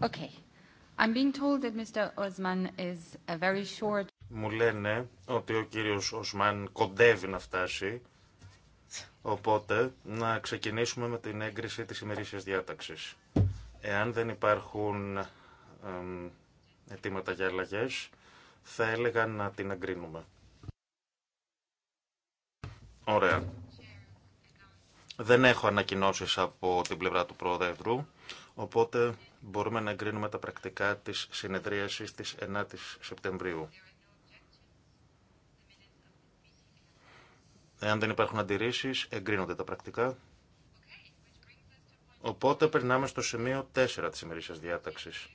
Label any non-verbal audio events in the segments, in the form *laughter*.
Okay. I'm being Mr. Osman is very short... Μου λένε ότι ο κύριος Οσμάν κοντεύει να φτάσει, οπότε να ξεκινήσουμε με την έγκριση της ημερήσιας διάταξης. Εάν δεν υπάρχουν εμ, αιτήματα για αλλαγέ, θα έλεγα να την εγκρίνουμε. Ωραία. Δεν έχω ανακοινώσεις από την πλευρά του Πρόεδρου Οπότε μπορούμε να εγκρίνουμε τα πρακτικά της συνεδρίασης της 9ης Σεπτεμβρίου. Εάν δεν υπάρχουν αντιρρήσεις, εγκρίνονται τα πρακτικά. Οπότε περνάμε στο σημείο 4 της ημερήσιας διάταξης.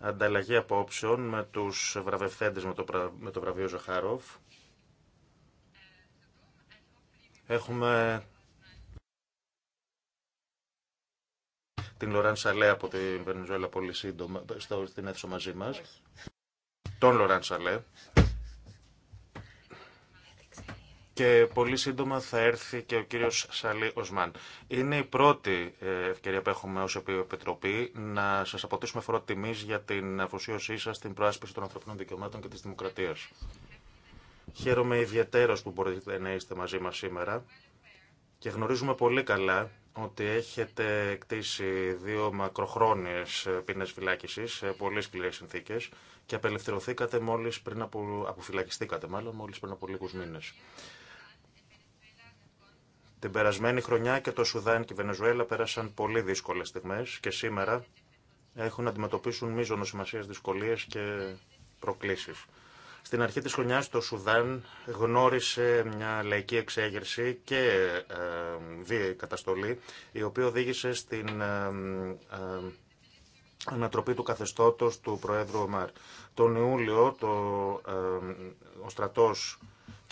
Ανταλλαγή απόψεων με τους βραβευθέντες με το, με το βραβείο Ζαχάροφ. Έχουμε την Λοράν Σαλέ από την Βενεζουέλα πολύ σύντομα στο, στην αίθουσα μαζί μας. Όχι. Τον Λοράν Σαλέ. Και πολύ σύντομα θα έρθει και ο κύριος Σαλή Οσμάν. Είναι η πρώτη ε, ευκαιρία που έχουμε ως Επιτροπή να σας αποτίσουμε φορό τιμής για την αφοσίωσή σας στην προάσπιση των ανθρωπινών δικαιωμάτων και της δημοκρατίας. Χαίρομαι ιδιαίτερος που μπορείτε να είστε μαζί μας σήμερα και γνωρίζουμε πολύ καλά ότι έχετε εκτίσει δύο μακροχρόνιες πίνες φυλάκισης σε πολύ σκληρές συνθήκες και απελευθερωθήκατε μόλις πριν από, αποφυλακιστήκατε μάλλον μόλις πριν από λίγους μήνες. Την περασμένη χρονιά και το Σουδάν και η Βενεζουέλα πέρασαν πολύ δύσκολες στιγμές και σήμερα έχουν να αντιμετωπίσουν μείζονο σημασία δυσκολίες και προκλήσεις. Στην αρχή της χρονιάς το Σουδάν γνώρισε μια λαϊκή εξέγερση και βίαιη ε, καταστολή, η οποία οδήγησε στην ε, ε, ανατροπή του καθεστώτος του Προέδρου Ομάρ. Τον Ιούλιο το, ο στρατός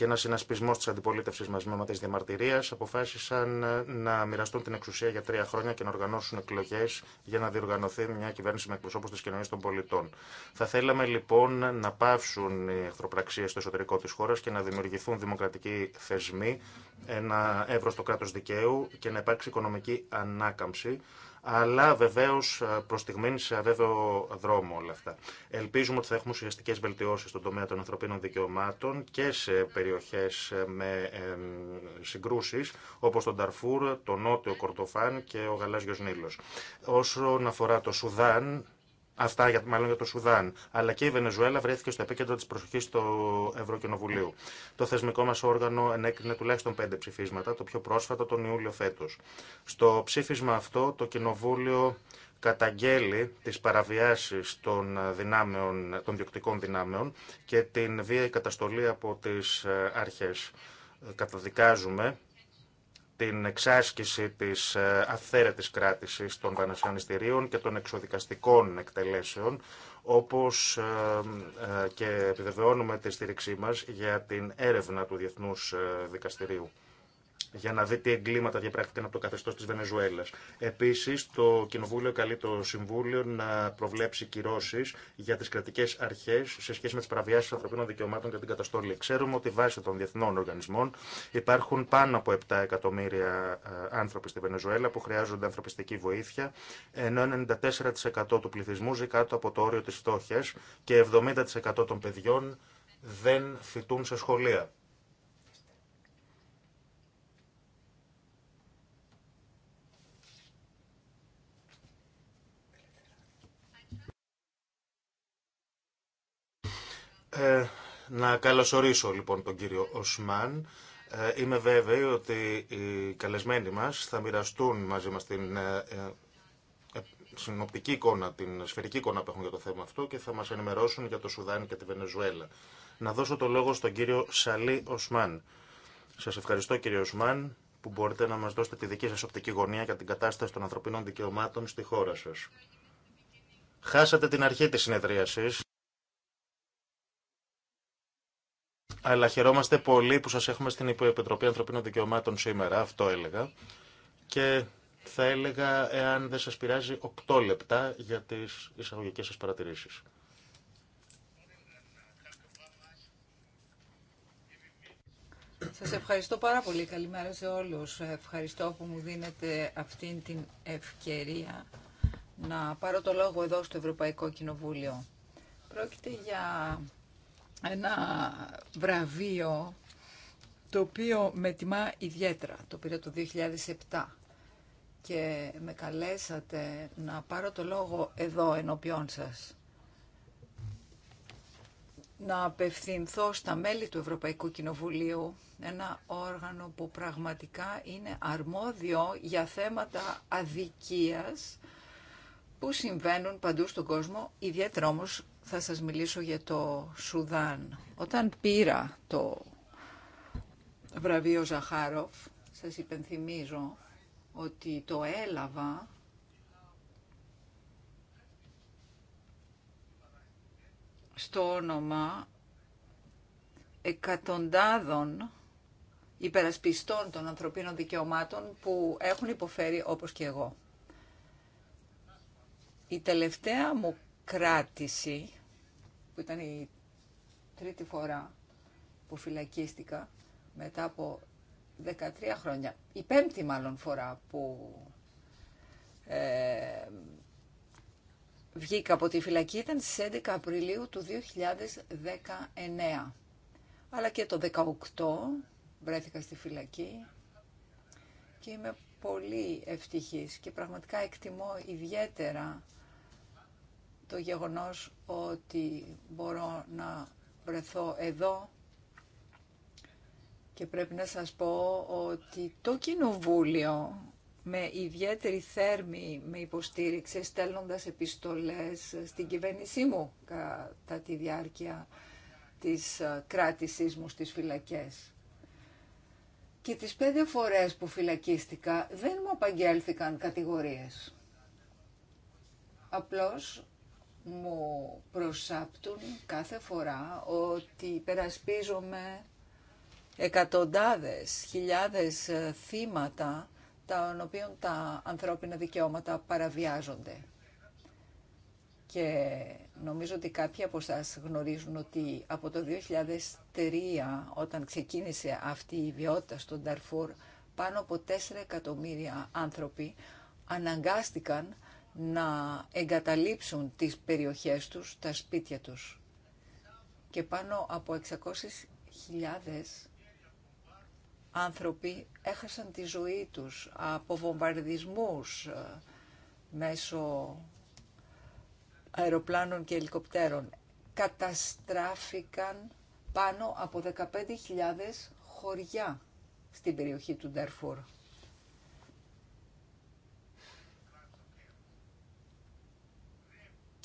και ένα συνασπισμό τη αντιπολίτευση μαζί με τη διαμαρτυρία αποφάσισαν ε, να μοιραστούν την εξουσία για τρία χρόνια και να οργανώσουν εκλογέ για να διοργανωθεί μια κυβέρνηση με εκπροσώπου τη κοινωνία των πολιτών. Θα θέλαμε λοιπόν να πάυσουν οι εχθροπραξίε στο εσωτερικό τη χώρα και να δημιουργηθούν δημοκρατικοί θεσμοί, ένα εύρο στο κράτο δικαίου και να υπάρξει οικονομική ανάκαμψη αλλά βεβαίω προ σε αβέβαιο δρόμο όλα αυτά. Ελπίζουμε ότι θα έχουμε ουσιαστικέ βελτιώσει στον τομέα των ανθρωπίνων δικαιωμάτων και σε περιοχέ ε, με συγκρούσει όπω τον Ταρφούρ, τον Νότιο Κορτοφάν και ο Γαλάζιο Νείλο. Όσον αφορά το Σουδάν, Αυτά για, μάλλον για το Σουδάν. Αλλά και η Βενεζουέλα βρέθηκε στο επίκεντρο τη προσοχή του Ευρωκοινοβουλίου. Το θεσμικό μα όργανο ενέκρινε τουλάχιστον πέντε ψηφίσματα, το πιο πρόσφατο τον Ιούλιο φέτο. Στο ψήφισμα αυτό το Κοινοβούλιο καταγγέλει τις παραβιάσεις των, δυνάμεων, των διοκτικών δυνάμεων και την βία καταστολή από τις ε, αρχές. Ε, καταδικάζουμε την εξάσκηση της ε, αθέρετης κράτησης των πανεσιανιστηρίων και των εξοδικαστικών εκτελέσεων, όπως ε, ε, και επιβεβαιώνουμε τη στήριξή μας για την έρευνα του Διεθνούς Δικαστηρίου για να δει τι εγκλήματα διαπράχθηκαν από το καθεστώ τη Βενεζουέλα. Επίση, το Κοινοβούλιο καλεί το Συμβούλιο να προβλέψει κυρώσει για τι κρατικέ αρχέ σε σχέση με τι παραβιάσει ανθρωπίνων δικαιωμάτων και την καταστολή. Ξέρουμε ότι βάσει των διεθνών οργανισμών υπάρχουν πάνω από 7 εκατομμύρια ε, άνθρωποι στη Βενεζουέλα που χρειάζονται ανθρωπιστική βοήθεια, ενώ 94% του πληθυσμού ζει κάτω από το όριο τη φτώχεια και 70% των παιδιών δεν φοιτούν σε σχολεία. Ε, να καλωσορίσω λοιπόν τον κύριο Οσμάν. Ε, είμαι βέβαιη ότι οι καλεσμένοι μας θα μοιραστούν μαζί μας την ε, ε, συνοπτική εικόνα, την σφαιρική εικόνα που έχουν για το θέμα αυτό και θα μας ενημερώσουν για το Σουδάν και τη Βενεζουέλα. Να δώσω το λόγο στον κύριο Σαλή Οσμάν. Σας ευχαριστώ κύριε Οσμάν που μπορείτε να μας δώσετε τη δική σας οπτική γωνία για την κατάσταση των ανθρωπίνων δικαιωμάτων στη χώρα σας. Χάσατε την αρχή της συνεδρίασης. Αλλά χαιρόμαστε πολύ που σας έχουμε στην υποεπιτροπή Ανθρωπίνων Δικαιωμάτων σήμερα, αυτό έλεγα. Και θα έλεγα, εάν δεν σας πειράζει, 8 λεπτά για τις εισαγωγικές σας παρατηρήσεις. Σας ευχαριστώ πάρα πολύ. Καλημέρα σε όλους. Ευχαριστώ που μου δίνετε αυτήν την ευκαιρία να πάρω το λόγο εδώ στο Ευρωπαϊκό Κοινοβούλιο. Πρόκειται για ένα βραβείο το οποίο με τιμά ιδιαίτερα. Το πήρα το 2007 και με καλέσατε να πάρω το λόγο εδώ ενώπιόν σας. Να απευθυνθώ στα μέλη του Ευρωπαϊκού Κοινοβουλίου, ένα όργανο που πραγματικά είναι αρμόδιο για θέματα αδικίας που συμβαίνουν παντού στον κόσμο, ιδιαίτερα όμως θα σας μιλήσω για το Σουδάν. Όταν πήρα το βραβείο Ζαχάροφ, σας υπενθυμίζω ότι το έλαβα στο όνομα εκατοντάδων υπερασπιστών των ανθρωπίνων δικαιωμάτων που έχουν υποφέρει όπως και εγώ. Η τελευταία μου κράτηση, που ήταν η τρίτη φορά που φυλακίστηκα μετά από 13 χρόνια, η πέμπτη μάλλον φορά που ε, βγήκα από τη φυλακή ήταν στις 11 Απριλίου του 2019. Αλλά και το 18 βρέθηκα στη φυλακή και είμαι πολύ ευτυχής και πραγματικά εκτιμώ ιδιαίτερα το γεγονός ότι μπορώ να βρεθώ εδώ και πρέπει να σας πω ότι το Κοινοβούλιο με ιδιαίτερη θέρμη με υποστήριξε στέλνοντας επιστολές στην κυβέρνησή μου κατά τη διάρκεια της ε, κράτησής μου στις φυλακές. Και τις πέντε φορές που φυλακίστηκα δεν μου απαγγέλθηκαν κατηγορίες. Απλώς μου προσάπτουν κάθε φορά ότι περασπίζομαι εκατοντάδες, χιλιάδες ε, θύματα τα οποίων τα ανθρώπινα δικαιώματα παραβιάζονται. Και νομίζω ότι κάποιοι από εσά γνωρίζουν ότι από το 2003, όταν ξεκίνησε αυτή η ιδιότητα στον Ταρφούρ, πάνω από 4 εκατομμύρια άνθρωποι αναγκάστηκαν να εγκαταλείψουν τις περιοχές τους, τα σπίτια τους. Και πάνω από 600.000 άνθρωποι έχασαν τη ζωή τους από βομβαρδισμούς ε, μέσω αεροπλάνων και ελικοπτέρων. Καταστράφηκαν πάνω από 15.000 χωριά στην περιοχή του Νταρφούρ.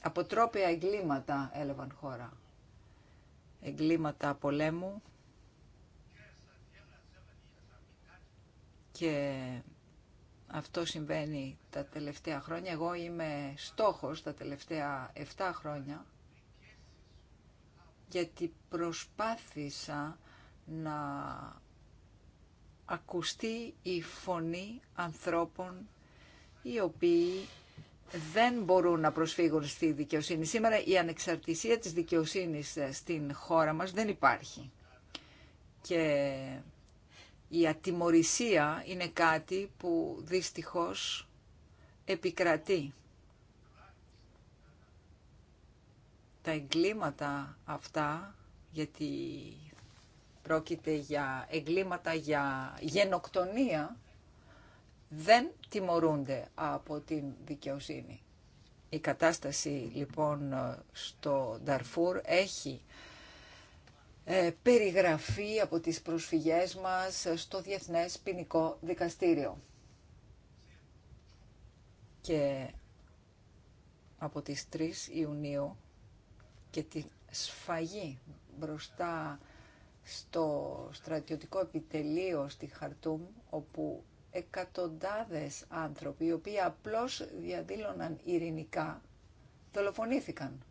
αποτρόπια εγκλήματα έλαβαν χώρα. Εγκλήματα πολέμου και αυτό συμβαίνει τα τελευταία χρόνια. Εγώ είμαι στόχος τα τελευταία 7 χρόνια γιατί προσπάθησα να ακουστεί η φωνή ανθρώπων οι οποίοι δεν μπορούν να προσφύγουν στη δικαιοσύνη. Σήμερα η ανεξαρτησία της δικαιοσύνης ε, στην χώρα μας δεν υπάρχει. Και η ατιμορρησία είναι κάτι που δυστυχώς επικρατεί. Τα εγκλήματα αυτά, γιατί πρόκειται για εγκλήματα για γενοκτονία, δεν τιμωρούνται από την δικαιοσύνη. Η κατάσταση λοιπόν στο Νταρφούρ έχει ε, περιγραφεί από τις προσφυγές μας στο Διεθνές Ποινικό Δικαστήριο. Και από τις 3 Ιουνίου και τη σφαγή μπροστά στο στρατιωτικό επιτελείο στη Χαρτούμ, όπου εκατοντάδες άνθρωποι οι οποίοι απλώς διαδήλωναν ειρηνικά δολοφονήθηκαν.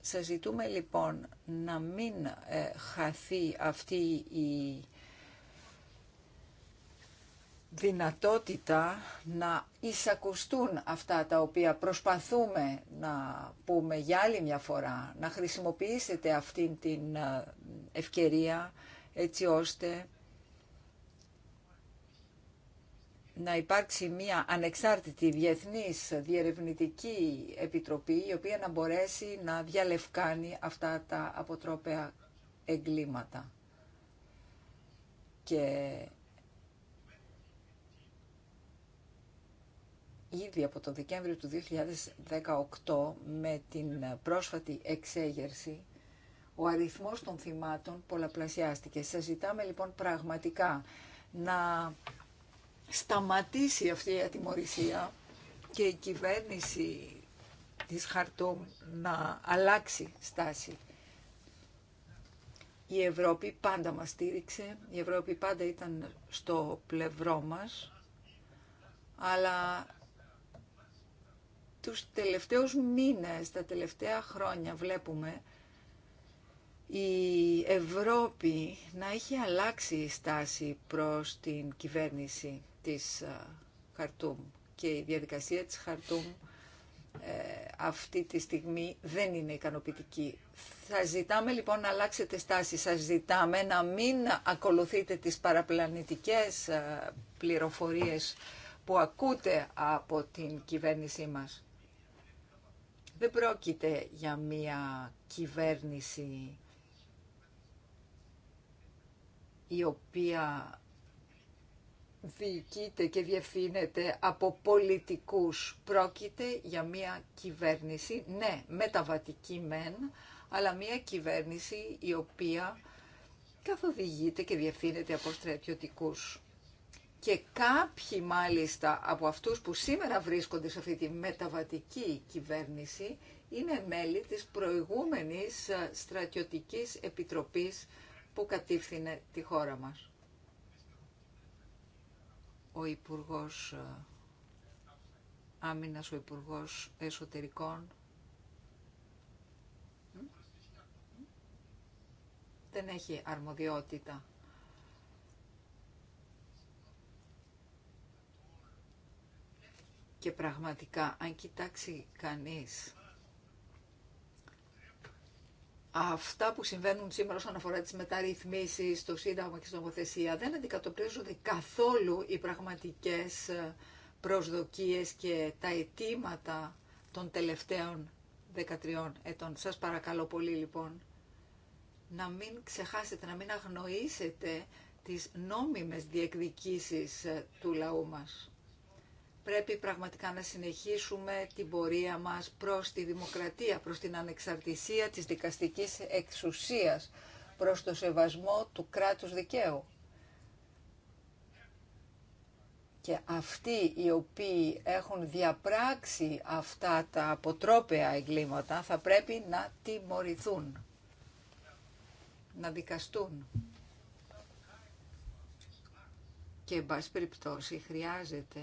Σας ζητούμε λοιπόν να μην ε, χαθεί αυτή η δυνατότητα να εισακουστούν αυτά τα οποία προσπαθούμε να πούμε για άλλη μια φορά, να χρησιμοποιήσετε αυτήν την ε, ευκαιρία έτσι ώστε να υπάρξει μια ανεξάρτητη διεθνής διερευνητική επιτροπή η οποία να μπορέσει να διαλευκάνει αυτά τα αποτρόπαια εγκλήματα. Και ήδη από το Δεκέμβριο του 2018 με την πρόσφατη εξέγερση ο αριθμός των θυμάτων πολλαπλασιάστηκε. Σας ζητάμε λοιπόν πραγματικά να σταματήσει αυτή η ατιμορρησία και η κυβέρνηση της Χαρτούμ να αλλάξει στάση. Η Ευρώπη πάντα μας στήριξε, η Ευρώπη πάντα ήταν στο πλευρό μας, αλλά τους τελευταίους μήνες, τα τελευταία χρόνια βλέπουμε η Ευρώπη να έχει αλλάξει η στάση προς την κυβέρνηση της ε, Χαρτούμ και η διαδικασία της Χαρτούμ ε, αυτή τη στιγμή δεν είναι ικανοποιητική. Θα ζητάμε λοιπόν να αλλάξετε στάση, σας ζητάμε να μην ακολουθείτε τις παραπλανητικές ε, πληροφορίες που ακούτε από την κυβέρνησή μας. Δεν πρόκειται για μια κυβέρνηση η οποία διοικείται και διευθύνεται από πολιτικούς. Πρόκειται για μια κυβέρνηση, ναι, μεταβατική μεν, αλλά μια κυβέρνηση η οποία καθοδηγείται και διευθύνεται από στρατιωτικούς. Και κάποιοι μάλιστα από αυτούς που σήμερα βρίσκονται σε αυτή τη μεταβατική κυβέρνηση είναι μέλη της προηγούμενης ε, στρατιωτικής επιτροπής που κατήφθηνε τη χώρα μας ο Υπουργός ε, Άμυνας, ο Υπουργός Εσωτερικών. Δεν έχει αρμοδιότητα. Και πραγματικά, αν κοιτάξει κανείς αυτά που συμβαίνουν σήμερα όσον αφορά τι μεταρρυθμίσεις στο Σύνταγμα και στην νομοθεσία δεν αντικατοπτρίζονται καθόλου οι πραγματικές ε, προσδοκίες και τα αιτήματα των τελευταίων 13 ετών. Σας παρακαλώ πολύ λοιπόν να μην ξεχάσετε, να μην αγνοήσετε τις νόμιμες διεκδικήσεις ε, του λαού μας πρέπει πραγματικά να συνεχίσουμε την πορεία μας προς τη δημοκρατία, προς την ανεξαρτησία της δικαστικής εξουσίας, προς το σεβασμό του κράτους δικαίου. Και αυτοί οι οποίοι έχουν διαπράξει αυτά τα αποτρόπαια εγκλήματα θα πρέπει να τιμωρηθούν, να δικαστούν. Και, εν πάση περιπτώσει, χρειάζεται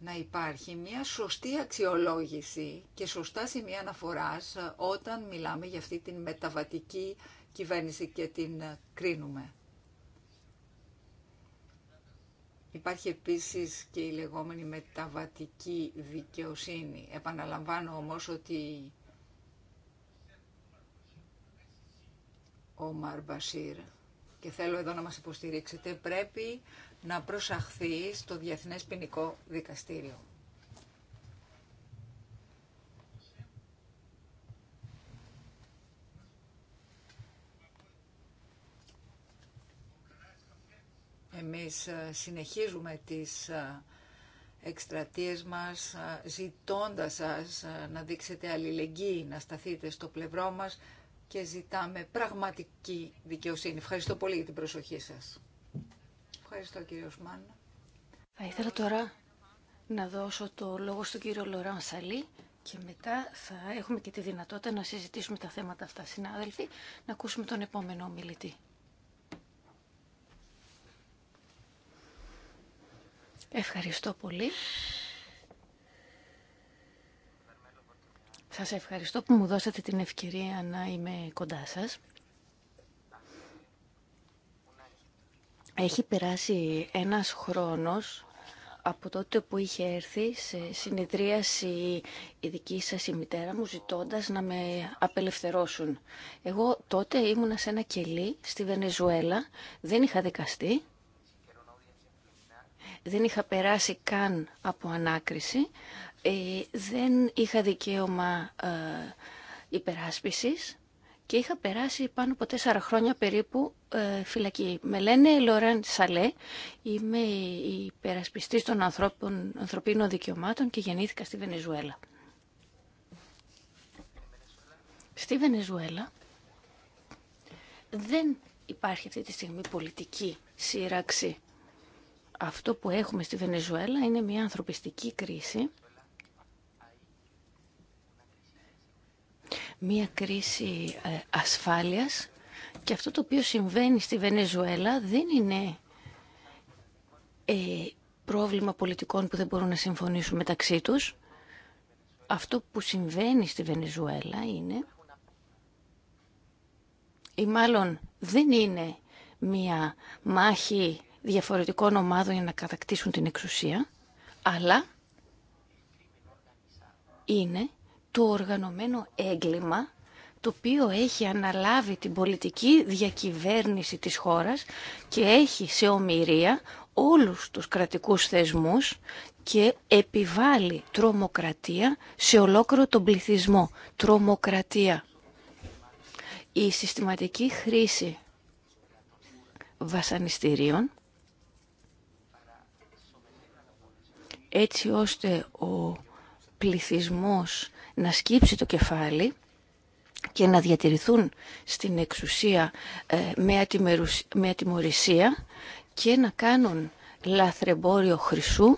να υπάρχει μια σωστή αξιολόγηση και σωστά σημεία αναφοράς ε, όταν μιλάμε για αυτή την μεταβατική κυβέρνηση και την ε, κρίνουμε. Υπάρχει επίσης και η λεγόμενη μεταβατική δικαιοσύνη. Επαναλαμβάνω όμως ότι ο Μαρμπασίρ, και θέλω εδώ να μας υποστηρίξετε, πρέπει να προσαχθεί στο Διεθνές Ποινικό Δικαστήριο. Εμείς ε, συνεχίζουμε τις ε, εκστρατείες μας ε, ζητώντας σας να δείξετε αλληλεγγύη, να σταθείτε στο πλευρό μας και ζητάμε πραγματική δικαιοσύνη. Ευχαριστώ πολύ για την προσοχή σας. Ευχαριστώ κύριο Θα ήθελα τώρα να δώσω το λόγο στον κύριο Λοράν Σαλή και μετά θα έχουμε και τη δυνατότητα να συζητήσουμε τα θέματα αυτά, συνάδελφοι, να ακούσουμε τον επόμενο ομιλητή. Ευχαριστώ πολύ. Σας ευχαριστώ που μου δώσατε την ευκαιρία να είμαι κοντά σας. Έχει περάσει ένας χρόνος από τότε που είχε έρθει σε συνεδρίαση η δική σας η μητέρα μου ζητώντας να με απελευθερώσουν. Εγώ τότε ήμουνα σε ένα κελί στη Βενεζουέλα, δεν είχα δικαστεί, δεν είχα περάσει καν από ανάκριση, ε, δεν είχα δικαίωμα ε, υπεράσπισης και είχα περάσει πάνω από τέσσερα χρόνια περίπου ε, φυλακή. Με λένε Λορέν Σαλέ, είμαι η περασπιστής των ανθρώπων, ανθρωπίνων δικαιωμάτων και γεννήθηκα στη Βενεζουέλα. Στη Βενεζουέλα δεν υπάρχει αυτή τη στιγμή πολιτική σύραξη. Αυτό που έχουμε στη Βενεζουέλα είναι μια ανθρωπιστική κρίση μια κρίση ε, ασφάλειας και αυτό το οποίο συμβαίνει στη Βενεζουέλα δεν είναι ε, πρόβλημα πολιτικών που δεν μπορούν να συμφωνήσουν μεταξύ τους. Αυτό που συμβαίνει στη Βενεζουέλα είναι ή μάλλον δεν είναι μια μάχη διαφορετικών ομάδων για να κατακτήσουν την εξουσία, αλλά είναι το οργανωμένο έγκλημα το οποίο έχει αναλάβει την πολιτική διακυβέρνηση της χώρας και έχει σε ομοιρία όλους τους κρατικούς θεσμούς και επιβάλλει τρομοκρατία σε ολόκληρο τον πληθυσμό. Τρομοκρατία. Η συστηματική χρήση βασανιστήριων έτσι ώστε ο πληθυσμός να σκύψει το κεφάλι και να διατηρηθούν στην εξουσία ε, με ατιμορρησία και να κάνουν λαθρεμπόριο χρυσού,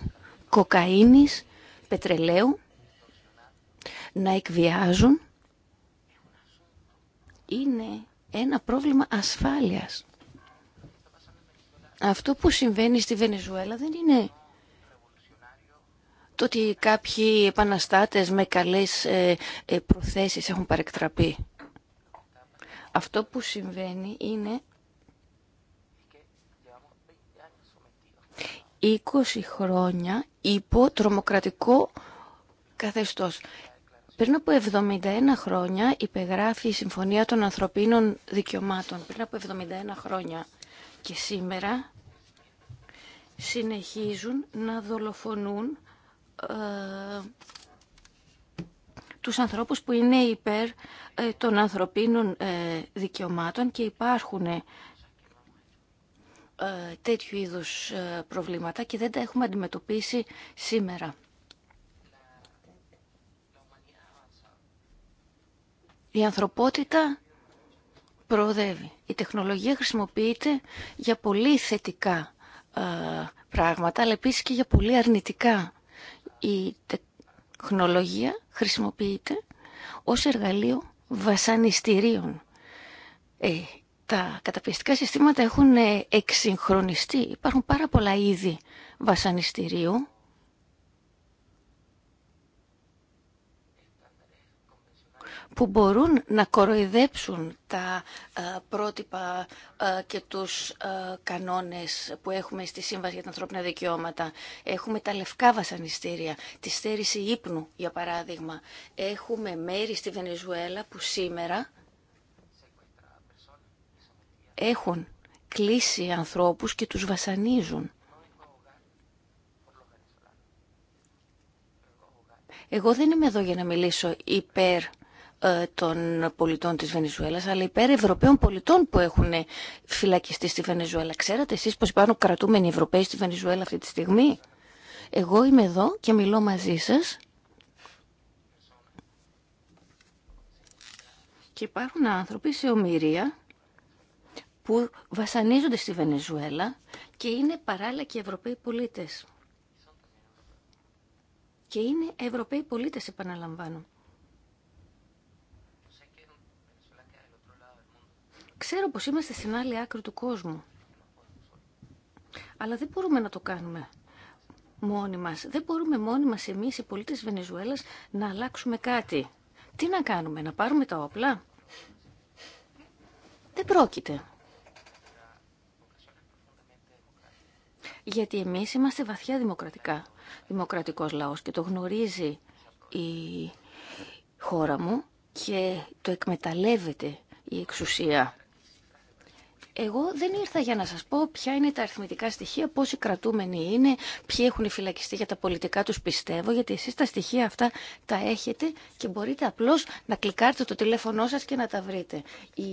κοκαίνης, πετρελαίου, να εκβιάζουν. Είναι ένα πρόβλημα ασφάλειας. Αυτό που συμβαίνει στη Βενεζουέλα δεν είναι το ότι κάποιοι επαναστάτες με καλές ε, ε, προθέσεις έχουν παρεκτραπεί. Αυτό που συμβαίνει είναι 20 χρόνια υπό τρομοκρατικό καθεστώς. Πριν από 71 χρόνια υπεγράφει η Συμφωνία των Ανθρωπίνων Δικαιωμάτων. Πριν από 71 χρόνια. Και σήμερα συνεχίζουν να δολοφονούν ε, τους ανθρώπους που είναι υπέρ ε, των ανθρωπίνων ε, δικαιωμάτων και υπάρχουν τέτοιου είδους προβλήματα και δεν τα έχουμε αντιμετωπίσει σήμερα. Η ανθρωπότητα προοδεύει. Η τεχνολογία χρησιμοποιείται για πολύ θετικά πράγματα, αλλά επίσης και για πολύ αρνητικά η τεχνολογία χρησιμοποιείται ως εργαλείο βασανιστήριων. Ε, τα καταπιεστικά συστήματα έχουν ε, εξυγχρονιστεί. Υπάρχουν πάρα πολλά είδη βασανιστήριου που μπορούν να κοροϊδέψουν τα ε, πρότυπα ε, και τους ε, κανόνες που έχουμε στη Σύμβαση για τα Ανθρώπινα Δικαιώματα. Έχουμε τα λευκά βασανιστήρια, τη στέρηση ύπνου, για παράδειγμα. Έχουμε μέρη στη Βενεζουέλα που σήμερα έχουν κλείσει ανθρώπους και τους βασανίζουν. Εγώ δεν είμαι εδώ για να μιλήσω υπέρ ε, των πολιτών της Βενεζουέλας, αλλά υπέρ Ευρωπαίων πολιτών που έχουν φυλακιστεί στη Βενεζουέλα. Ξέρατε εσείς πως υπάρχουν κρατούμενοι Ευρωπαίοι στη Βενεζουέλα αυτή τη στιγμή. Εγώ είμαι εδώ και μιλώ μαζί σας. Και υπάρχουν άνθρωποι σε ομοιρία που βασανίζονται στη Βενεζουέλα και είναι παράλληλα και Ευρωπαίοι πολίτες. Και είναι Ευρωπαίοι πολίτες, επαναλαμβάνω. Ξέρω πως είμαστε στην άλλη άκρη του κόσμου. Αλλά δεν μπορούμε να το κάνουμε μόνοι μας. Δεν μπορούμε μόνοι μας εμείς οι πολίτες της Βενεζουέλας να αλλάξουμε κάτι. Τι να κάνουμε, να πάρουμε τα όπλα. Δεν πρόκειται. Γιατί εμείς είμαστε βαθιά δημοκρατικά. Δημοκρατικός λαός και το γνωρίζει η χώρα μου και το εκμεταλλεύεται η εξουσία. Εγώ δεν ήρθα για να σας πω ποια είναι τα αριθμητικά στοιχεία, πόσοι κρατούμενοι είναι, ποιοι έχουν φυλακιστεί για τα πολιτικά τους πιστεύω, γιατί εσείς τα στοιχεία αυτά τα έχετε και μπορείτε απλώς να κλικάρετε το τηλέφωνό σας και να τα βρείτε. Η,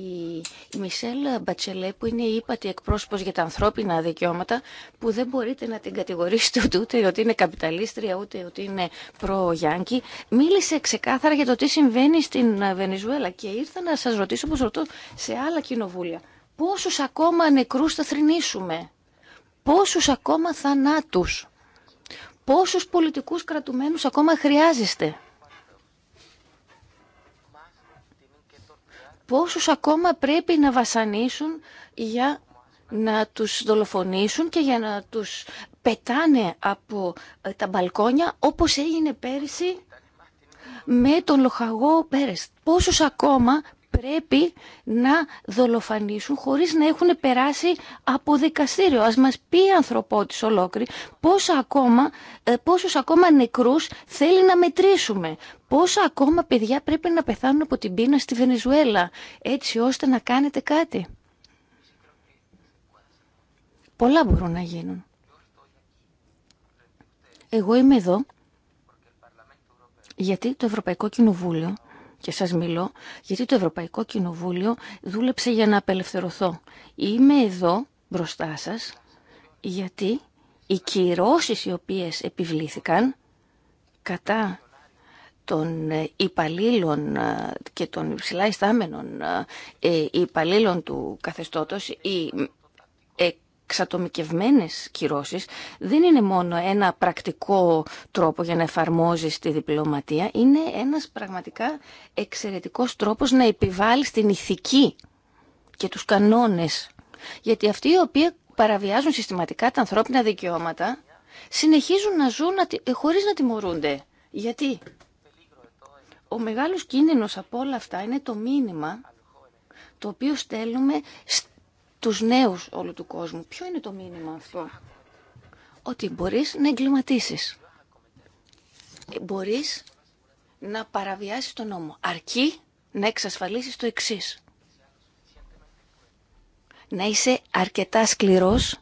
Μισελ Μπατσελέ που είναι η ύπατη εκπρόσωπος για τα ανθρώπινα δικαιώματα που δεν μπορείτε να την κατηγορήσετε ούτε ότι είναι καπιταλίστρια ούτε ότι είναι προ-Γιάνκη, μίλησε ξεκάθαρα για το τι συμβαίνει στην Βενεζουέλα και ήρθα να σας ρωτήσω όπως ρωτώ σε άλλα κοινοβούλια πόσους ακόμα νεκρούς θα θρυνήσουμε, πόσους ακόμα θανάτους, πόσους πολιτικούς κρατουμένους ακόμα χρειάζεστε. Πόσους ακόμα πρέπει να βασανίσουν για να τους δολοφονήσουν και για να τους πετάνε από ε, τα μπαλκόνια όπως έγινε πέρυσι με τον λοχαγό Πέρες. Πόσους ακόμα πρέπει να δολοφανήσουν χωρίς να έχουν περάσει από δικαστήριο. Ας μας πει η ανθρωπότης ολόκληρη πόσα ακόμα, ε, πόσους ακόμα νεκρούς θέλει να μετρήσουμε. Πόσα ακόμα παιδιά πρέπει να πεθάνουν από την πείνα στη Βενεζουέλα έτσι ώστε να κάνετε κάτι. Πολλά μπορούν να γίνουν. Εγώ είμαι εδώ γιατί το Ευρωπαϊκό Κοινοβούλιο και σας μιλώ, γιατί το Ευρωπαϊκό Κοινοβούλιο δούλεψε για να απελευθερωθώ. Είμαι εδώ μπροστά σας, γιατί οι κυρώσεις οι οποίες επιβλήθηκαν κατά των ε, υπαλλήλων ε, και των υψηλά ιστάμενων ε, υπαλλήλων του καθεστώτος, οι εξατομικευμένες κυρώσεις δεν είναι μόνο ένα πρακτικό τρόπο για να εφαρμόζεις τη διπλωματία, είναι ένας πραγματικά εξαιρετικός τρόπος να επιβάλλεις την ηθική και τους κανόνες. Γιατί αυτοί οι οποίοι παραβιάζουν συστηματικά τα ανθρώπινα δικαιώματα συνεχίζουν να ζουν χωρίς να τιμωρούνται. Γιατί ο μεγάλος κίνδυνος από όλα αυτά είναι το μήνυμα το οποίο στέλνουμε τους νέους όλου του κόσμου. Ποιο είναι το μήνυμα αυτό. Ότι μπορείς να εγκληματίσεις. Μπορείς να παραβιάσεις τον νόμο. Αρκεί να εξασφαλίσεις το εξή. Να είσαι αρκετά σκληρός,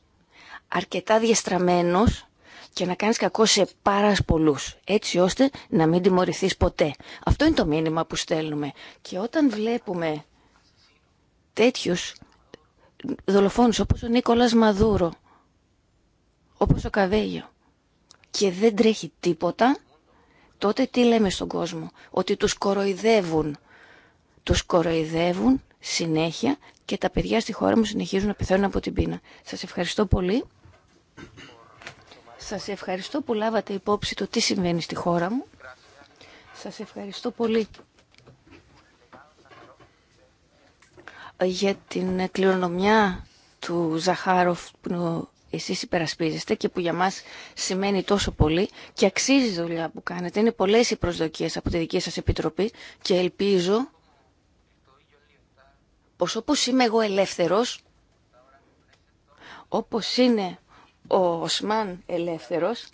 αρκετά διαστραμμένος. και να κάνεις κακό σε πάρα πολλούς, έτσι ώστε να μην τιμωρηθείς ποτέ. Αυτό είναι το μήνυμα που στέλνουμε. Και όταν βλέπουμε τέτοιους δολοφόνους όπως ο Νίκολας Μαδούρο, όπως ο Καβέγιο και δεν τρέχει τίποτα, τότε τι λέμε στον κόσμο, ότι τους κοροϊδεύουν. Τους κοροϊδεύουν συνέχεια και τα παιδιά στη χώρα μου συνεχίζουν να πεθαίνουν από την πείνα. Σας ευχαριστώ πολύ. Σας ευχαριστώ που λάβατε υπόψη το τι συμβαίνει στη χώρα μου. Σας ευχαριστώ πολύ. για την κληρονομιά του Ζαχάροφ που εσείς υπερασπίζεστε και που για μας σημαίνει τόσο πολύ και αξίζει η δουλειά που κάνετε. Είναι πολλές οι προσδοκίες από τη δική σας επιτροπή και ελπίζω πως όπως είμαι εγώ ελεύθερος, όπως είναι ο Οσμάν ελεύθερος,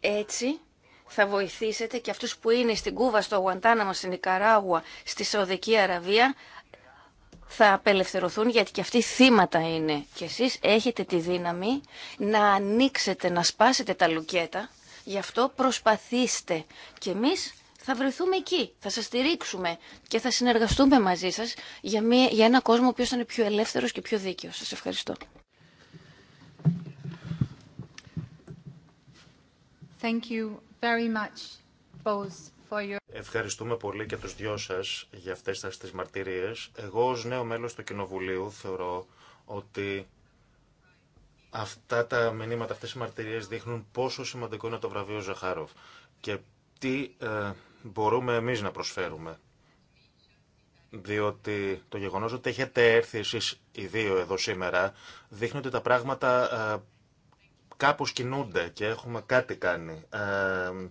έτσι θα βοηθήσετε και αυτούς που είναι στην Κούβα, στο Γουαντάναμο, στην Ικαράγουα, στη Σαουδική Αραβία θα απελευθερωθούν γιατί και αυτοί θύματα είναι. Και εσείς έχετε τη δύναμη να ανοίξετε, να σπάσετε τα λουκέτα. Γι' αυτό προσπαθήστε. Και εμείς θα βρεθούμε εκεί, θα σας στηρίξουμε και θα συνεργαστούμε μαζί σας για, μια, για ένα κόσμο ο οποίος θα είναι πιο ελεύθερος και πιο δίκαιος. Σας ευχαριστώ. Thank Ευχαριστούμε πολύ και τους δυο σας για αυτές τις μαρτυρίες. Εγώ ως νέο μέλος του Κοινοβουλίου θεωρώ ότι αυτά τα μηνύματα, αυτές οι μαρτυρίες δείχνουν πόσο σημαντικό είναι το βραβείο Ζαχάροφ και τι ε, μπορούμε εμείς να προσφέρουμε. Διότι το γεγονός ότι έχετε έρθει εσείς οι δύο εδώ σήμερα δείχνει ότι τα πράγματα ε, κάπως κινούνται και έχουμε κάτι κάνει. Ε,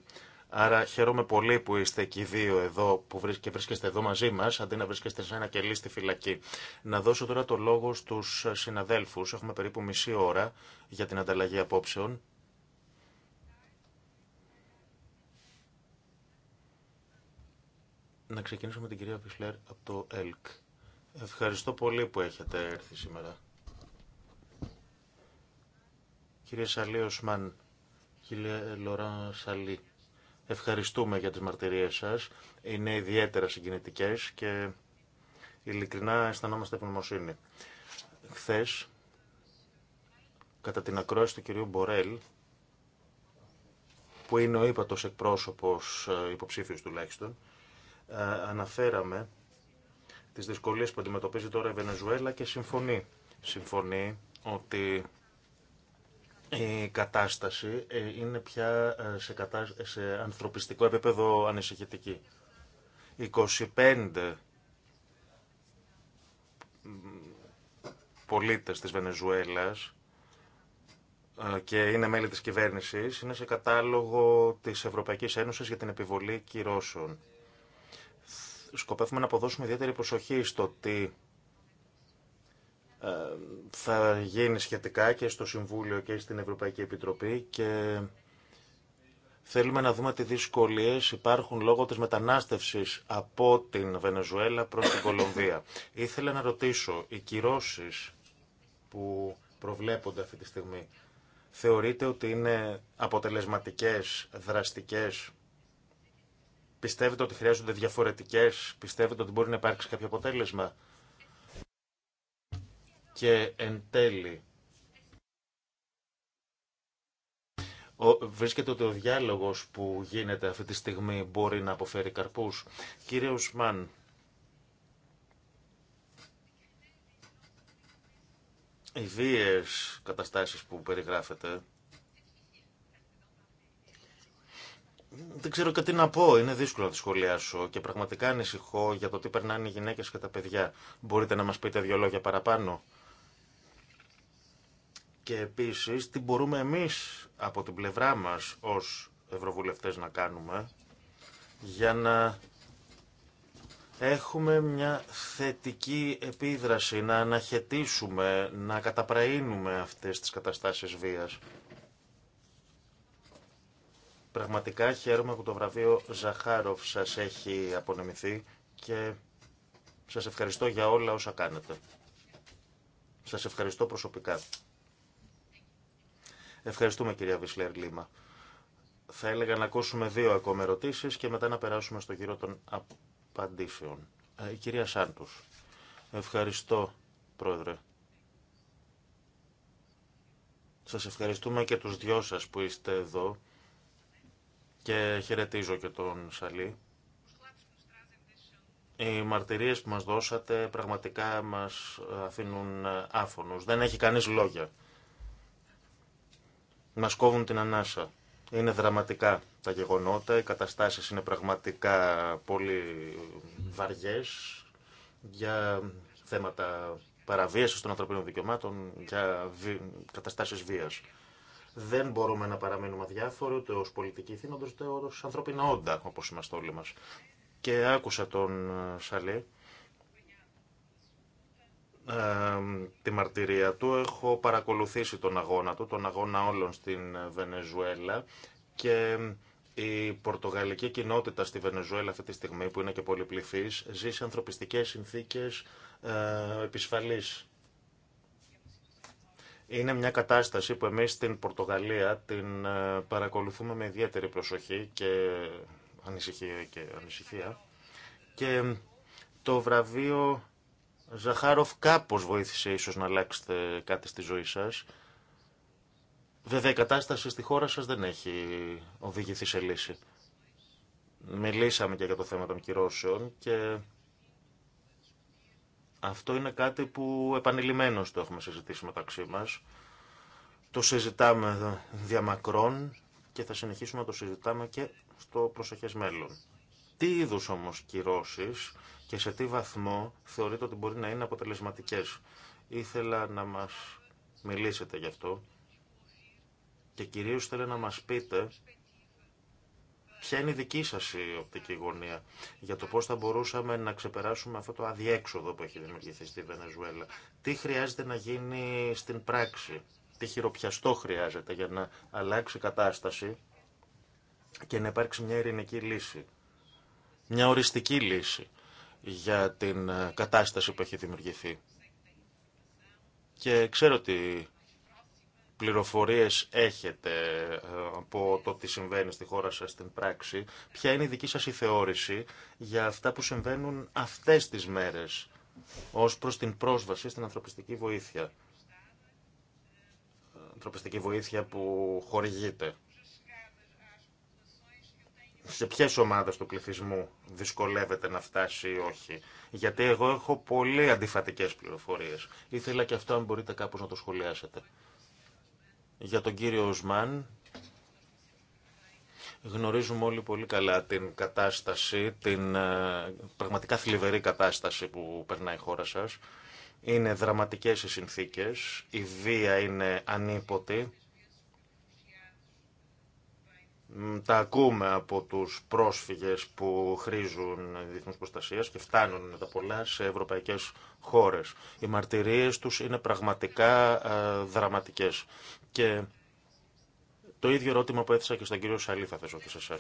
άρα χαίρομαι πολύ που είστε και οι δύο εδώ που και βρίσκεστε εδώ μαζί μας, αντί να βρίσκεστε σε ένα κελί στη φυλακή. Να δώσω τώρα το λόγο στους συναδέλφους. Έχουμε περίπου μισή ώρα για την ανταλλαγή απόψεων. Να ξεκινήσουμε με την κυρία Φισλέρ από το ΕΛΚ. Ευχαριστώ πολύ που έχετε έρθει σήμερα. Κύριε Σαλή Οσμάν, κύριε Λοράν Σαλή, ευχαριστούμε για τις μαρτυρίες σας. Είναι ιδιαίτερα συγκινητικές και ειλικρινά αισθανόμαστε ευγνωμοσύνη. Χθε, κατά την ακρόαση του κυρίου Μπορέλ, που είναι ο ύπατος εκπρόσωπος ε, υποψήφιος τουλάχιστον, ε, αναφέραμε τις δυσκολίες που αντιμετωπίζει τώρα η Βενεζουέλα και συμφωνεί. Συμφωνεί ότι η κατάσταση ε, είναι πια ε, σε, ανθρωπιστικό επίπεδο ανησυχητική. 25 πολίτες της Βενεζουέλας ε, και είναι μέλη της κυβέρνησης, είναι σε κατάλογο της Ευρωπαϊκής Ένωσης για την επιβολή κυρώσεων. Σκοπεύουμε να αποδώσουμε ιδιαίτερη προσοχή στο τι ε, θα γίνει σχετικά και στο Συμβούλιο και στην Ευρωπαϊκή Επιτροπή και θέλουμε να δούμε τι δυσκολίες υπάρχουν λόγω της μετανάστευσης από την Βενεζουέλα προς την Κολομβία. Ήθελα να ρωτήσω, οι κυρώσεις που προβλέπονται αυτή τη στιγμή θεωρείτε ότι είναι αποτελεσματικές, δραστικές, πιστεύετε ότι χρειάζονται διαφορετικές, πιστεύετε ότι μπορεί να υπάρξει κάποιο αποτέλεσμα και εν τέλει, βρίσκεται ότι ο διάλογος που γίνεται αυτή τη στιγμή μπορεί να αποφέρει καρπούς. Κύριε Ουσμάν, οι βίες καταστάσεις που περιγράφετε, δεν ξέρω και τι να πω, είναι δύσκολο να τη σχολιάσω και πραγματικά ανησυχώ για το τι περνάνε οι γυναίκες και τα παιδιά. Μπορείτε να μας πείτε δύο λόγια παραπάνω. Και επίσης τι μπορούμε εμείς από την πλευρά μας ως ευρωβουλευτές να κάνουμε για να έχουμε μια θετική επίδραση, να αναχαιτήσουμε, να καταπραίνουμε αυτές τις καταστάσεις βίας. Πραγματικά χαίρομαι που το βραβείο Ζαχάροφ σας έχει απονεμηθεί και σας ευχαριστώ για όλα όσα κάνετε. Σας ευχαριστώ προσωπικά. Ευχαριστούμε κυρία Βισλέρ Λίμα. Θα έλεγα να ακούσουμε δύο ακόμα ερωτήσει και μετά να περάσουμε στο γύρο των απαντήσεων. Ε, η κυρία Σάντου. Ευχαριστώ, Πρόεδρε. Σας ευχαριστούμε και τους δυο σας που είστε εδώ και χαιρετίζω και τον Σαλή. Οι μαρτυρίες που μας δώσατε πραγματικά μας αφήνουν άφωνους. Δεν έχει κανείς λόγια. Να κόβουν την ανάσα. Είναι δραματικά τα γεγονότα, οι καταστάσει είναι πραγματικά πολύ βαριέ για θέματα παραβίαση των ανθρωπίνων δικαιωμάτων, για καταστάσεις βίας. Δεν μπορούμε να παραμείνουμε αδιάφοροι ούτε ως πολιτικοί θύνοντες, ούτε ως ανθρώπινα όντα, όπως είμαστε όλοι μας. Και άκουσα τον ε, Σαλέ τη μαρτυρία του. Έχω παρακολουθήσει τον αγώνα του, τον αγώνα όλων στην Βενεζουέλα και η πορτογαλική κοινότητα στη Βενεζουέλα αυτή τη στιγμή που είναι και πολυπληθής ζει σε ανθρωπιστικές συνθήκες ε, επισφαλής. Είναι μια κατάσταση που εμείς στην Πορτογαλία την ε, παρακολουθούμε με ιδιαίτερη προσοχή και ανησυχία και, ανησυχία. και το βραβείο Ζαχάροφ κάπως βοήθησε ίσως να αλλάξετε κάτι στη ζωή σας. Βέβαια η κατάσταση στη χώρα σας δεν έχει οδηγηθεί σε λύση. Μιλήσαμε και για το θέμα των κυρώσεων και αυτό είναι κάτι που επανειλημμένως το έχουμε συζητήσει μεταξύ μας. Το συζητάμε διαμακρών και θα συνεχίσουμε να το συζητάμε και στο προσεχές μέλλον. Τι είδους όμως κυρώσεις και σε τι βαθμό θεωρείτε ότι μπορεί να είναι αποτελεσματικές. Ήθελα να μας μιλήσετε γι' αυτό και κυρίως θέλω να μας πείτε ποια είναι η δική σας η οπτική γωνία για το πώς θα μπορούσαμε να ξεπεράσουμε αυτό το αδιέξοδο που έχει δημιουργηθεί στη Βενεζουέλα. Τι χρειάζεται να γίνει στην πράξη, τι χειροπιαστό χρειάζεται για να αλλάξει η κατάσταση και να υπάρξει μια ειρηνική λύση, μια οριστική λύση για την ε, κατάσταση που έχει δημιουργηθεί. Και ξέρω ότι πληροφορίες έχετε ε, από το τι συμβαίνει στη χώρα σας στην πράξη. Ποια είναι η δική σας η θεώρηση για αυτά που συμβαίνουν αυτές τις μέρες ως προς την πρόσβαση στην ανθρωπιστική βοήθεια. Ε, ανθρωπιστική βοήθεια που χορηγείται σε ποιε ομάδε του πληθυσμού δυσκολεύεται να φτάσει ή όχι. Γιατί εγώ έχω πολύ αντιφατικέ πληροφορίε. Ήθελα και αυτό, αν μπορείτε κάπω να το σχολιάσετε. Για τον κύριο Οσμάν, γνωρίζουμε όλοι πολύ καλά την κατάσταση, την ε, πραγματικά θλιβερή κατάσταση που περνάει η χώρα σας. Είναι δραματικές οι συνθήκες, η βία είναι ανίποτη τα ακούμε από τους πρόσφυγες που χρήζουν διεθνούς προστασίας και φτάνουν τα πολλά σε ευρωπαϊκές χώρες. Οι μαρτυρίες τους είναι πραγματικά ε, δραματικές. Και το ίδιο ερώτημα που έθεσα και στον κύριο Σαλή θα θέσω και σε εσά.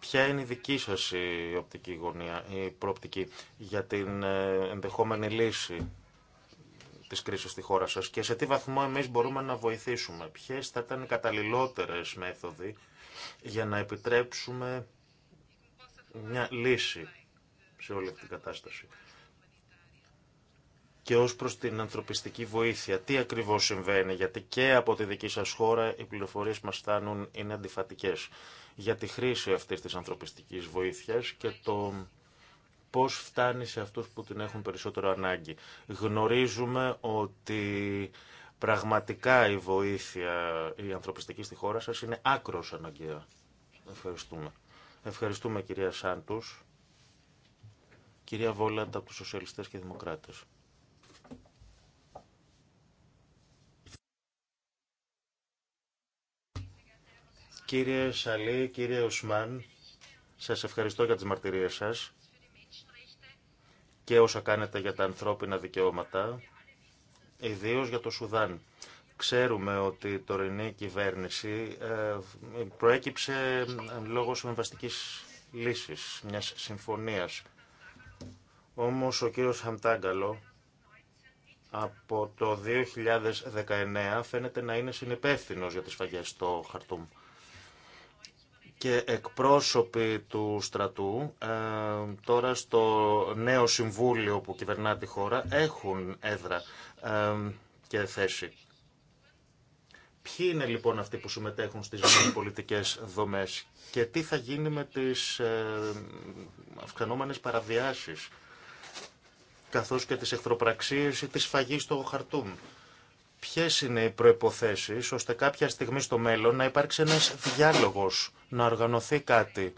Ποια είναι η δική σας η οπτική γωνία, η προοπτική για την ε, ενδεχόμενη λύση της κρίσης στη χώρα σας και σε τι βαθμό εμείς μπορούμε να βοηθήσουμε. Ποιες θα ήταν οι καταλληλότερες μέθοδοι για να επιτρέψουμε μια λύση σε όλη αυτή την κατάσταση. Και ως προς την ανθρωπιστική βοήθεια, τι ακριβώς συμβαίνει, γιατί και από τη δική σας χώρα οι πληροφορίες μας φτάνουν είναι αντιφατικές για τη χρήση αυτής της ανθρωπιστικής βοήθειας και το πώς φτάνει σε αυτούς που την έχουν περισσότερο ανάγκη. Γνωρίζουμε ότι Πραγματικά η βοήθεια, η ανθρωπιστική στη χώρα σας είναι άκρος αναγκαία. Ευχαριστούμε. Ευχαριστούμε κυρία Σάντους. Κυρία Βόλαντα από τους Σοσιαλιστές και Δημοκράτες. Κύριε Σαλή, κύριε Οσμάν, σας ευχαριστώ για τις μαρτυρίες σας και όσα κάνετε για τα ανθρώπινα δικαιώματα ιδίω για το Σουδάν. Ξέρουμε ότι η τωρινή κυβέρνηση ε, προέκυψε ε, λόγω συμβαστική λύσης, μιας συμφωνίας. Όμως ο κύριος Χαμτάγκαλο από το 2019 φαίνεται να είναι συνυπεύθυνος για τις φαγές στο Χαρτούμ και εκπρόσωποι του στρατού ε, τώρα στο νέο συμβούλιο που κυβερνά τη χώρα έχουν έδρα ε, και θέση. Ποιοι είναι λοιπόν αυτοί που συμμετέχουν στις πολιτικές δομές και τι θα γίνει με τις ε, αυξανόμενες παραβιάσεις καθώς και τις εχθροπραξίες ή τη σφαγή στο χαρτούμ. Ποιες είναι οι προϋποθέσεις ώστε κάποια στιγμή στο μέλλον να υπάρξει ένας διάλογος να οργανωθεί κάτι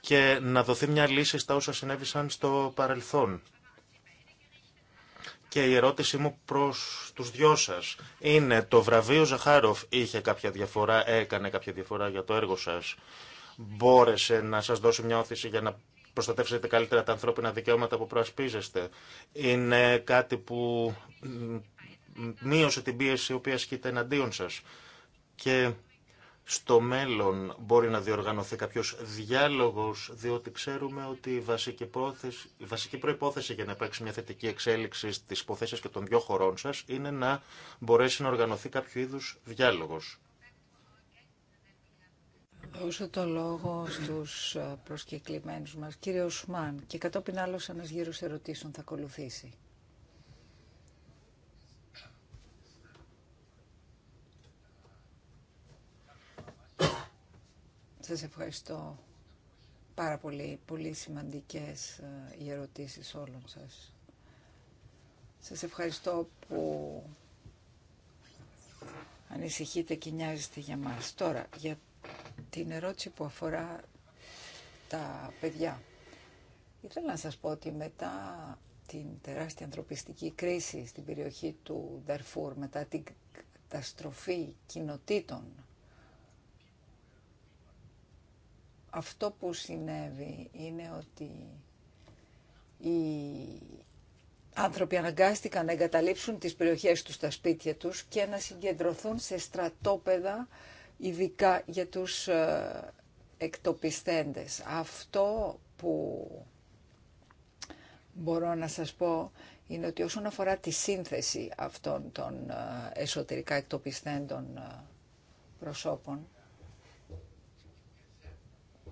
και να δοθεί μια λύση στα όσα συνέβησαν στο παρελθόν. Και η ερώτησή μου προς τους δυο σας είναι το βραβείο Ζαχάροφ είχε κάποια διαφορά, έκανε κάποια διαφορά για το έργο σας. Μπόρεσε να σας δώσει μια όθηση για να προστατεύσετε καλύτερα τα ανθρώπινα δικαιώματα που προασπίζεστε. Είναι κάτι που μείωσε την πίεση η οποία ασκείται εναντίον σας. Και στο μέλλον μπορεί να διοργανωθεί κάποιος διάλογος, διότι ξέρουμε ότι η βασική, πρόθεση, η βασική προϋπόθεση για να υπάρξει μια θετική εξέλιξη στις υποθέσεις και των δύο χωρών σας είναι να μπορέσει να οργανωθεί κάποιο είδους διάλογος. Δώσω το λόγο στους ε, προσκεκλημένους μας, κύριε Σμάν, και κατόπιν άλλος ένας γύρος ερωτήσεων θα ακολουθήσει. Σας ευχαριστώ πάρα πολύ, πολύ σημαντικές ε, οι ερωτήσεις όλων σας. Σας ευχαριστώ που ανησυχείτε και νοιάζεστε για μας. Τώρα, για την ερώτηση που αφορά τα παιδιά. Ήθελα να σας πω ότι μετά την τεράστια ανθρωπιστική κρίση στην περιοχή του Δαρφουρ μετά την καταστροφή κοινοτήτων αυτό που συνέβη είναι ότι οι άνθρωποι αναγκάστηκαν να εγκαταλείψουν τις περιοχές τους στα σπίτια τους και να συγκεντρωθούν σε στρατόπεδα ειδικά για τους ε, εκτοπιστέντες. Αυτό που μπορώ να σας πω είναι ότι όσον αφορά τη σύνθεση αυτών των ε, εσωτερικά εκτοπιστέντων ε, προσώπων,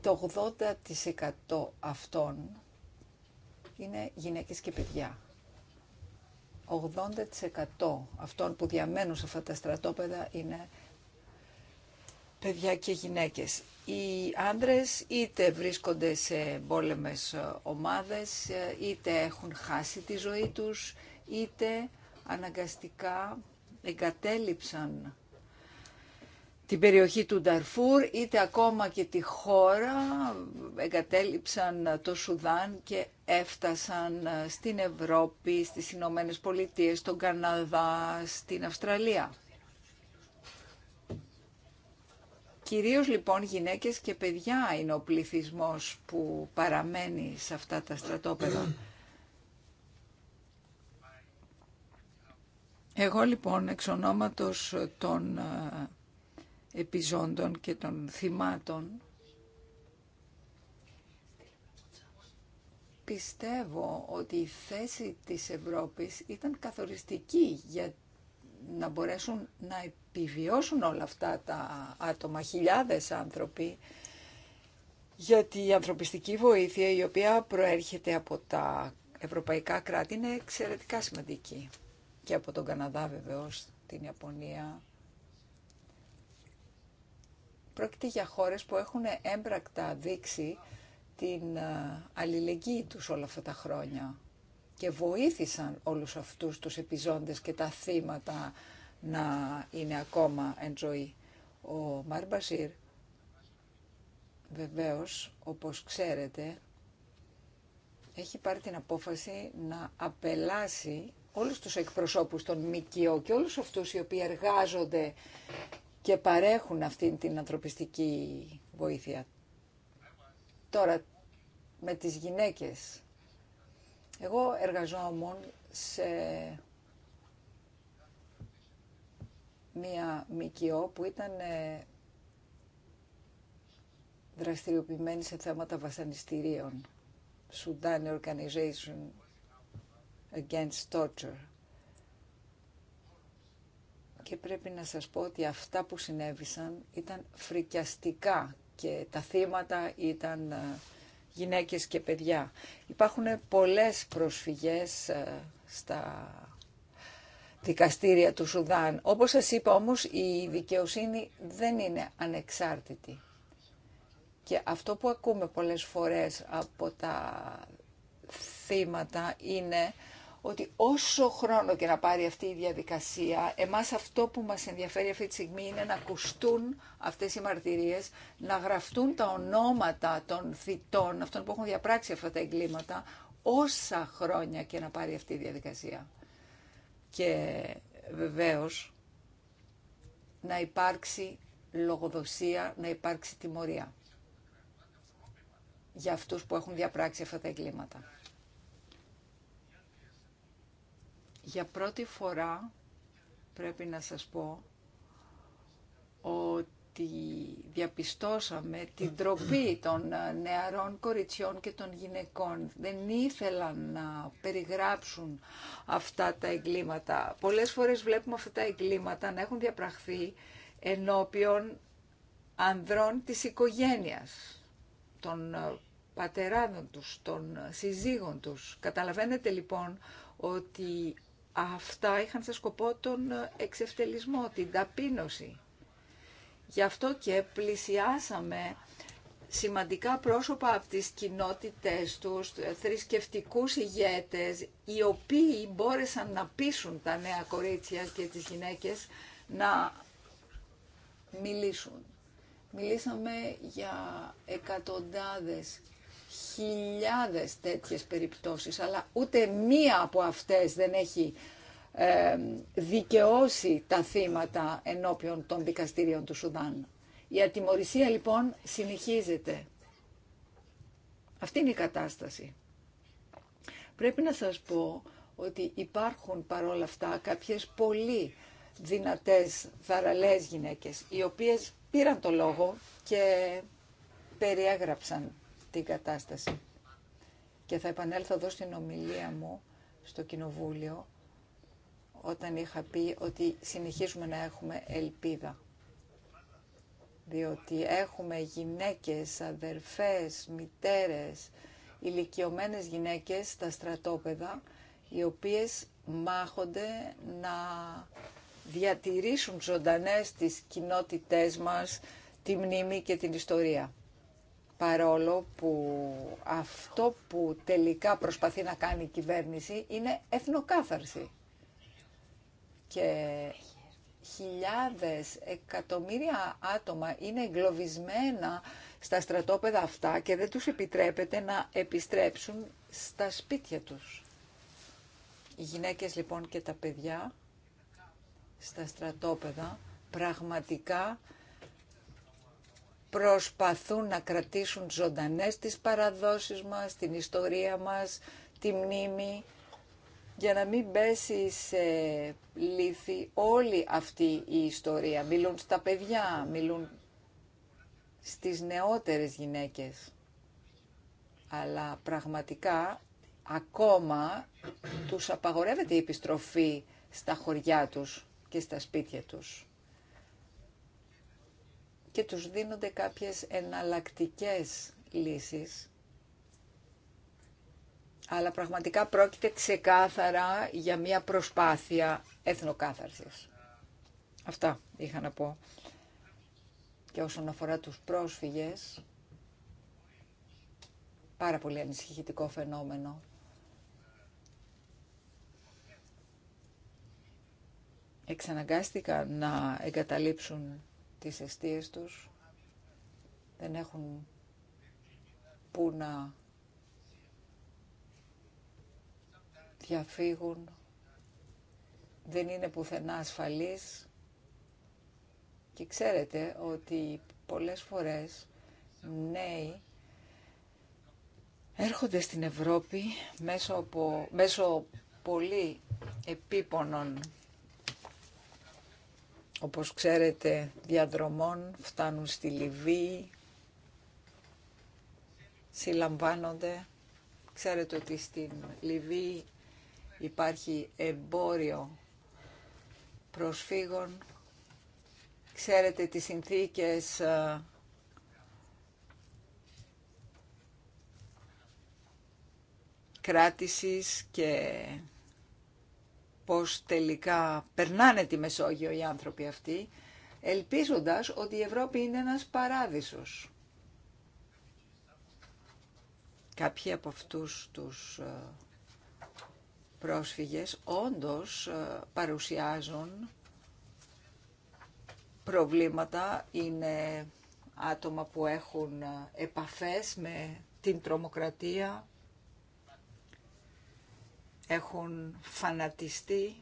το 80% αυτών είναι γυναίκες και παιδιά. 80% αυτών που διαμένουν σε αυτά τα στρατόπεδα είναι παιδιά και γυναίκες. Οι άντρες είτε βρίσκονται σε μπόλεμες ομάδες, είτε έχουν χάσει τη ζωή τους, είτε αναγκαστικά εγκατέλειψαν την περιοχή του Νταρφούρ, είτε ακόμα και τη χώρα, εγκατέλειψαν το Σουδάν και έφτασαν ε, στην Ευρώπη, στις Ηνωμένε Πολιτείες, στον Καναδά, στην Αυστραλία. Κυρίως λοιπόν γυναίκες και παιδιά είναι ο πληθυσμός που παραμένει σε αυτά τα στρατόπεδα. Εγώ λοιπόν εξ ονόματος των ε, επιζώντων και των θυμάτων. Πιστεύω ότι η θέση της Ευρώπης ήταν καθοριστική για να μπορέσουν να επιβιώσουν όλα αυτά τα άτομα, χιλιάδες άνθρωποι, γιατί η ανθρωπιστική βοήθεια η οποία προέρχεται από τα ευρωπαϊκά κράτη είναι εξαιρετικά σημαντική. Και από τον Καναδά βεβαίως, την Ιαπωνία, Πρόκειται για χώρες που έχουν έμπρακτα δείξει την ε, αλληλεγγύη τους όλα αυτά τα χρόνια και βοήθησαν όλους αυτούς τους επιζώντες και τα θύματα να είναι ακόμα εν ζωή. Ο Μαρμπαζίρ βεβαίως, όπως ξέρετε, έχει πάρει την απόφαση να απελάσει όλους τους εκπροσώπους των ΜΚΟ και όλους αυτούς οι οποίοι εργάζονται και παρέχουν αυτή την ανθρωπιστική βοήθεια. Τώρα, με τις γυναίκες. Εγώ εργαζόμουν σε μία μικιό που ήταν ε, δραστηριοποιημένη σε θέματα βασανιστήριων. Sudan Organization Against Torture και πρέπει να σας πω ότι αυτά που συνέβησαν ήταν φρικιαστικά και τα θύματα ήταν ε, γυναίκες και παιδιά. Υπάρχουν πολλές προσφυγές ε, στα δικαστήρια του Σουδάν. Όπως σας είπα όμως η δικαιοσύνη δεν είναι ανεξάρτητη. Και αυτό που ακούμε πολλές φορές από τα θύματα είναι ότι όσο χρόνο και να πάρει αυτή η διαδικασία, εμάς αυτό που μας ενδιαφέρει αυτή τη στιγμή είναι να ακουστούν αυτές οι μαρτυρίες, να γραφτούν τα ονόματα των θητών, αυτών που έχουν διαπράξει αυτά τα εγκλήματα, όσα χρόνια και να πάρει αυτή η διαδικασία. Και βεβαίως να υπάρξει λογοδοσία, να υπάρξει τιμωρία για αυτούς που έχουν διαπράξει αυτά τα εγκλήματα. Για πρώτη φορά πρέπει να σας πω ότι διαπιστώσαμε την τροπή των ε, νεαρών κοριτσιών και των γυναικών. Δεν ήθελαν να περιγράψουν αυτά τα εγκλήματα. Πολλές φορές βλέπουμε αυτά τα εγκλήματα να έχουν διαπραχθεί ενώπιον ανδρών της οικογένειας, των ε, πατεράδων τους, των ε, συζύγων τους. Καταλαβαίνετε λοιπόν ότι αυτά είχαν σε σκοπό τον εξευτελισμό, την ταπείνωση. Γι' αυτό και πλησιάσαμε σημαντικά πρόσωπα από τις κοινότητες τους, θρησκευτικού ηγέτες, οι οποίοι μπόρεσαν να πείσουν τα νέα κορίτσια και τις γυναίκες να μιλήσουν. Μιλήσαμε για εκατοντάδες χιλιάδες τέτοιες περιπτώσεις, αλλά ούτε μία από αυτές δεν έχει ε, δικαιώσει τα θύματα ενώπιον των δικαστηρίων του Σουδάν. Η ατιμορρησία λοιπόν συνεχίζεται. Αυτή είναι η κατάσταση. Πρέπει να σας πω ότι υπάρχουν παρόλα αυτά κάποιες πολύ δυνατές θαραλές γυναίκες, οι οποίες πήραν το λόγο και περιέγραψαν την κατάσταση. Και θα επανέλθω εδώ στην ομιλία μου στο Κοινοβούλιο όταν είχα πει ότι συνεχίζουμε να έχουμε ελπίδα. Διότι έχουμε γυναίκες, αδερφές, μητέρες, ηλικιωμένες γυναίκες στα στρατόπεδα, οι οποίες μάχονται να διατηρήσουν ζωντανές τις κοινότητές μας, τη μνήμη και την ιστορία παρόλο που αυτό που τελικά προσπαθεί να κάνει η κυβέρνηση είναι εθνοκάθαρση. Και χιλιάδες, εκατομμύρια άτομα είναι εγκλωβισμένα στα στρατόπεδα αυτά και δεν τους επιτρέπεται να επιστρέψουν στα σπίτια τους. Οι γυναίκες λοιπόν και τα παιδιά στα στρατόπεδα πραγματικά προσπαθούν να κρατήσουν ζωντανές τις παραδόσεις μας, την ιστορία μας, τη μνήμη, για να μην πέσει σε λύθη όλη αυτή η ιστορία. Μιλούν στα παιδιά, μιλούν στις νεότερες γυναίκες. Αλλά πραγματικά ακόμα τους απαγορεύεται η επιστροφή στα χωριά τους και στα σπίτια τους και τους δίνονται κάποιες εναλλακτικές λύσεις. Αλλά πραγματικά πρόκειται ξεκάθαρα για μια προσπάθεια εθνοκάθαρσης. Αυτά είχα να πω. Και όσον αφορά τους πρόσφυγες, πάρα πολύ ανησυχητικό φαινόμενο. Εξαναγκάστηκαν να εγκαταλείψουν τις αιστείες τους, δεν έχουν που να διαφύγουν, δεν είναι πουθενά ασφαλείς και ξέρετε ότι πολλές φορές νέοι έρχονται στην Ευρώπη μέσω, μέσω πολύ επίπονων όπως ξέρετε, διαδρομών φτάνουν στη Λιβύη, συλλαμβάνονται. Ξέρετε ότι στην Λιβύη υπάρχει εμπόριο προσφύγων. Ξέρετε τις συνθήκες ε, κράτησης και πώς τελικά περνάνε τη Μεσόγειο οι άνθρωποι αυτοί, ελπίζοντας ότι η Ευρώπη είναι ένας παράδεισος. Κάποιοι από αυτούς τους ε, πρόσφυγες όντως ε, παρουσιάζουν προβλήματα, είναι άτομα που έχουν ε, επαφές με την τρομοκρατία, έχουν φανατιστεί,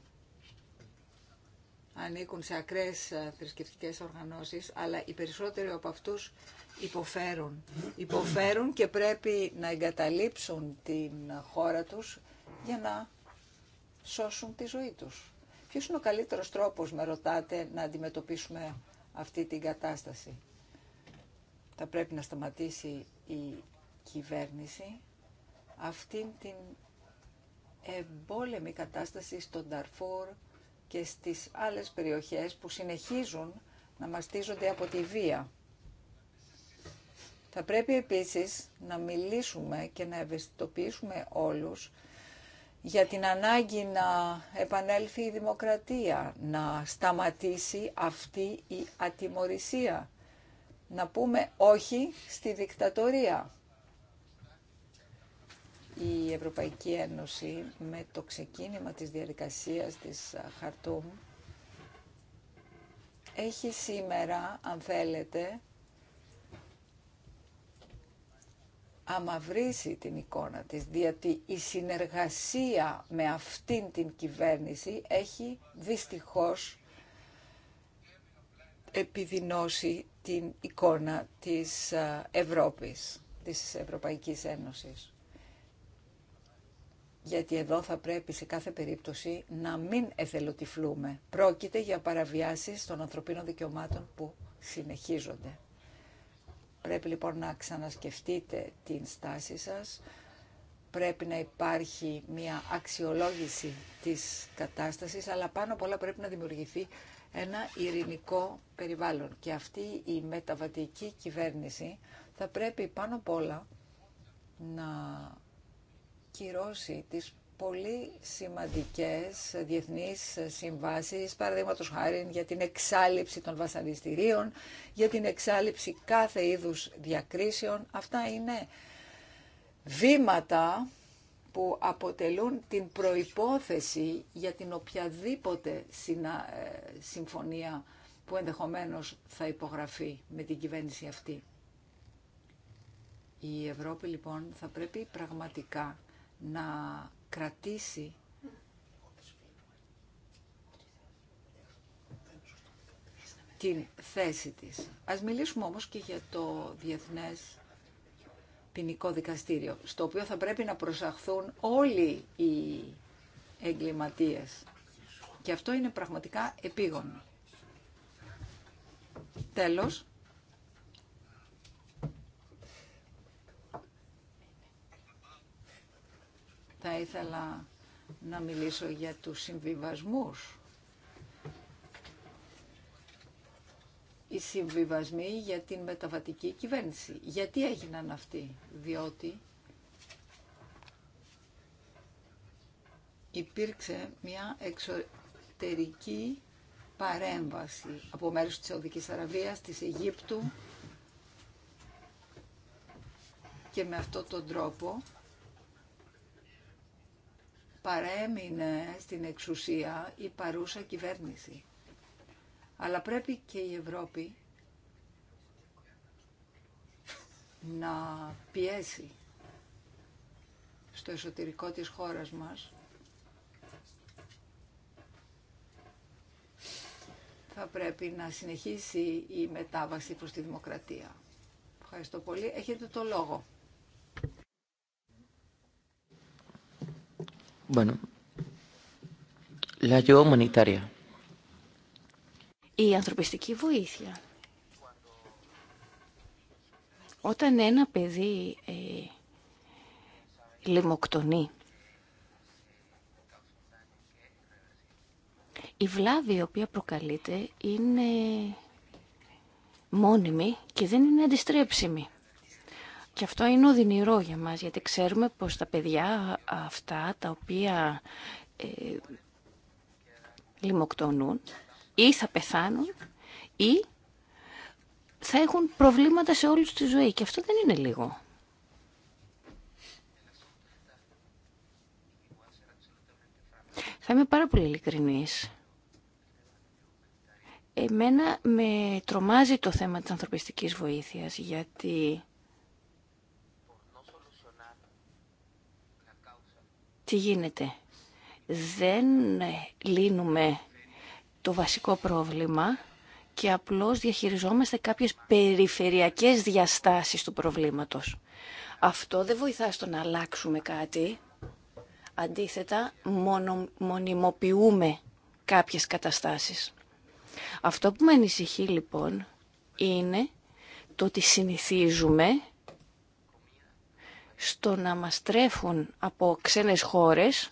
ανήκουν σε ακραίες ε, θρησκευτικές οργανώσεις, αλλά οι περισσότεροι από αυτούς υποφέρουν. Υποφέρουν και πρέπει να εγκαταλείψουν την χώρα τους για να σώσουν τη ζωή τους. Ποιος είναι ο καλύτερος τρόπος, με ρωτάτε, να αντιμετωπίσουμε αυτή την κατάσταση. Θα πρέπει να σταματήσει η κυβέρνηση αυτήν την εμπόλεμη κατάσταση στον Ταρφούρ και στις άλλες περιοχές που συνεχίζουν να μαστίζονται από τη βία. Θα πρέπει επίσης να μιλήσουμε και να ευαισθητοποιήσουμε όλους για την ανάγκη να επανέλθει η δημοκρατία, να σταματήσει αυτή η ατιμορρησία, να πούμε όχι στη δικτατορία η Ευρωπαϊκή Ένωση με το ξεκίνημα της διαδικασίας της Χαρτούμ έχει σήμερα, αν θέλετε, αμαυρίσει την εικόνα της, διότι η συνεργασία με αυτήν την κυβέρνηση έχει δυστυχώς επιδεινώσει την εικόνα της Ευρώπης, της Ευρωπαϊκής Ένωσης γιατί εδώ θα πρέπει σε κάθε περίπτωση να μην εθελοτυφλούμε. Πρόκειται για παραβιάσεις των ανθρωπίνων δικαιωμάτων που συνεχίζονται. Πρέπει λοιπόν να ξανασκεφτείτε την στάση σας. Πρέπει να υπάρχει μια αξιολόγηση της κατάστασης, αλλά πάνω απ' όλα πρέπει να δημιουργηθεί ένα ειρηνικό περιβάλλον. Και αυτή η μεταβατική κυβέρνηση θα πρέπει πάνω απ' όλα να κυρώσει τις πολύ σημαντικές διεθνείς συμβάσεις, παραδείγματος χάρη για την εξάλληψη των βασανιστήριων, για την εξάλληψη κάθε είδους διακρίσεων. Αυτά είναι βήματα που αποτελούν την προϋπόθεση για την οποιαδήποτε ε, συμφωνία που ενδεχομένως θα υπογραφεί με την κυβέρνηση αυτή. Η Ευρώπη λοιπόν θα πρέπει πραγματικά να κρατήσει την θέση της. Ας μιλήσουμε όμως και για το Διεθνές Ποινικό Δικαστήριο, στο οποίο θα πρέπει να προσαχθούν όλοι οι εγκληματίες. Και αυτό είναι πραγματικά επίγον. Τέλος, Θα ήθελα να μιλήσω για τους συμβιβασμούς. Οι συμβιβασμοί για την μεταβατική κυβέρνηση. Γιατί έγιναν αυτοί. Διότι υπήρξε μια εξωτερική παρέμβαση από μέρους της Αραβίας, της Αιγύπτου και με αυτόν τον τρόπο παρέμεινε στην εξουσία η παρούσα κυβέρνηση. Αλλά πρέπει και η Ευρώπη να πιέσει στο εσωτερικό της χώρας μας θα πρέπει να συνεχίσει η μετάβαση προς τη δημοκρατία. Ευχαριστώ πολύ. Έχετε το λόγο. Bueno, la Η ανθρωπιστική βοήθεια. Όταν ένα παιδί ε, λιμοκτονεί, η βλάβη η οποία προκαλείται είναι μόνιμη και δεν είναι αντιστρέψιμη. Και αυτό είναι οδυνηρό για μας, γιατί ξέρουμε πως τα παιδιά αυτά τα οποία ε, λιμοκτονούν ή θα πεθάνουν ή θα έχουν προβλήματα σε όλους τη ζωή. Και αυτό δεν είναι λίγο. Θα είμαι πάρα πολύ ειλικρινής. Εμένα με τρομάζει το θέμα της ανθρωπιστικής βοήθειας, γιατί τι γίνεται. Δεν λύνουμε το βασικό πρόβλημα και απλώς διαχειριζόμαστε κάποιες περιφερειακές διαστάσεις του προβλήματος. Αυτό δεν βοηθά στο να αλλάξουμε κάτι. Αντίθετα, μονο, μονιμοποιούμε κάποιες καταστάσεις. Αυτό που με ανησυχεί λοιπόν είναι το ότι συνηθίζουμε στο να μας τρέφουν από ξένες χώρες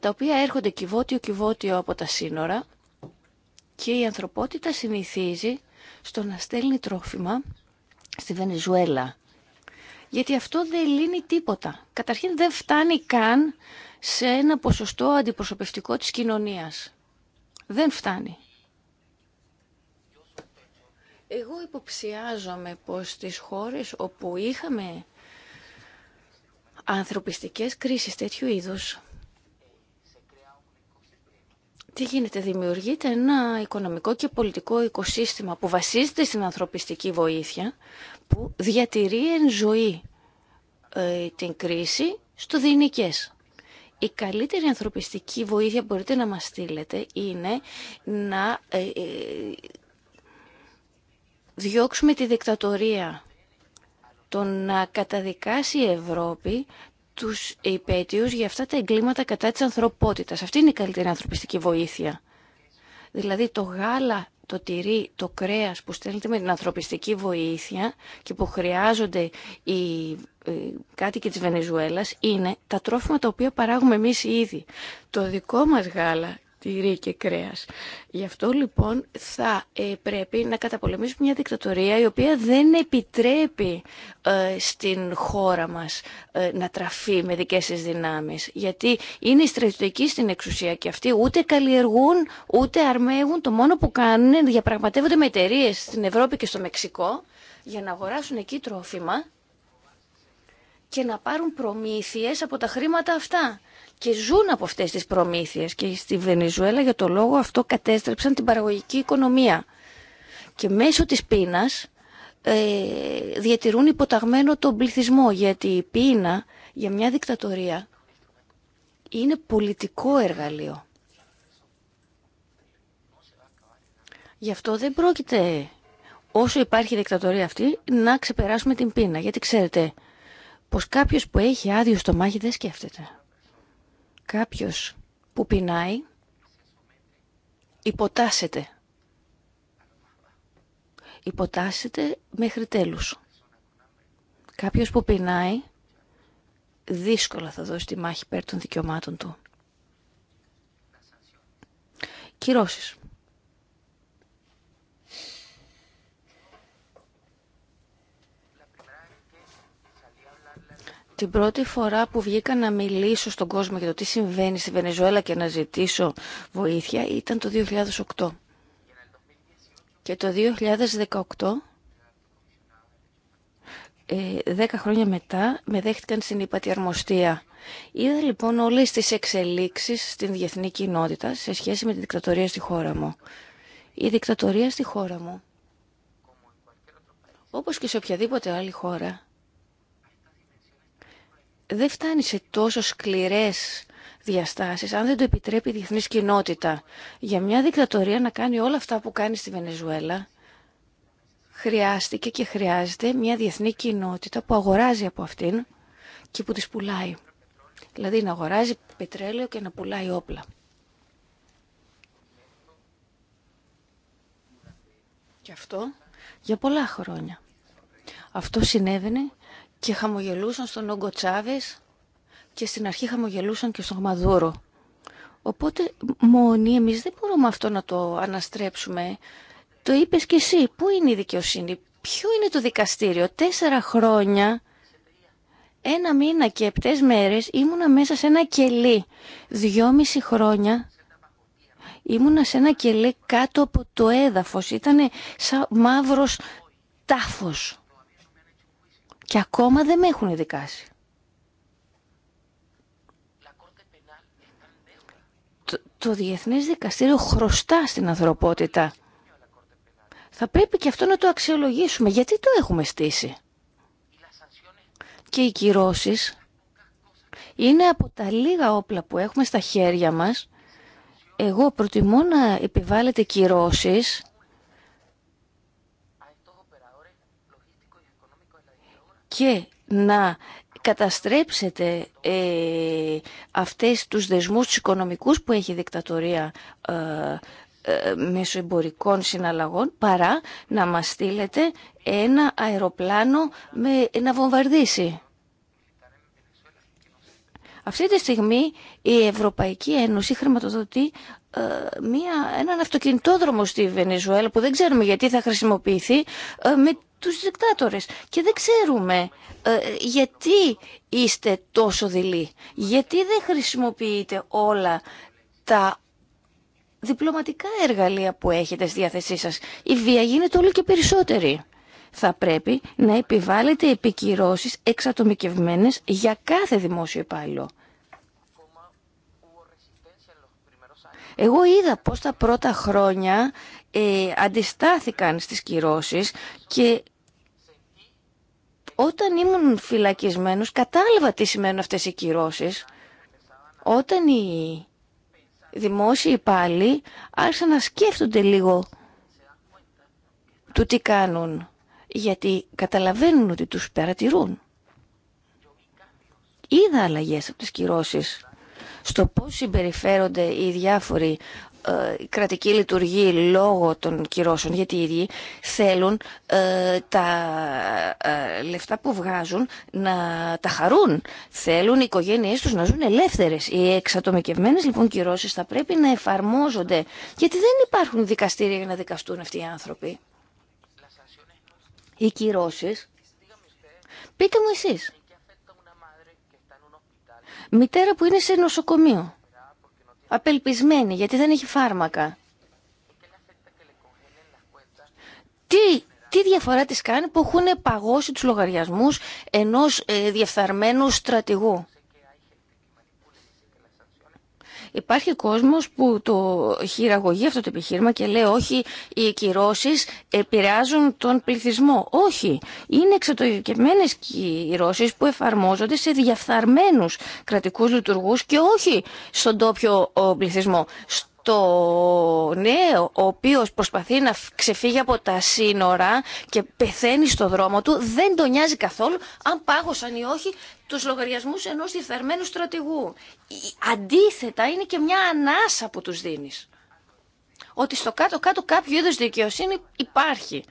τα οποία έρχονται κυβότιο-κυβότιο από τα σύνορα και η ανθρωπότητα συνηθίζει στο να στέλνει τρόφιμα στη Βενεζουέλα. Γιατί αυτό δεν λύνει τίποτα. Καταρχήν δεν φτάνει καν σε ένα ποσοστό αντιπροσωπευτικό της κοινωνίας. Δεν φτάνει. Εγώ υποψιάζομαι πως στις χώρες όπου είχαμε ανθρωπιστικές κρίσεις τέτοιου είδους, τι γίνεται, δημιουργείται ένα οικονομικό και πολιτικό οικοσύστημα που βασίζεται στην ανθρωπιστική βοήθεια, που διατηρεί εν ζωή ε, την κρίση στο διηνικές. Η καλύτερη ανθρωπιστική βοήθεια που μπορείτε να μας στείλετε είναι να ε, ε, διώξουμε τη δικτατορία, το να καταδικάσει η Ευρώπη τους υπέτειους για αυτά τα εγκλήματα κατά της ανθρωπότητας. Αυτή είναι η καλύτερη ανθρωπιστική βοήθεια. Δηλαδή το γάλα, το τυρί, το κρέας που στέλνετε με την ανθρωπιστική βοήθεια και που χρειάζονται οι κάτοικοι της Βενεζουέλας είναι τα τρόφιμα τα οποία παράγουμε εμείς ήδη. Το δικό μας γάλα τυρί και κρέας. Γι' αυτό λοιπόν θα ε, πρέπει να καταπολεμήσουμε μια δικτατορία η οποία δεν επιτρέπει ε, στην χώρα μας ε, να τραφεί με δικές της δυνάμεις. Γιατί είναι στρατιωτικοί στην εξουσία και αυτοί ούτε καλλιεργούν ούτε αρμέγουν. Το μόνο που κάνουν είναι διαπραγματεύονται με εταιρείε στην Ευρώπη και στο Μεξικό για να αγοράσουν εκεί τρόφιμα και να πάρουν προμήθειες από τα χρήματα αυτά και ζουν από αυτέ τι προμήθειε και στη Βενεζουέλα για το λόγο αυτό κατέστρεψαν την παραγωγική οικονομία και μέσω τη πείνα ε, διατηρούν υποταγμένο τον πληθυσμό γιατί η πείνα για μια δικτατορία είναι πολιτικό εργαλείο. Γι' αυτό δεν πρόκειται όσο υπάρχει η δικτατορία αυτή να ξεπεράσουμε την πείνα γιατί ξέρετε πως κάποιος που έχει άδειο στο μάχη δεν σκέφτεται. Κάποιος που πεινάει υποτάσσεται. Υποτάσσεται μέχρι τέλους. Κάποιος που πεινάει δύσκολα θα δώσει τη μάχη πέρα των δικαιωμάτων του. Κυρώσεις. την πρώτη φορά που βγήκα να μιλήσω στον κόσμο για το τι συμβαίνει στη Βενεζουέλα και να ζητήσω βοήθεια ήταν το 2008. Και το 2018, ε, δέκα χρόνια μετά, με δέχτηκαν στην υπατιαρμοστία. Είδα λοιπόν όλες τις εξελίξεις στην διεθνή κοινότητα σε σχέση με τη δικτατορία στη χώρα μου. Η δικτατορία στη χώρα μου, όπως και σε οποιαδήποτε άλλη χώρα, δεν φτάνει σε τόσο σκληρές διαστάσεις αν δεν το επιτρέπει η διεθνής κοινότητα. Για μια δικτατορία να κάνει όλα αυτά που κάνει στη Βενεζουέλα χρειάστηκε και χρειάζεται μια διεθνή κοινότητα που αγοράζει από αυτήν και που τις πουλάει. Δηλαδή να αγοράζει πετρέλαιο και να πουλάει όπλα. Και αυτό για πολλά χρόνια. Αυτό συνέβαινε και χαμογελούσαν στον Όγκο Τσάβης και στην αρχή χαμογελούσαν και στον Μαδούρο. Οπότε μόνοι εμείς δεν μπορούμε αυτό να το αναστρέψουμε. Το είπες και εσύ, πού είναι η δικαιοσύνη, ποιο είναι το δικαστήριο. Τέσσερα χρόνια, ένα μήνα και επτές μέρες ήμουνα μέσα σε ένα κελί. Δυόμιση χρόνια ήμουνα σε ένα κελί κάτω από το έδαφος. Ήτανε σαν μαύρος τάφος και ακόμα δεν με έχουν δικάσει. Το, το Διεθνές Δικαστήριο χρωστά στην ανθρωπότητα. Θα πρέπει και αυτό να το αξιολογήσουμε. Γιατί το έχουμε στήσει. Και οι κυρώσεις είναι από τα λίγα όπλα που έχουμε στα χέρια μας. Εγώ προτιμώ να επιβάλλετε κυρώσεις και να καταστρέψετε ε, αυτές τους δεσμούς τους οικονομικούς που έχει η δικτατορία ε, ε, μέσω συναλλαγών παρά να μας στείλετε ένα αεροπλάνο με, να βομβαρδίσει. Αυτή τη στιγμή η Ευρωπαϊκή Ένωση χρηματοδοτεί ε, μία, έναν αυτοκινητόδρομο στη Βενεζουέλα που δεν ξέρουμε γιατί θα χρησιμοποιηθεί ε, με τους δικτάτορες. Και δεν ξέρουμε ε, γιατί είστε τόσο δειλοί, γιατί δεν χρησιμοποιείτε όλα τα διπλωματικά εργαλεία που έχετε στη διάθεσή σας. Η βία γίνεται όλο και περισσότερη θα πρέπει να επιβάλλεται επικυρώσεις εξατομικευμένες για κάθε δημόσιο υπάλληλο. Εγώ είδα πώς τα πρώτα χρόνια ε, αντιστάθηκαν στις κυρώσεις και όταν ήμουν φυλακισμένος κατάλαβα τι σημαίνουν αυτές οι κυρώσεις. Όταν οι δημόσιοι υπάλληλοι άρχισαν να σκέφτονται λίγο του τι κάνουν γιατί καταλαβαίνουν ότι τους παρατηρούν. Είδα αλλαγές από τις κυρώσεις στο πώς συμπεριφέρονται οι διάφοροι ε, κρατικοί λειτουργοί λόγω των κυρώσεων, γιατί οι ίδιοι θέλουν ε, τα ε, λεφτά που βγάζουν να τα χαρούν. Θέλουν οι οικογένειές τους να ζουν ελεύθερες. Οι εξατομικευμένες λοιπόν κυρώσεις θα πρέπει να εφαρμόζονται, γιατί δεν υπάρχουν δικαστήρια για να δικαστούν αυτοί οι άνθρωποι οι κυρώσει, Πείτε μου εσεί, Μητέρα που είναι σε νοσοκομείο. Απελπισμένη γιατί δεν έχει φάρμακα. Τι, τι διαφορά της κάνει που έχουν παγώσει τους λογαριασμούς ενός ε, διεφθαρμένου στρατηγού. Υπάρχει κόσμος που το χειραγωγεί αυτό το επιχείρημα και λέει όχι, οι κυρώσει επηρεάζουν τον πληθυσμό. Όχι, είναι εξατογικευμένες κυρώσει που εφαρμόζονται σε διαφθαρμένους κρατικούς λειτουργούς και όχι στον τόπιο πληθυσμό το νέο ο οποίος προσπαθεί να ξεφύγει από τα σύνορα και πεθαίνει στο δρόμο του δεν τον νοιάζει καθόλου αν πάγωσαν ή όχι τους λογαριασμούς ενός διεφθαρμένου στρατηγού. Αντίθετα είναι και μια ανάσα που τους δίνεις. Ότι στο κάτω-κάτω κάποιο είδος δικαιοσύνη υπάρχει.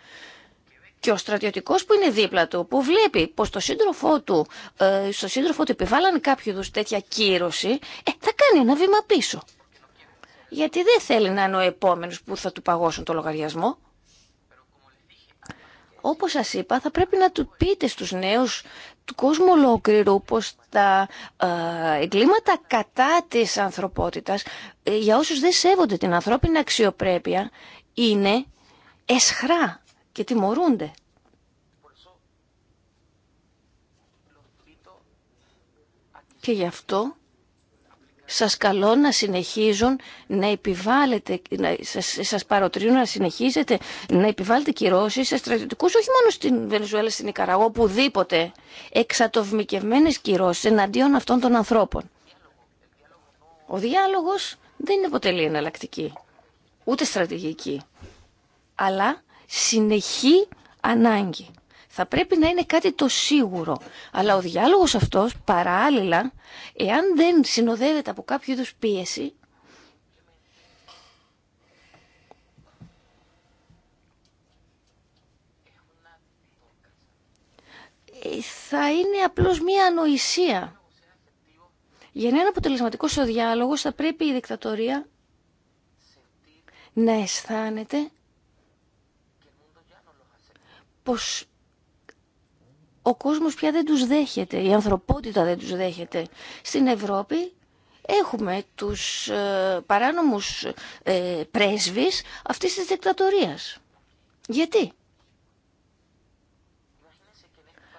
Και ο στρατιωτικό που είναι δίπλα του, που βλέπει πω το σύντροφό του, ε, στο σύντροφό του επιβάλλανε κάποιο είδου τέτοια κύρωση, ε, θα κάνει ένα βήμα πίσω γιατί δεν θέλει να είναι ο επόμενος που θα του παγώσουν το λογαριασμό. Όπως σα είπα, θα πρέπει να του πείτε στους νέους του κόσμου ολόκληρου πως τα ε, εγκλήματα κατά της ανθρωπότητας, ε, για όσους δεν σέβονται την ανθρώπινη αξιοπρέπεια, είναι εσχρά και τιμωρούνται. Και γι' αυτό σας καλώ να συνεχίζουν να επιβάλλετε, να, σας, σας παροτρύνω να συνεχίζετε να επιβάλλετε κυρώσεις σε στρατιωτικούς, όχι μόνο στην Βενεζουέλα, στην Ικαραγώ, οπουδήποτε, εξατομικευμένες κυρώσεις εναντίον αυτών των ανθρώπων. Ο διάλογος δεν είναι αποτελεί εναλλακτική, ούτε στρατηγική, αλλά συνεχή ανάγκη θα πρέπει να είναι κάτι το σίγουρο. Αλλά ο διάλογος αυτός παράλληλα, εάν δεν συνοδεύεται από κάποιο είδους πίεση, θα είναι απλώς μία ανοησία. Για να είναι αποτελεσματικό ο διάλογος θα πρέπει η δικτατορία να αισθάνεται πως ο κόσμος πια δεν τους δέχεται, η ανθρωπότητα δεν τους δέχεται. Στην Ευρώπη έχουμε τους ε, παράνομους ε, πρέσβεις αυτής της δικτατορίας. Γιατί?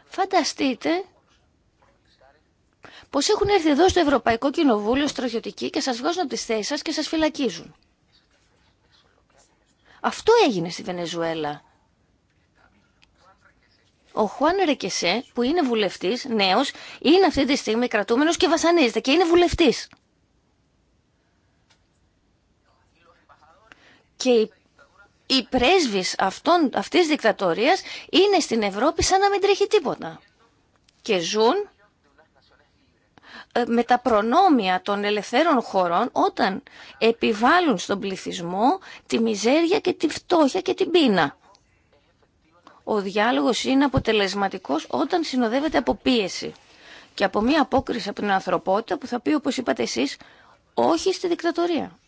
Φανταστείτε πως έχουν έρθει εδώ στο Ευρωπαϊκό Κοινοβούλιο στρατιωτικοί και σας βγάζουν από τις θέσεις σας και σας φυλακίζουν. Αυτό έγινε στη Βενεζουέλα. Ο Χουάν Ρεκεσέ, που είναι βουλευτή νέο, είναι αυτή τη στιγμή κρατούμενος και βασανίζεται και είναι βουλευτή. Και οι πρέσβεις αυτών, αυτής της δικτατορίας είναι στην Ευρώπη σαν να μην τρέχει τίποτα. Και ζουν ε, με τα προνόμια των ελευθέρων χωρών όταν επιβάλλουν στον πληθυσμό τη μιζέρια και τη φτώχεια και την πείνα ο διάλογος είναι αποτελεσματικός όταν συνοδεύεται από πίεση και από μια απόκριση από την ανθρωπότητα που θα πει όπως είπατε εσείς όχι στη δικτατορία.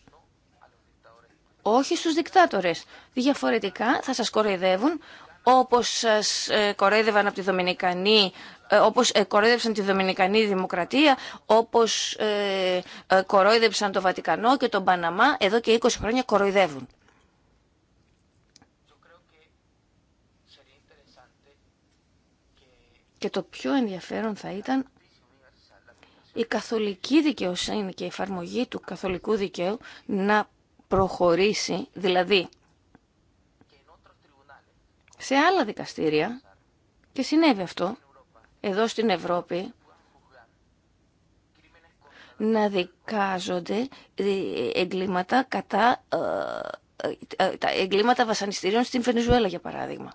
Όχι στους δικτάτορες. Διαφορετικά θα σας κοροϊδεύουν όπως σας ε, κοροϊδεύαν από τη Δομινικανή ε, όπως ε, κοροϊδεύσαν τη Δομινικανή Δημοκρατία, όπως κοροϊδεύσαν το Βατικανό και τον Παναμά, εδώ και 20 χρόνια κοροϊδεύουν. Και το πιο ενδιαφέρον θα ήταν η καθολική δικαιοσύνη και η εφαρμογή του καθολικού δικαίου να προχωρήσει, δηλαδή σε άλλα δικαστήρια, και συνέβη αυτό, εδώ στην Ευρώπη, να δικάζονται εγκλήματα κατά ε, ε, τα εγκλήματα βασανιστήριων στην Βενεζουέλα, για παράδειγμα.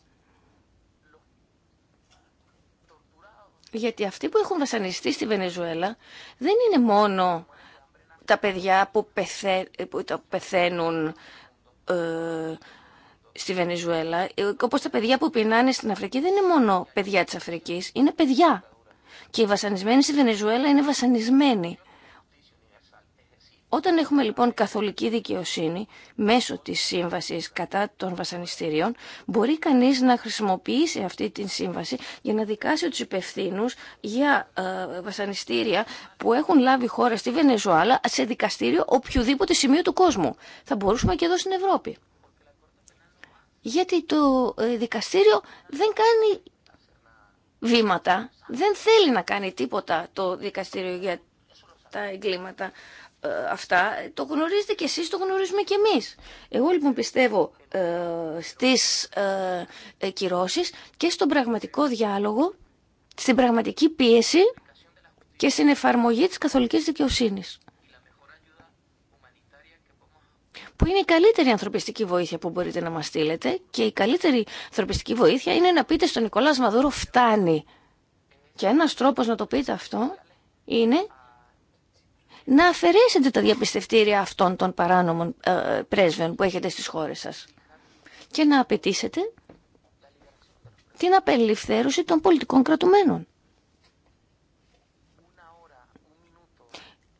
Γιατί αυτοί που έχουν βασανιστεί στη Βενεζουέλα δεν είναι μόνο τα παιδιά που, πεθαίνουν ε, στη Βενεζουέλα. Ε, όπως τα παιδιά που πεινάνε στην Αφρική δεν είναι μόνο παιδιά της Αφρικής, είναι παιδιά. Και οι βασανισμένοι στη Βενεζουέλα είναι βασανισμένοι. Όταν έχουμε λοιπόν καθολική δικαιοσύνη μέσω της σύμβασης κατά των βασανιστήριων, μπορεί κανείς να χρησιμοποιήσει αυτή τη σύμβαση για να δικάσει τους υπευθύνους για ε, βασανιστήρια που έχουν λάβει χώρα στη Βενεζουάλα σε δικαστήριο οποιοδήποτε σημείο του κόσμου. Θα μπορούσαμε και εδώ στην Ευρώπη. Γιατί το ε, δικαστήριο δεν κάνει βήματα, δεν θέλει να κάνει τίποτα το δικαστήριο για τα εγκλήματα ε, αυτά το γνωρίζετε κι εσείς, το γνωρίζουμε κι εμείς. Εγώ λοιπόν πιστεύω ε, στις ε, ε, κυρώσεις και στον πραγματικό διάλογο, στην πραγματική πίεση και στην εφαρμογή της καθολικής δικαιοσύνης. Που είναι η καλύτερη ανθρωπιστική βοήθεια που μπορείτε να μας στείλετε και η καλύτερη ανθρωπιστική βοήθεια είναι να πείτε στον Νικολάς Μαδούρο φτάνει. Και ένας τρόπος να το πείτε αυτό είναι να αφαιρέσετε τα διαπιστευτήρια αυτών των παράνομων ε, πρέσβεων που έχετε στις χώρες σας και να απαιτήσετε την απελευθέρωση των πολιτικών κρατουμένων.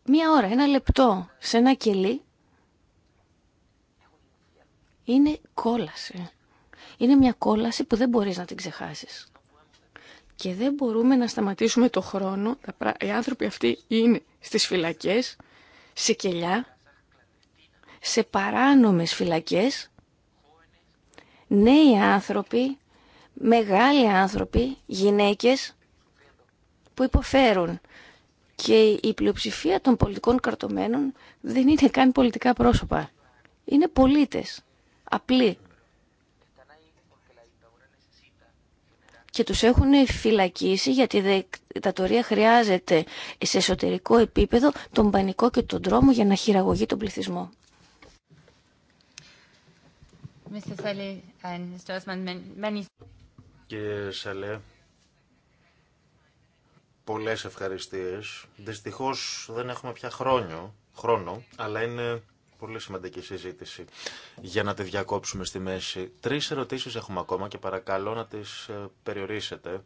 Μία ώρα, ένα λεπτό σε ένα κελί είναι κόλαση. Είναι μια κόλαση που δεν μπορείς να την ξεχάσεις. Και δεν μπορούμε να σταματήσουμε το χρόνο. Οι άνθρωποι αυτοί είναι στις φυλακές, σε κελιά, σε παράνομες φυλακές, νέοι άνθρωποι, μεγάλοι άνθρωποι, γυναίκες που υποφέρουν. Και η πλειοψηφία των πολιτικών κρατωμένων δεν είναι καν πολιτικά πρόσωπα. Είναι πολίτες, απλοί, και τους έχουν φυλακίσει γιατί η δικτατορία χρειάζεται σε εσωτερικό επίπεδο τον πανικό και τον τρόμο για να χειραγωγεί τον πληθυσμό. Κύριε Σαλέ, πολλές ευχαριστίες. Δυστυχώς δεν έχουμε πια χρόνο, χρόνο αλλά είναι Πολύ σημαντική συζήτηση για να τη διακόψουμε στη μέση. Τρεις ερωτήσεις έχουμε ακόμα και παρακαλώ να τις ε, περιορίσετε.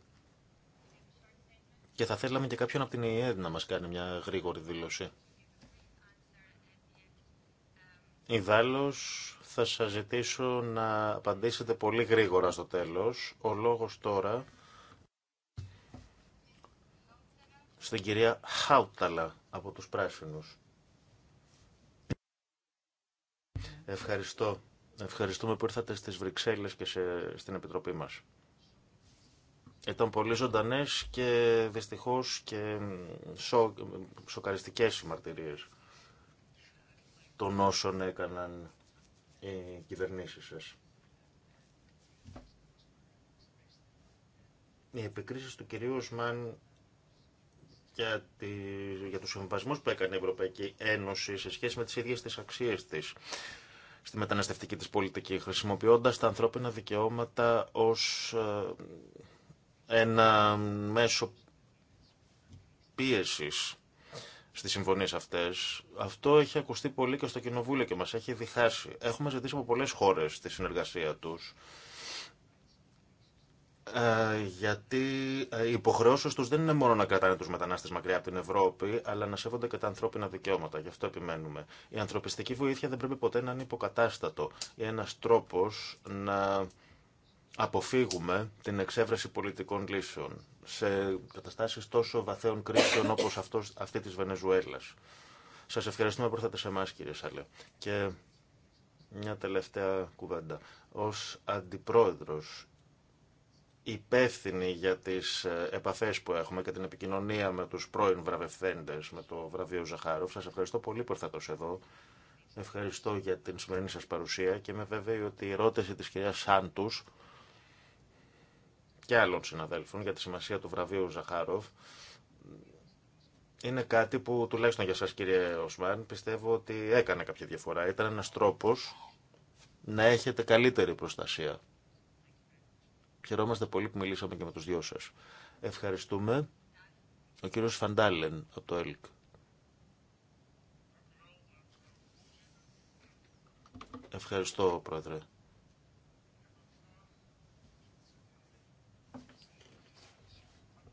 Και θα θέλαμε και κάποιον από την ΕΕΔ να μας κάνει μια γρήγορη δήλωση. Ιδάλλως θα σας ζητήσω να απαντήσετε πολύ γρήγορα στο τέλος. Ο λόγος τώρα στην κυρία Χάουταλα από τους Πράσινους. Ευχαριστώ. Ευχαριστούμε που ήρθατε στις Βρυξέλλες και σε, στην Επιτροπή μας. Ήταν πολύ ζωντανέ και δυστυχώς και σο, σοκαριστικές οι μαρτυρίες των όσων έκαναν οι κυβερνήσεις σας. Οι επικρίσεις του κυρίου Οσμάν για, τη, για τους συμβασμούς που έκανε η Ευρωπαϊκή Ένωση σε σχέση με τις ίδιες τις αξίες της στη μεταναστευτική της πολιτική, χρησιμοποιώντας τα ανθρώπινα δικαιώματα ως ε, ένα μέσο πίεσης στι συμφωνίε αυτέ. Αυτό έχει ακουστεί πολύ και στο Κοινοβούλιο και μα έχει διχάσει. Έχουμε ζητήσει από πολλέ χώρε τη συνεργασία του ε, γιατί ε, οι υποχρεώσει του δεν είναι μόνο να κρατάνε του μετανάστε μακριά από την Ευρώπη, αλλά να σέβονται και τα ανθρώπινα δικαιώματα. Γι' αυτό επιμένουμε. Η ανθρωπιστική βοήθεια δεν πρέπει ποτέ να είναι υποκατάστατο ή ένα τρόπο να αποφύγουμε την εξέβρεση πολιτικών λύσεων σε καταστάσεις τόσο βαθέων κρίσεων όπω αυτή τη Βενεζουέλας. Σα ευχαριστούμε που ήρθατε σε εμά, κύριε Σαλέ. Και μια τελευταία κουβέντα. ω αντιπρόεδρο υπεύθυνοι για τις ε, επαφές που έχουμε και την επικοινωνία με τους πρώην βραβευθέντες με το βραβείο Ζαχάροφ. Σας ευχαριστώ πολύ που ήρθατε εδώ. Ευχαριστώ για την σημερινή σας παρουσία και είμαι βέβαιη ότι η ερώτηση της κυρίας Σάντους και άλλων συναδέλφων για τη σημασία του βραβείου Ζαχάροφ είναι κάτι που τουλάχιστον για σας κύριε Οσμάν πιστεύω ότι έκανε κάποια διαφορά. Ήταν ένας τρόπος να έχετε καλύτερη προστασία Χαιρόμαστε πολύ που μιλήσαμε και με τους δυο σας. Ευχαριστούμε. Ο κύριος Φαντάλεν από το ΕΛΚ. Ευχαριστώ, Πρόεδρε.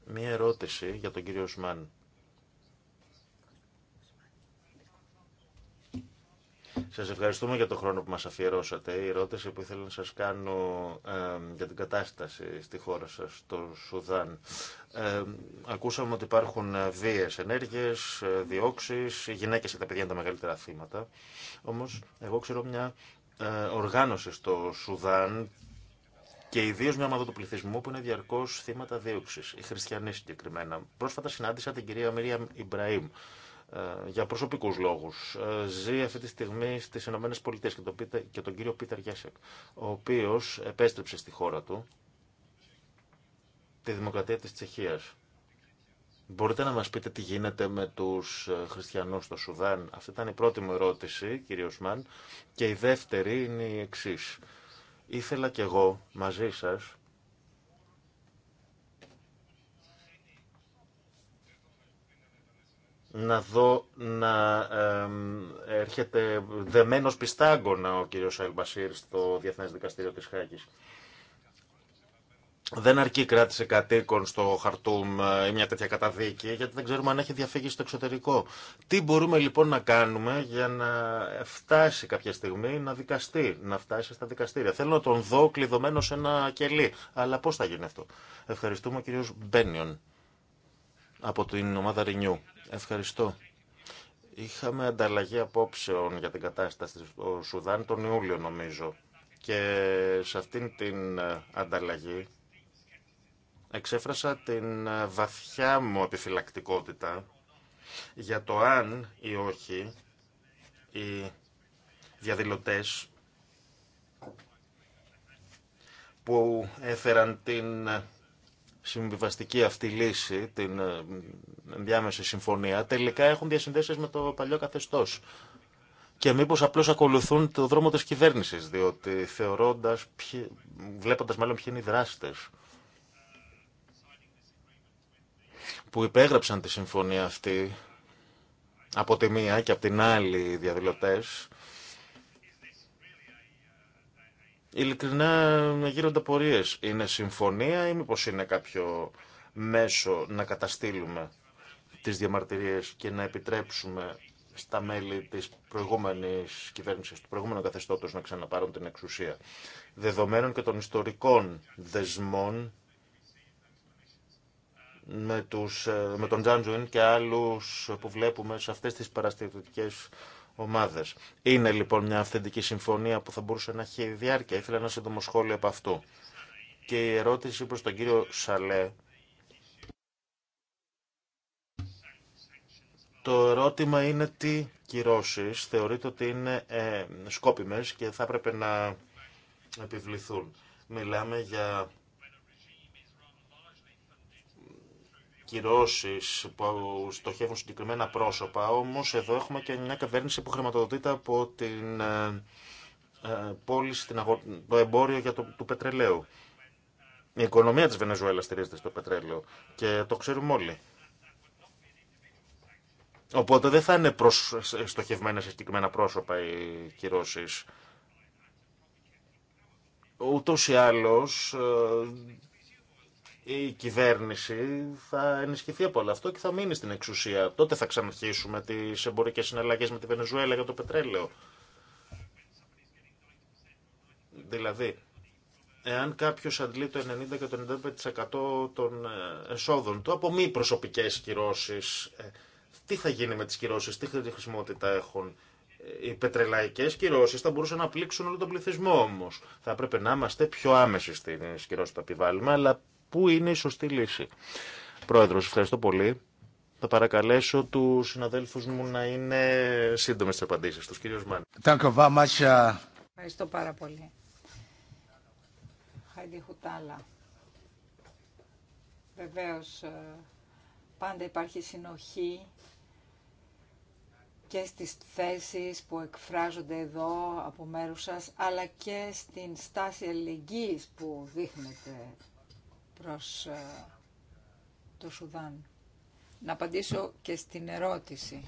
Μία ερώτηση για τον κύριο Σμάν. Σα ευχαριστούμε για τον χρόνο που μα αφιερώσατε. Η ερώτηση που ήθελα να σα κάνω για την κατάσταση στη χώρα σα, στο Σουδάν. ακούσαμε ότι υπάρχουν ε, βίε ενέργειε, ε, διώξει, οι γυναίκε και τα παιδιά είναι τα μεγαλύτερα θύματα. Όμω, εγώ ξέρω μια ε, οργάνωση στο Σουδάν και ιδίω μια ομάδα του πληθυσμού που είναι διαρκώ θύματα δίωξη. Οι χριστιανοί συγκεκριμένα. Πρόσφατα συνάντησα την κυρία Μυρία Ιμπραήμ ε, για προσωπικούς λόγους. Ε, ζει αυτή τη στιγμή στις Ηνωμένες Πολιτείες και, το και τον κύριο Πίτερ Γέσεκ, ο οποίος επέστρεψε στη χώρα του τη Δημοκρατία της Τσεχίας. Μπορείτε να μας πείτε τι γίνεται με τους ε, χριστιανούς στο Σουδάν. Αυτή ήταν η πρώτη μου ερώτηση, κύριο Σμάν. Και η δεύτερη είναι η εξής. Ήθελα κι εγώ μαζί σας να δω να έρχεται δεμένος πιστάγκωνα ο κύριος Αλμπασίρ στο Διεθνές Δικαστήριο της Χάκης. Δεν αρκεί κράτηση κατοίκων στο Χαρτούμ ε, ή μια τέτοια καταδίκη, γιατί δεν ξέρουμε αν έχει διαφύγει στο εξωτερικό. Τι μπορούμε λοιπόν να κάνουμε για να φτάσει κάποια στιγμή να δικαστεί, να φτάσει στα δικαστήρια. Θέλω να τον δω κλειδωμένο σε ένα κελί. Αλλά πώ θα γίνει αυτό. Ευχαριστούμε ο κύριο Μπένιον από την ομάδα Renew. Ευχαριστώ. Είχαμε ανταλλαγή απόψεων για την κατάσταση στο Σουδάν τον Ιούλιο νομίζω και σε αυτήν την ε, ανταλλαγή εξέφρασα την ε, βαθιά μου επιφυλακτικότητα για το αν ή όχι οι διαδηλωτές που έφεραν την ε, συμβιβαστική αυτή λύση, την ε, διάμεση συμφωνία, τελικά έχουν διασυνδέσεις με το παλιό καθεστώς. Και μήπω απλώς ακολουθούν το δρόμο της κυβέρνηση, διότι θεωρώντας, βλέποντα βλέποντας μάλλον ποιοι είναι οι δράστες που υπέγραψαν τη συμφωνία αυτή από τη μία και από την άλλη οι διαδηλωτές, Ειλικρινά ε, γύρονται πορείε Είναι συμφωνία ή μήπω είναι κάποιο μέσο να καταστήλουμε τις διαμαρτυρίες και να επιτρέψουμε στα μέλη της προηγούμενης κυβέρνησης, του προηγούμενου καθεστώτος να ξαναπάρουν την εξουσία. Δεδομένων και των ιστορικών δεσμών με, τους, ε, με τον Τζάντζουιν και άλλους που βλέπουμε σε αυτές τις παραστηρητικές ομάδε. Είναι λοιπόν μια αυθεντική συμφωνία που θα μπορούσε να έχει διάρκεια. Ήθελα ένα σύντομο σχόλιο από αυτού. Και η ερώτηση προ τον κύριο Σαλέ. Το ερώτημα είναι τι κυρώσεις θεωρείτε ότι είναι ε, σκόπιμες και θα έπρεπε να επιβληθούν. Μιλάμε για κυρώσει που στοχεύουν συγκεκριμένα πρόσωπα. Όμω εδώ έχουμε και μια κυβέρνηση που χρηματοδοτείται από την ε, ε, πόλη, στην αγο... το εμπόριο για το... του πετρελαίου. Η οικονομία τη Βενεζουέλα στηρίζεται στο πετρέλαιο και το ξέρουμε όλοι. Οπότε δεν θα είναι προς... στοχευμένα σε συγκεκριμένα πρόσωπα οι κυρώσει. Ούτως ή άλλως ε, η κυβέρνηση θα ενισχυθεί από όλο αυτό και θα μείνει στην εξουσία. Τότε θα ξαναρχίσουμε τι εμπορικέ συναλλαγέ με τη Βενεζουέλα για το πετρέλαιο. Δηλαδή, εάν κάποιο αντλεί το 90 και το 95% των ε, εσόδων του από μη προσωπικέ κυρώσει. Ε, τι θα γίνει με τι κυρώσει, τι χρησιμότητα έχουν. Ε, οι πετρελαϊκέ κυρώσει θα μπορούσαν να πλήξουν όλο τον πληθυσμό όμω. Θα έπρεπε να είμαστε πιο άμεση στι κυρώσει που επιβάλλουμε, αλλά Πού είναι η σωστή λύση. Πρόεδρος, ευχαριστώ πολύ. Θα παρακαλέσω του συναδέλφους μου να είναι σύντομες τις απαντήσεις τους. Κύριος Μάνι. Uh, ευχαριστώ πάρα πολύ. Χάιντι Χουτάλα. Βεβαίως, ε, πάντα υπάρχει συνοχή και στις θέσεις που εκφράζονται εδώ από μέρους σας, αλλά και στην στάση αλληλεγγύη που δείχνετε προς ε, το Σουδάν. Να απαντήσω και στην ερώτηση.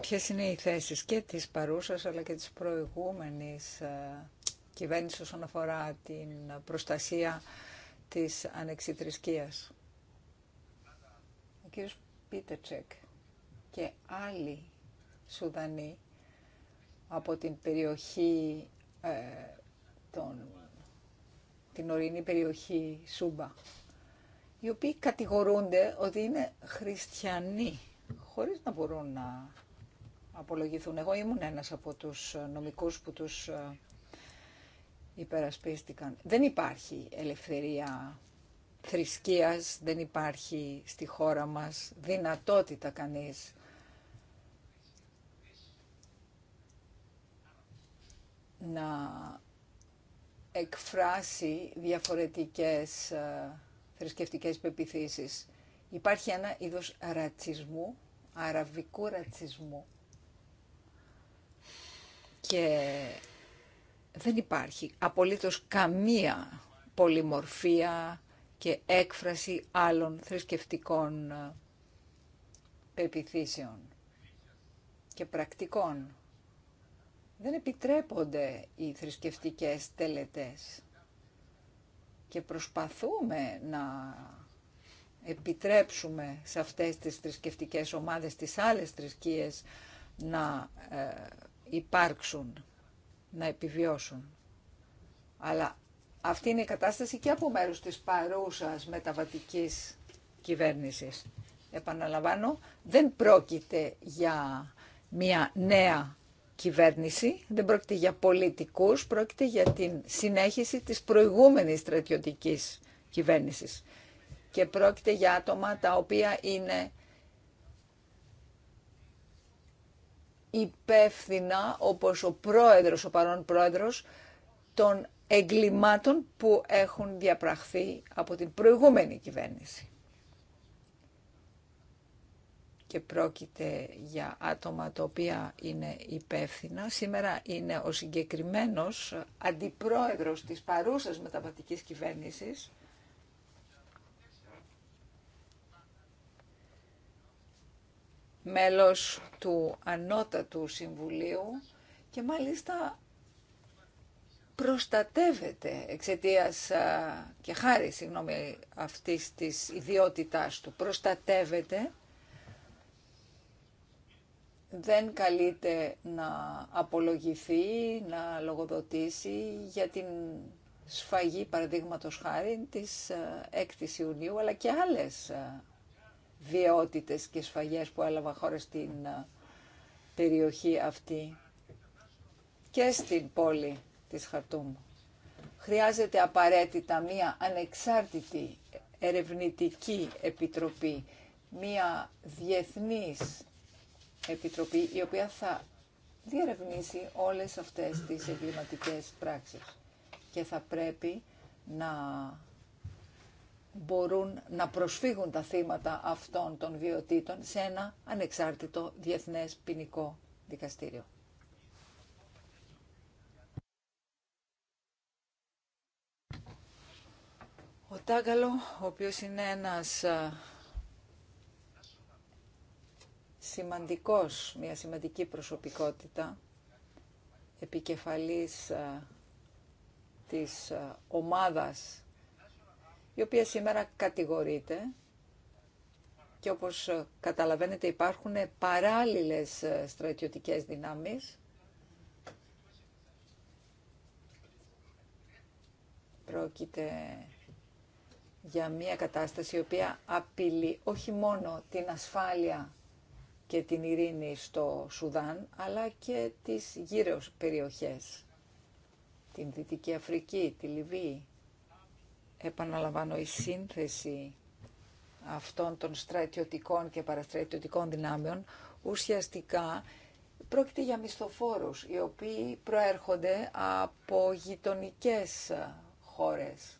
Ποιες είναι οι θέσεις και της παρούσας αλλά και της προηγούμενης ε, κυβέρνησης όσον αφορά την προστασία της ανεξιτρισκείας. Ο κύριος Πίτετσεκ και άλλοι Σουδανοί από την περιοχή ε, των την ορεινή περιοχή Σούμπα, οι οποίοι κατηγορούνται ότι είναι χριστιανοί, χωρίς να μπορούν να απολογηθούν. Εγώ ήμουν ένας από τους νομικούς που τους ε, υπερασπίστηκαν. Δεν υπάρχει ελευθερία θρησκείας, δεν υπάρχει στη χώρα μας δυνατότητα κανείς να εκφράσει διαφορετικές ε, θρησκευτικές πεπιθήσεις. Υπάρχει ένα είδος ρατσισμού, αραβικού ρατσισμού. Και δεν υπάρχει απολύτως καμία πολυμορφία και έκφραση άλλων θρησκευτικών ε, πεπιθήσεων και πρακτικών δεν επιτρέπονται οι θρησκευτικές τελετές και προσπαθούμε να επιτρέψουμε σε αυτές τις θρησκευτικέ ομάδες, τις άλλες θρησκείες να ε, υπάρξουν, να επιβιώσουν. Αλλά αυτή είναι η κατάσταση και από μέρους της παρούσας μεταβατικής κυβέρνησης. Επαναλαμβάνω, δεν πρόκειται για μια νέα κυβέρνηση, δεν πρόκειται για πολιτικούς, πρόκειται για την συνέχιση της προηγούμενης στρατιωτικής κυβέρνησης. Και πρόκειται για άτομα τα οποία είναι υπεύθυνα, όπως ο πρόεδρος, ο παρόν πρόεδρος, των εγκλημάτων που έχουν διαπραχθεί από την προηγούμενη κυβέρνηση και πρόκειται για άτομα τα οποία είναι υπεύθυνα. Σήμερα είναι ο συγκεκριμένος αντιπρόεδρος της παρούσας μεταβατικής κυβέρνησης. μέλος του Ανώτατου Συμβουλίου και μάλιστα προστατεύεται εξαιτίας και χάρη συγγνώμη, αυτής της ιδιότητάς του. Προστατεύεται δεν καλείται να απολογηθεί, να λογοδοτήσει για την σφαγή παραδείγματο χάρη της 6ης ε, Ιουνίου, αλλά και άλλες ε, βιαιότητες και σφαγές που έλαβα χώρα στην ε, περιοχή αυτή και στην πόλη της Χαρτούμ. Χρειάζεται απαραίτητα μία ανεξάρτητη ερευνητική επιτροπή, μία διεθνής Επιτροπή η οποία θα διερευνήσει όλες αυτές τις εγκληματικές πράξεις και θα πρέπει να μπορούν να προσφύγουν τα θύματα αυτών των βιωτήτων σε ένα ανεξάρτητο διεθνές ποινικό δικαστήριο. Ο Τάγκαλο, ο οποίος είναι ένας σημαντικός, μια σημαντική προσωπικότητα, επικεφαλής ε, της ε, ομάδας, η οποία σήμερα κατηγορείται και όπως ε, καταλαβαίνετε υπάρχουν παράλληλες στρατιωτικές δυνάμεις. Πρόκειται για μια κατάσταση η οποία απειλεί όχι μόνο την ασφάλεια και την ειρήνη στο Σουδάν, αλλά και τις γύρω περιοχές, την Δυτική Αφρική, τη Λιβύη. Επαναλαμβάνω, η σύνθεση αυτών των στρατιωτικών και παραστρατιωτικών δυνάμεων ουσιαστικά πρόκειται για μισθοφόρους, οι οποίοι προέρχονται από γειτονικέ χώρες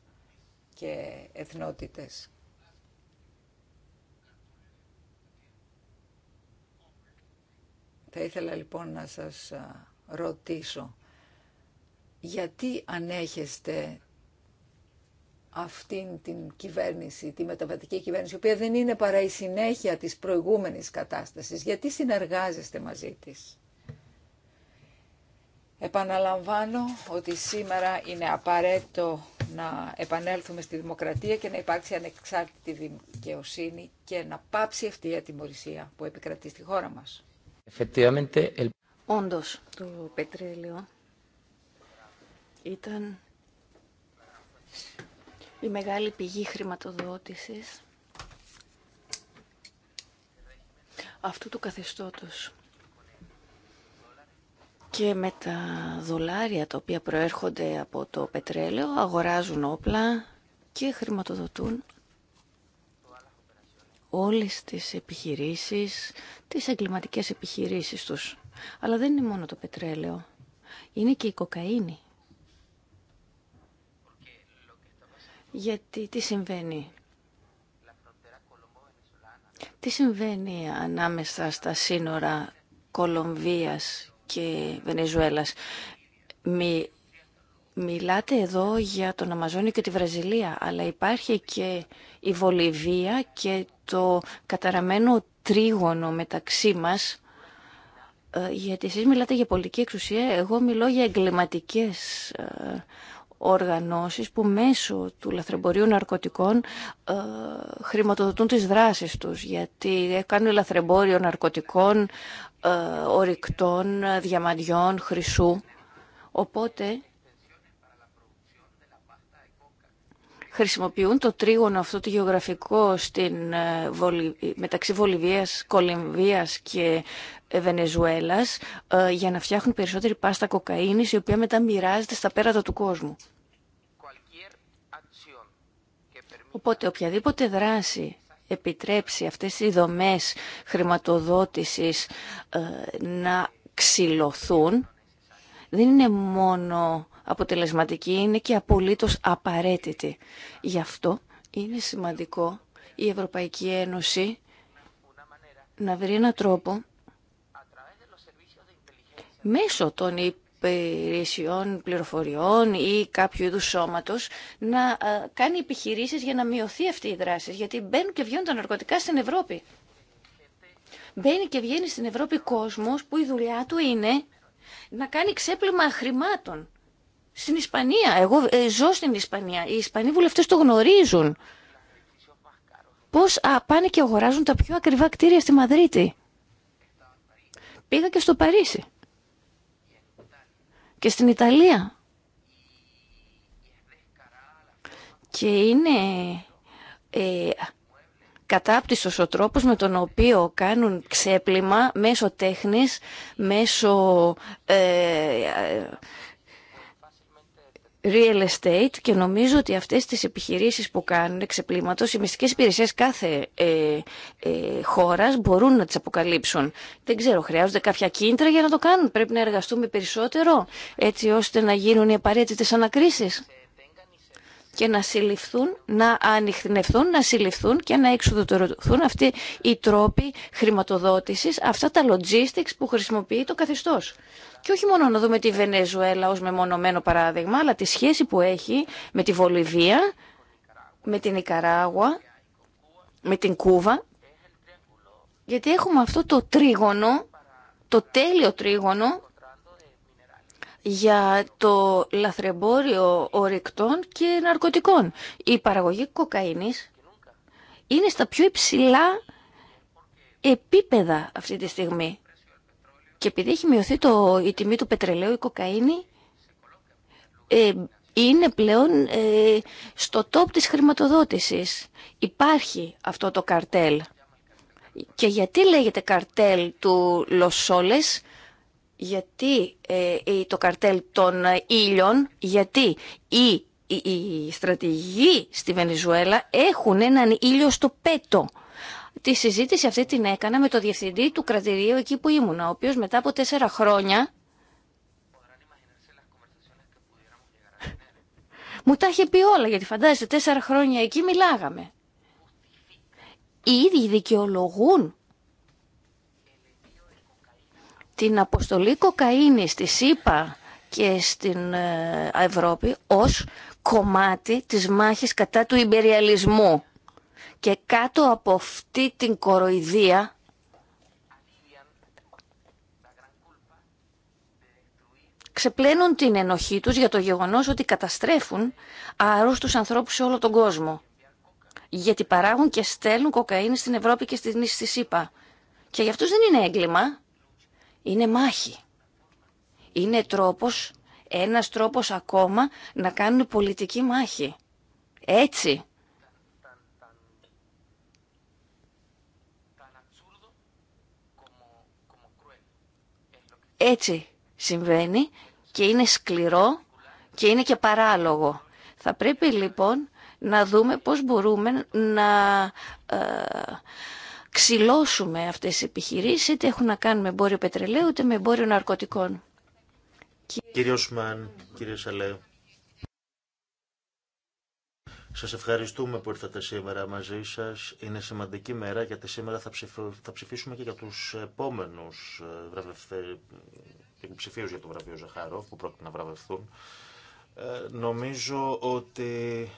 και εθνότητες. Θα ήθελα λοιπόν να σας ρωτήσω γιατί ανέχεστε αυτήν την κυβέρνηση, τη μεταβατική κυβέρνηση, η οποία δεν είναι παρά η συνέχεια της προηγούμενης κατάστασης. Γιατί συνεργάζεστε μαζί της. Επαναλαμβάνω ότι σήμερα είναι απαραίτητο να επανέλθουμε στη δημοκρατία και να υπάρξει ανεξάρτητη δικαιοσύνη και να πάψει αυτή η ατιμορρησία που επικρατεί στη χώρα μας. Όντως, το πετρέλαιο ήταν η μεγάλη πηγή χρηματοδότησης αυτού του καθεστώτος. Και με τα δολάρια τα οποία προέρχονται από το πετρέλαιο αγοράζουν όπλα και χρηματοδοτούν όλες τις επιχειρήσεις, τις εγκληματικές επιχειρήσεις τους. Αλλά δεν είναι μόνο το πετρέλαιο, είναι και η κοκαίνη. Γιατί τι συμβαίνει. Τι συμβαίνει ανάμεσα στα σύνορα Κολομβίας και Βενεζουέλας. Μη Μιλάτε εδώ για τον Αμαζόνιο και τη Βραζιλία, αλλά υπάρχει και η Βολιβία και το καταραμένο τρίγωνο μεταξύ μας, ε, γιατί εσείς μιλάτε για πολιτική εξουσία, εγώ μιλώ για εγκληματικές ε, οργανώσεις που μέσω του λαθρεμπορίου ναρκωτικών ε, χρηματοδοτούν τις δράσεις τους γιατί κάνουν λαθρεμπόριο ναρκωτικών, ε, ορυκτών, διαμαντιών, χρυσού. Οπότε χρησιμοποιούν το τρίγωνο αυτό το γεωγραφικό στην, ε, μεταξύ Βολιβίας, Κολυμβίας και ε, Βενεζουέλας ε, για να φτιάχνουν περισσότερη πάστα κοκαίνης η οποία μετά μοιράζεται στα πέρατα του κόσμου. Οπότε οποιαδήποτε δράση επιτρέψει αυτές οι δομές χρηματοδότησης να ξυλωθούν δεν είναι μόνο αποτελεσματική είναι και απολύτως απαραίτητη. Γι' αυτό είναι σημαντικό η Ευρωπαϊκή Ένωση να βρει έναν τρόπο μέσω των υπηρεσιών πληροφοριών ή κάποιου είδου σώματο να ε, κάνει επιχειρήσεις για να μειωθεί αυτή η δράση. Γιατί μπαίνουν και βγαίνουν τα ναρκωτικά στην Ευρώπη. Μπαίνει και βγαίνει στην Ευρώπη κόσμος που η δουλειά του είναι να κάνει ξέπλυμα χρημάτων. Στην Ισπανία. Εγώ ε, ζω στην Ισπανία. Οι Ισπανοί βουλευτέ το γνωρίζουν. Πώ πάνε και αγοράζουν τα πιο ακριβά κτίρια στη Μαδρίτη. Πήγα και στο Παρίσι. Και στην Ιταλία. Και είναι ε, ο τρόπος με τον οποίο κάνουν ξέπλυμα μέσω τέχνης, μέσω ε, real estate και νομίζω ότι αυτές τις επιχειρήσεις που κάνουν εξεπλήματος, οι μυστικές υπηρεσίες κάθε ε, ε, χώρας μπορούν να τις αποκαλύψουν. Δεν ξέρω, χρειάζονται κάποια κίνητρα για να το κάνουν. Πρέπει να εργαστούμε περισσότερο έτσι ώστε να γίνουν οι απαραίτητες ανακρίσεις και να συλληφθούν, να ανοιχνευθούν, να συλληφθούν και να εξοδοτερωθούν αυτοί οι τρόποι χρηματοδότησης, αυτά τα logistics που χρησιμοποιεί το καθεστώς. Και όχι μόνο να δούμε τη Βενεζουέλα ως μεμονωμένο παράδειγμα, αλλά τη σχέση που έχει με τη Βολιβία, με την Ικαράγουα, με την Κούβα. Γιατί έχουμε αυτό το τρίγωνο, το τέλειο τρίγωνο, για το λαθρεμπόριο ορυκτών και ναρκωτικών. Η παραγωγή κοκαίνης είναι στα πιο υψηλά επίπεδα αυτή τη στιγμή. Και επειδή έχει μειωθεί το, η τιμή του πετρελαίου, η κοκαίνη ε, είναι πλέον ε, στο τόπ της χρηματοδότησης. Υπάρχει αυτό το καρτέλ. Και γιατί λέγεται καρτέλ του Λοσόλες, γιατί ε, το καρτέλ των ήλιων, γιατί οι, στρατηγοί στη Βενεζουέλα έχουν έναν ήλιο στο πέτο. Τη συζήτηση αυτή την έκανα με το διευθυντή του κρατηρίου εκεί που ήμουνα, ο οποίος μετά από τέσσερα χρόνια μου τα είχε πει όλα, γιατί φαντάζεστε τέσσερα χρόνια εκεί μιλάγαμε. Οι ίδιοι δικαιολογούν την αποστολή κοκαίνης στη ΣΥΠΑ και στην ε, Ευρώπη ως κομμάτι της μάχης κατά του υπεριαλισμού και κάτω από αυτή την κοροϊδία ξεπλένουν την ενοχή τους για το γεγονός ότι καταστρέφουν άρρωστους ανθρώπους σε όλο τον κόσμο. Γιατί παράγουν και στέλνουν κοκαίνη στην Ευρώπη και στην στη ΣΥΠΑ. Και για αυτούς δεν είναι έγκλημα. Είναι μάχη. Είναι τρόπος, ένας τρόπος ακόμα να κάνουν πολιτική μάχη. Έτσι Έτσι συμβαίνει και είναι σκληρό και είναι και παράλογο. Θα πρέπει λοιπόν να δούμε πώς μπορούμε να ε, ξυλώσουμε αυτές τις επιχειρήσεις, είτε έχουν να κάνουν με εμπόριο πετρελαίου, είτε με εμπόριο ναρκωτικών. Κύριος Μαν, κύριε Σαλέου. Σας ευχαριστούμε που ήρθατε σήμερα μαζί σας. Είναι σημαντική μέρα γιατί σήμερα θα, θα ψηφίσουμε και για τους επόμενους ε, βραβευθε... ψηφίους για το βραβείο Ζαχάρο που πρόκειται να βραβευθούν. Ε, νομίζω ότι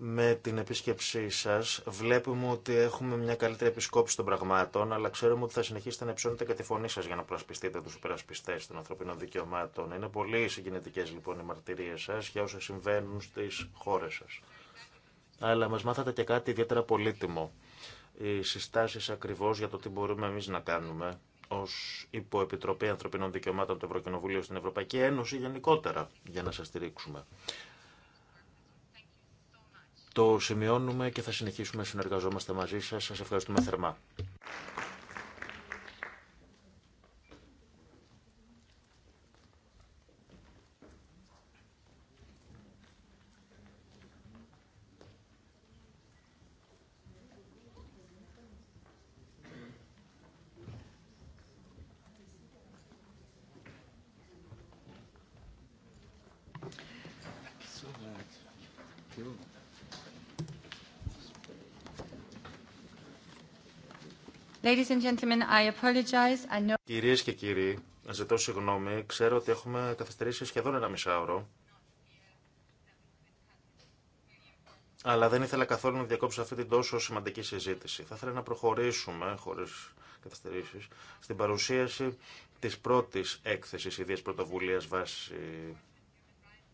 με την επίσκεψή σα βλέπουμε ότι έχουμε μια καλύτερη επισκόπηση των πραγμάτων, αλλά ξέρουμε ότι θα συνεχίσετε να υψώνετε και τη φωνή σα για να προασπιστείτε του υπερασπιστέ των ανθρωπίνων δικαιωμάτων. Είναι πολύ συγκινητικέ λοιπόν οι μαρτυρίε σα για όσα συμβαίνουν στι χώρε σα. Αλλά μα μάθατε και κάτι ιδιαίτερα πολύτιμο. Οι συστάσει ακριβώ για το τι μπορούμε εμεί να κάνουμε ω Υποεπιτροπή Ανθρωπίνων Δικαιωμάτων του Ευρωκοινοβουλίου στην Ευρωπαϊκή Ένωση γενικότερα για να σα στηρίξουμε. Το σημειώνουμε και θα συνεχίσουμε να συνεργαζόμαστε μαζί σας. Σας ευχαριστούμε θερμά. Ladies Κυρίες και κύριοι, ζητώ συγγνώμη. Ξέρω ότι έχουμε καθυστερήσει σχεδόν ένα μισάωρο. Αλλά δεν ήθελα καθόλου να διακόψω αυτή την τόσο σημαντική συζήτηση. Θα ήθελα να προχωρήσουμε, χωρίς καθυστερήσεις, στην παρουσίαση της πρώτης έκθεσης ιδίας πρωτοβουλίας βάσει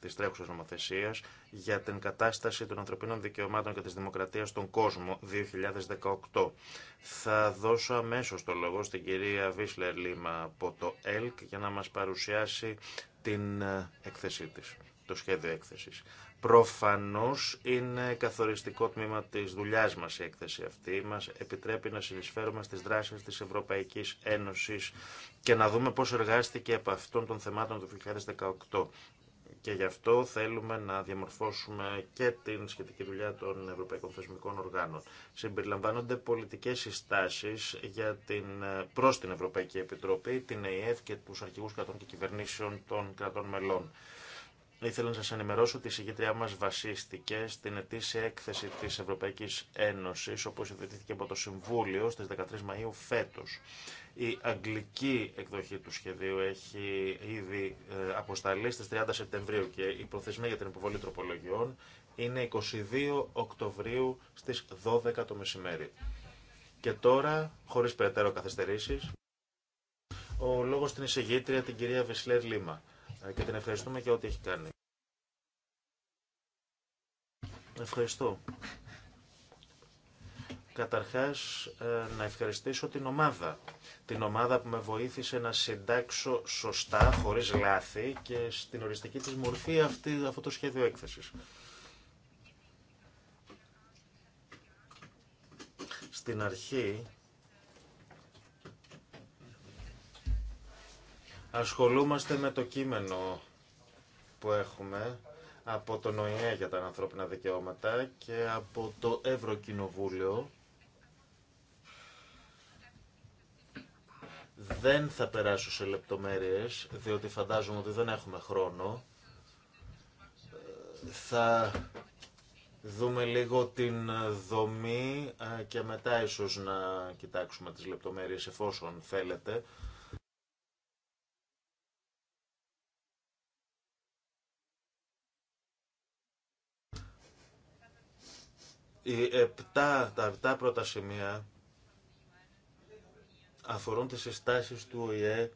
τη τρέχουσα νομοθεσία για την κατάσταση των ανθρωπίνων δικαιωμάτων και τη δημοκρατία στον κόσμο 2018. Θα δώσω αμέσω το λόγο στην κυρία Βίσλερ Λίμα από το ΕΛΚ για να μα παρουσιάσει την ε, έκθεσή τη, το σχέδιο έκθεση. Προφανώ είναι καθοριστικό τμήμα τη δουλειά μα η έκθεση αυτή. Μα επιτρέπει να συνεισφέρουμε στι δράσει τη Ευρωπαϊκή Ένωση και να δούμε πώ εργάστηκε από αυτών των θεμάτων του 2018. Και γι' αυτό θέλουμε να διαμορφώσουμε και την σχετική δουλειά των Ευρωπαϊκών Θεσμικών Οργάνων. Συμπεριλαμβάνονται πολιτικέ συστάσει προ την Ευρωπαϊκή Επιτροπή, την ΕΕ και του αρχηγού κρατών και κυβερνήσεων των κρατών μελών. Ήθελα να σα ενημερώσω ότι η συγκέντριά μα βασίστηκε στην ετήσια έκθεση τη Ευρωπαϊκή Ένωση, όπω υιοθετήθηκε από το Συμβούλιο στι 13 Μαου φέτο. Η αγγλική εκδοχή του σχεδίου έχει ήδη ε, αποσταλεί στις 30 Σεπτεμβρίου και η προθεσμία για την υποβολή τροπολογιών είναι 22 Οκτωβρίου στις 12 το μεσημέρι. Και τώρα, χωρίς περαιτέρω καθυστερήσεις, ο λόγος στην εισηγήτρια την κυρία Βεσλέρ Λίμα ε, και την ευχαριστούμε για ό,τι έχει κάνει. Ευχαριστώ. Καταρχάς ε, να ευχαριστήσω την ομάδα. Την ομάδα που με βοήθησε να συντάξω σωστά, χωρίς λάθη και στην οριστική της μορφή αυτή, αυτό το σχέδιο έκθεσης. Στην αρχή ασχολούμαστε με το κείμενο που έχουμε από τον ΟΗΕ για τα ανθρώπινα δικαιώματα και από το Ευρωκοινοβούλιο Δεν θα περάσω σε λεπτομέρειες, διότι φαντάζομαι ότι δεν έχουμε χρόνο. Θα δούμε λίγο την δομή και μετά ίσως να κοιτάξουμε τις λεπτομέρειες εφόσον θέλετε. Οι επτά, τα επτά πρώτα σημεία αφορούν τις συστάσεις του ΟΗΕ.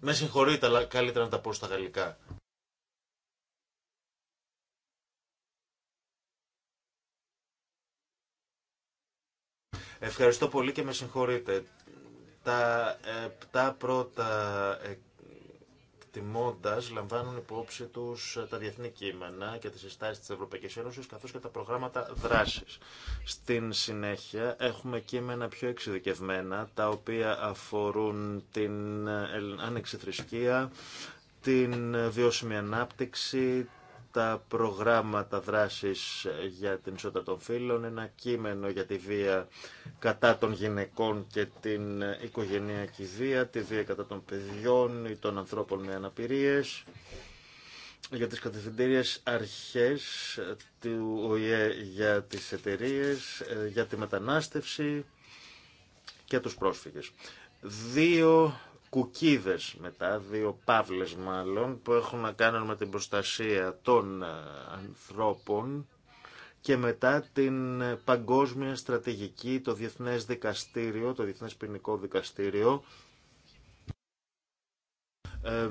Με συγχωρείτε, αλλά καλύτερα να τα πω στα γαλλικά. Ευχαριστώ πολύ και με συγχωρείτε. Τα επτά πρώτα εκτιμώντα λαμβάνουν υπόψη του ε, τα διεθνή κείμενα και τι συστάσει τη Ευρωπαϊκή Ένωση καθώ και τα προγράμματα δράση. Στην συνέχεια έχουμε κείμενα πιο εξειδικευμένα τα οποία αφορούν την ε, ε, άνεξη θρησκεία, την βιώσιμη ανάπτυξη, τα προγράμματα δράσης για την ισότητα των φύλων, ένα κείμενο για τη βία κατά των γυναικών και την οικογενειακή βία, τη βία κατά των παιδιών ή των ανθρώπων με αναπηρίες, για τις κατευθυντήριες αρχές του ΟΗΕ για τις εταιρείε, ε, για τη μετανάστευση και τους πρόσφυγες. Δύο κουκίδες μετά, δύο παύλες μάλλον, που έχουν να κάνουν με την προστασία των ε, ανθρώπων και μετά την ε, παγκόσμια στρατηγική, το Διεθνές Δικαστήριο, το Διεθνές Ποινικό Δικαστήριο. Ε,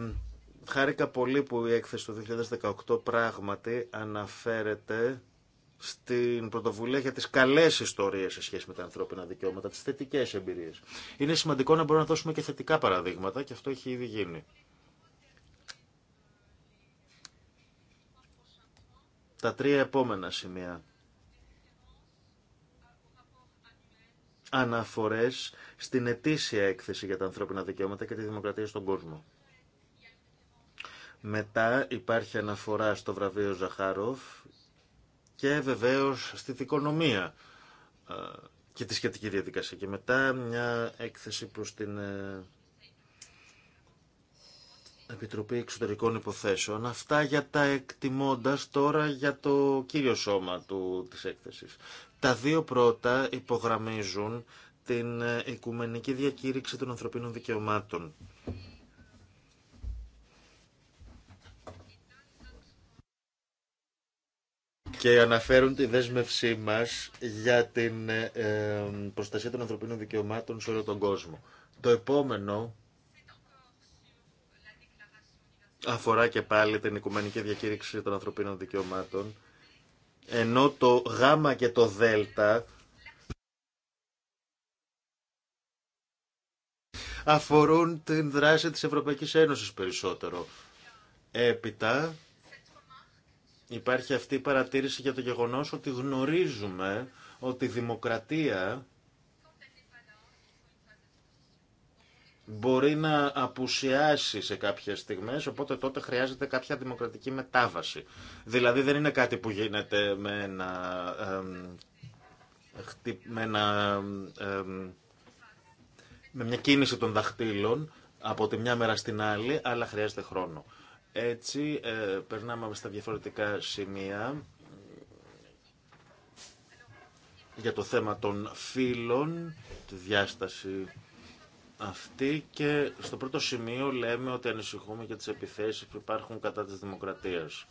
χάρηκα πολύ που η έκθεση του 2018 πράγματι αναφέρεται στην πρωτοβουλία για τις καλέ ιστορίες σε σχέση με τα ανθρώπινα δικαιώματα, τι θετικέ εμπειρίες. Είναι σημαντικό να μπορούμε να δώσουμε και θετικά παραδείγματα και αυτό έχει ήδη γίνει. Τα τρία επόμενα σημεία. Αναφορές στην ετήσια έκθεση για τα ανθρώπινα δικαιώματα και τη δημοκρατία στον κόσμο. Μετά υπάρχει αναφορά στο βραβείο Ζαχάροφ και βεβαίως στη οικονομία ε, και τη σχετική διαδικασία. Και μετά μια έκθεση προς την ε, Επιτροπή Εξωτερικών Υποθέσεων. Αυτά για τα εκτιμώντας τώρα για το κύριο σώμα του, της έκθεσης. Τα δύο πρώτα υπογραμμίζουν την ε, Οικουμενική Διακήρυξη των Ανθρωπίνων Δικαιωμάτων και αναφέρουν τη δέσμευσή μας για την ε, προστασία των ανθρωπίνων δικαιωμάτων σε όλο τον κόσμο. Το επόμενο αφορά και πάλι την Οικουμενική Διακήρυξη των Ανθρωπίνων Δικαιωμάτων, ενώ το Γ και το Δ αφορούν την δράση της Ευρωπαϊκής Ένωσης περισσότερο. Έπειτα, Υπάρχει αυτή η παρατήρηση για το γεγονός ότι γνωρίζουμε ότι η δημοκρατία μπορεί να απουσιάσει σε κάποιες στιγμές, οπότε τότε χρειάζεται κάποια δημοκρατική μετάβαση. Δηλαδή δεν είναι κάτι που γίνεται με ένα, ένα με μια κίνηση των δαχτύλων από τη μια μέρα στην άλλη, αλλά χρειάζεται χρόνο. Έτσι, ε, περνάμε στα διαφορετικά σημεία για το θέμα των φύλων, τη διάσταση αυτή και στο πρώτο σημείο λέμε ότι ανησυχούμε για τις επιθέσεις που υπάρχουν κατά της δημοκρατίας.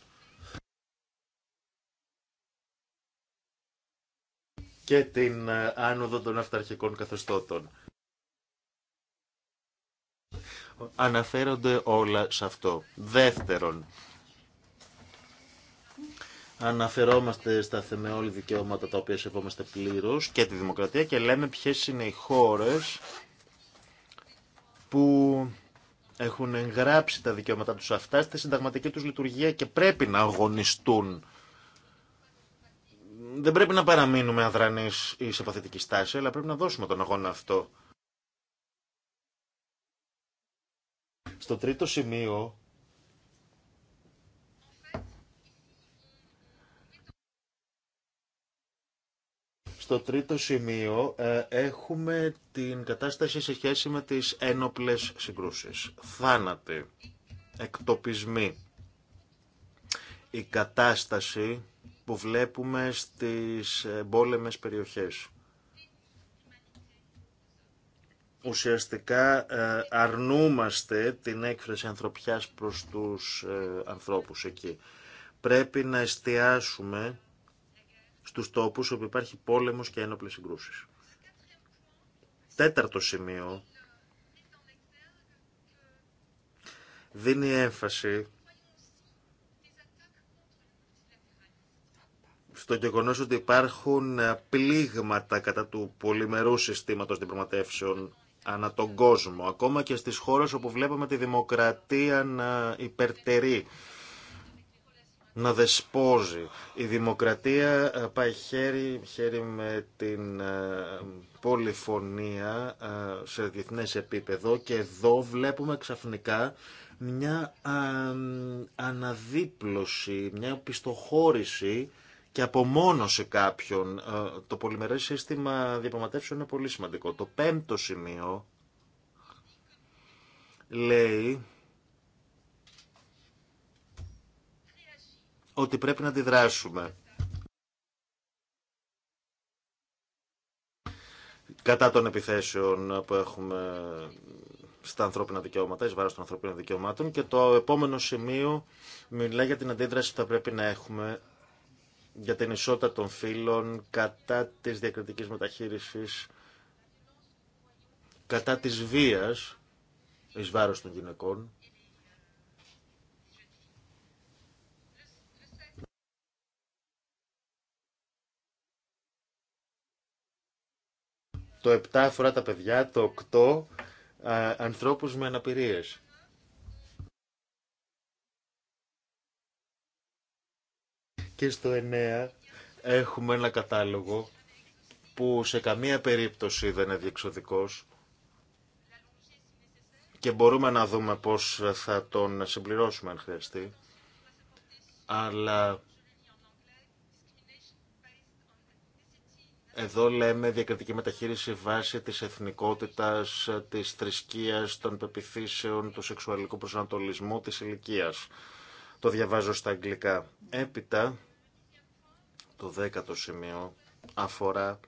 και την ε, άνοδο των αυταρχικών καθεστώτων αναφέρονται όλα σε αυτό. Δεύτερον, αναφερόμαστε στα θεμεόλη δικαιώματα τα οποία σεβόμαστε πλήρως και τη δημοκρατία και λέμε ποιες είναι οι χώρες που έχουν εγγράψει τα δικαιώματά τους αυτά στη συνταγματική τους λειτουργία και πρέπει να αγωνιστούν. Δεν πρέπει να παραμείνουμε αδρανείς ή σε παθητική στάση, αλλά πρέπει να δώσουμε τον αγώνα αυτό. Στο τρίτο σημείο στο τρίτο σημείο ε, έχουμε την κατάσταση σε σχέση με τις ένοπλες συγκρούσεις. Θάνατοι, εκτοπισμοί, η κατάσταση που βλέπουμε στις πόλεμες περιοχές. ουσιαστικά ε, αρνούμαστε την έκφραση ανθρωπιάς προς τους ε, ανθρώπους εκεί. Πρέπει να εστιάσουμε στους τόπους όπου υπάρχει πόλεμος και ένοπλες συγκρούσεις. Τέταρτο σημείο δίνει έμφαση στο γεγονό ότι υπάρχουν ε, πλήγματα κατά του πολυμερού συστήματος διπλωματεύσεων ανά τον κόσμο, ακόμα και στις χώρες όπου βλέπαμε τη δημοκρατία να υπερτερεί, να δεσπόζει. Η δημοκρατία ε, πάει χέρι, με την ε, πολυφωνία ε, σε διεθνές επίπεδο και εδώ βλέπουμε ξαφνικά μια αναδίπλωση, μια πιστοχώρηση και σε κάποιον ε, Το πολυμερές σύστημα διαπραγματεύσεων είναι πολύ σημαντικό. Το πέμπτο σημείο λέει ότι πρέπει να αντιδράσουμε. Κατά των επιθέσεων που έχουμε στα ανθρώπινα δικαιώματα, εις βάρος των ανθρωπίνων δικαιωμάτων και το επόμενο σημείο μιλάει για την αντίδραση που θα πρέπει να έχουμε για την ισότητα των φύλων, κατά της διακριτικής μεταχείρισης, κατά της βίας εις βάρος των γυναικών. Το 7 αφορά τα παιδιά, το 8 α, ανθρώπους με αναπηρίες. Και στο 9 έχουμε ένα κατάλογο που σε καμία περίπτωση δεν είναι διεξοδικός και μπορούμε να δούμε πώς θα τον συμπληρώσουμε αν χρειαστεί. Αλλά Εδώ λέμε διακριτική μεταχείριση βάσει της εθνικότητας, της θρησκείας, των πεπιθήσεων, του σεξουαλικού προσανατολισμού, της ηλικίας. Το διαβάζω στα αγγλικά. Έπειτα, το δέκατο σημείο αφορά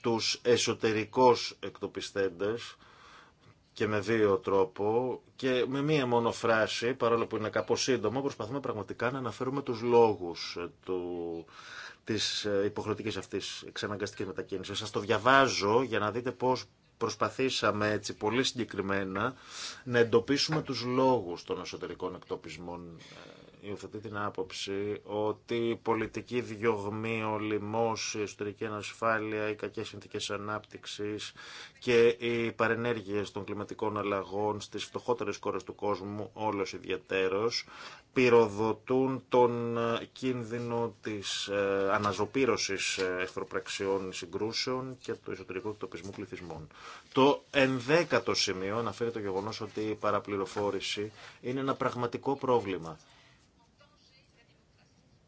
τους εσωτερικούς εκτοπιστέντες και με δύο τρόπο και με μία μόνο φράση, παρόλο που είναι κάπως σύντομο, προσπαθούμε πραγματικά να αναφέρουμε τους λόγους ε, του, της ε, υποχρεωτικής αυτής εξαναγκαστικής μετακίνησης. Σας το διαβάζω για να δείτε πώς Προσπαθήσαμε έτσι πολύ συγκεκριμένα να εντοπίσουμε τους λόγους των εσωτερικών εκτοπισμών ε, υιοθετεί την άποψη ότι η πολιτική διωγμή, ο λοιμός, η εσωτερική ανασφάλεια, οι κακές συνθήκες ανάπτυξης και οι παρενέργειες των κλιματικών αλλαγών στις φτωχότερες χώρες του κόσμου, όλος ιδιαίτερος, πυροδοτούν τον ε, κίνδυνο της ε, αναζωπήρωσης ε, εχθροπραξιών συγκρούσεων και του εσωτερικού εκτοπισμού πληθυσμών. Το ενδέκατο σημείο αναφέρει το γεγονός ότι η παραπληροφόρηση είναι ένα πραγματικό πρόβλημα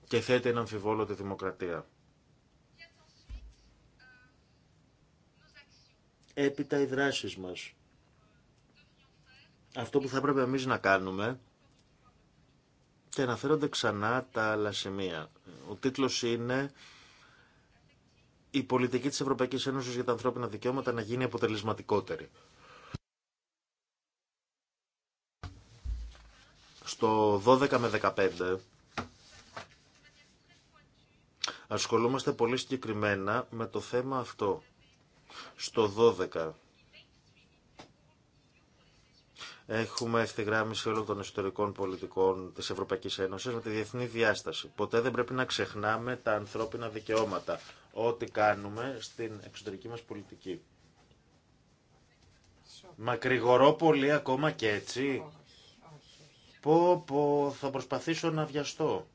και θέτει ένα αμφιβόλο τη δημοκρατία. Έπειτα οι δράσεις μας. Αυτό που θα έπρεπε εμείς να κάνουμε και αναφέρονται ξανά τα άλλα σημεία. Ο τίτλος είναι «Η πολιτική της Ευρωπαϊκής Ένωσης για τα ανθρώπινα δικαιώματα να γίνει αποτελεσματικότερη». Στο 12 με 15 Ασχολούμαστε πολύ συγκεκριμένα με το θέμα αυτό. Στο 12 έχουμε ευθυγράμμιση όλων των ιστορικών πολιτικών τη Ευρωπαϊκή Ένωση με τη διεθνή διάσταση. Ποτέ δεν πρέπει να ξεχνάμε τα ανθρώπινα δικαιώματα, ό,τι κάνουμε στην εξωτερική μα πολιτική. Μακρηγορώ πολύ ακόμα και έτσι. Πω πω, θα προσπαθήσω να βιαστώ.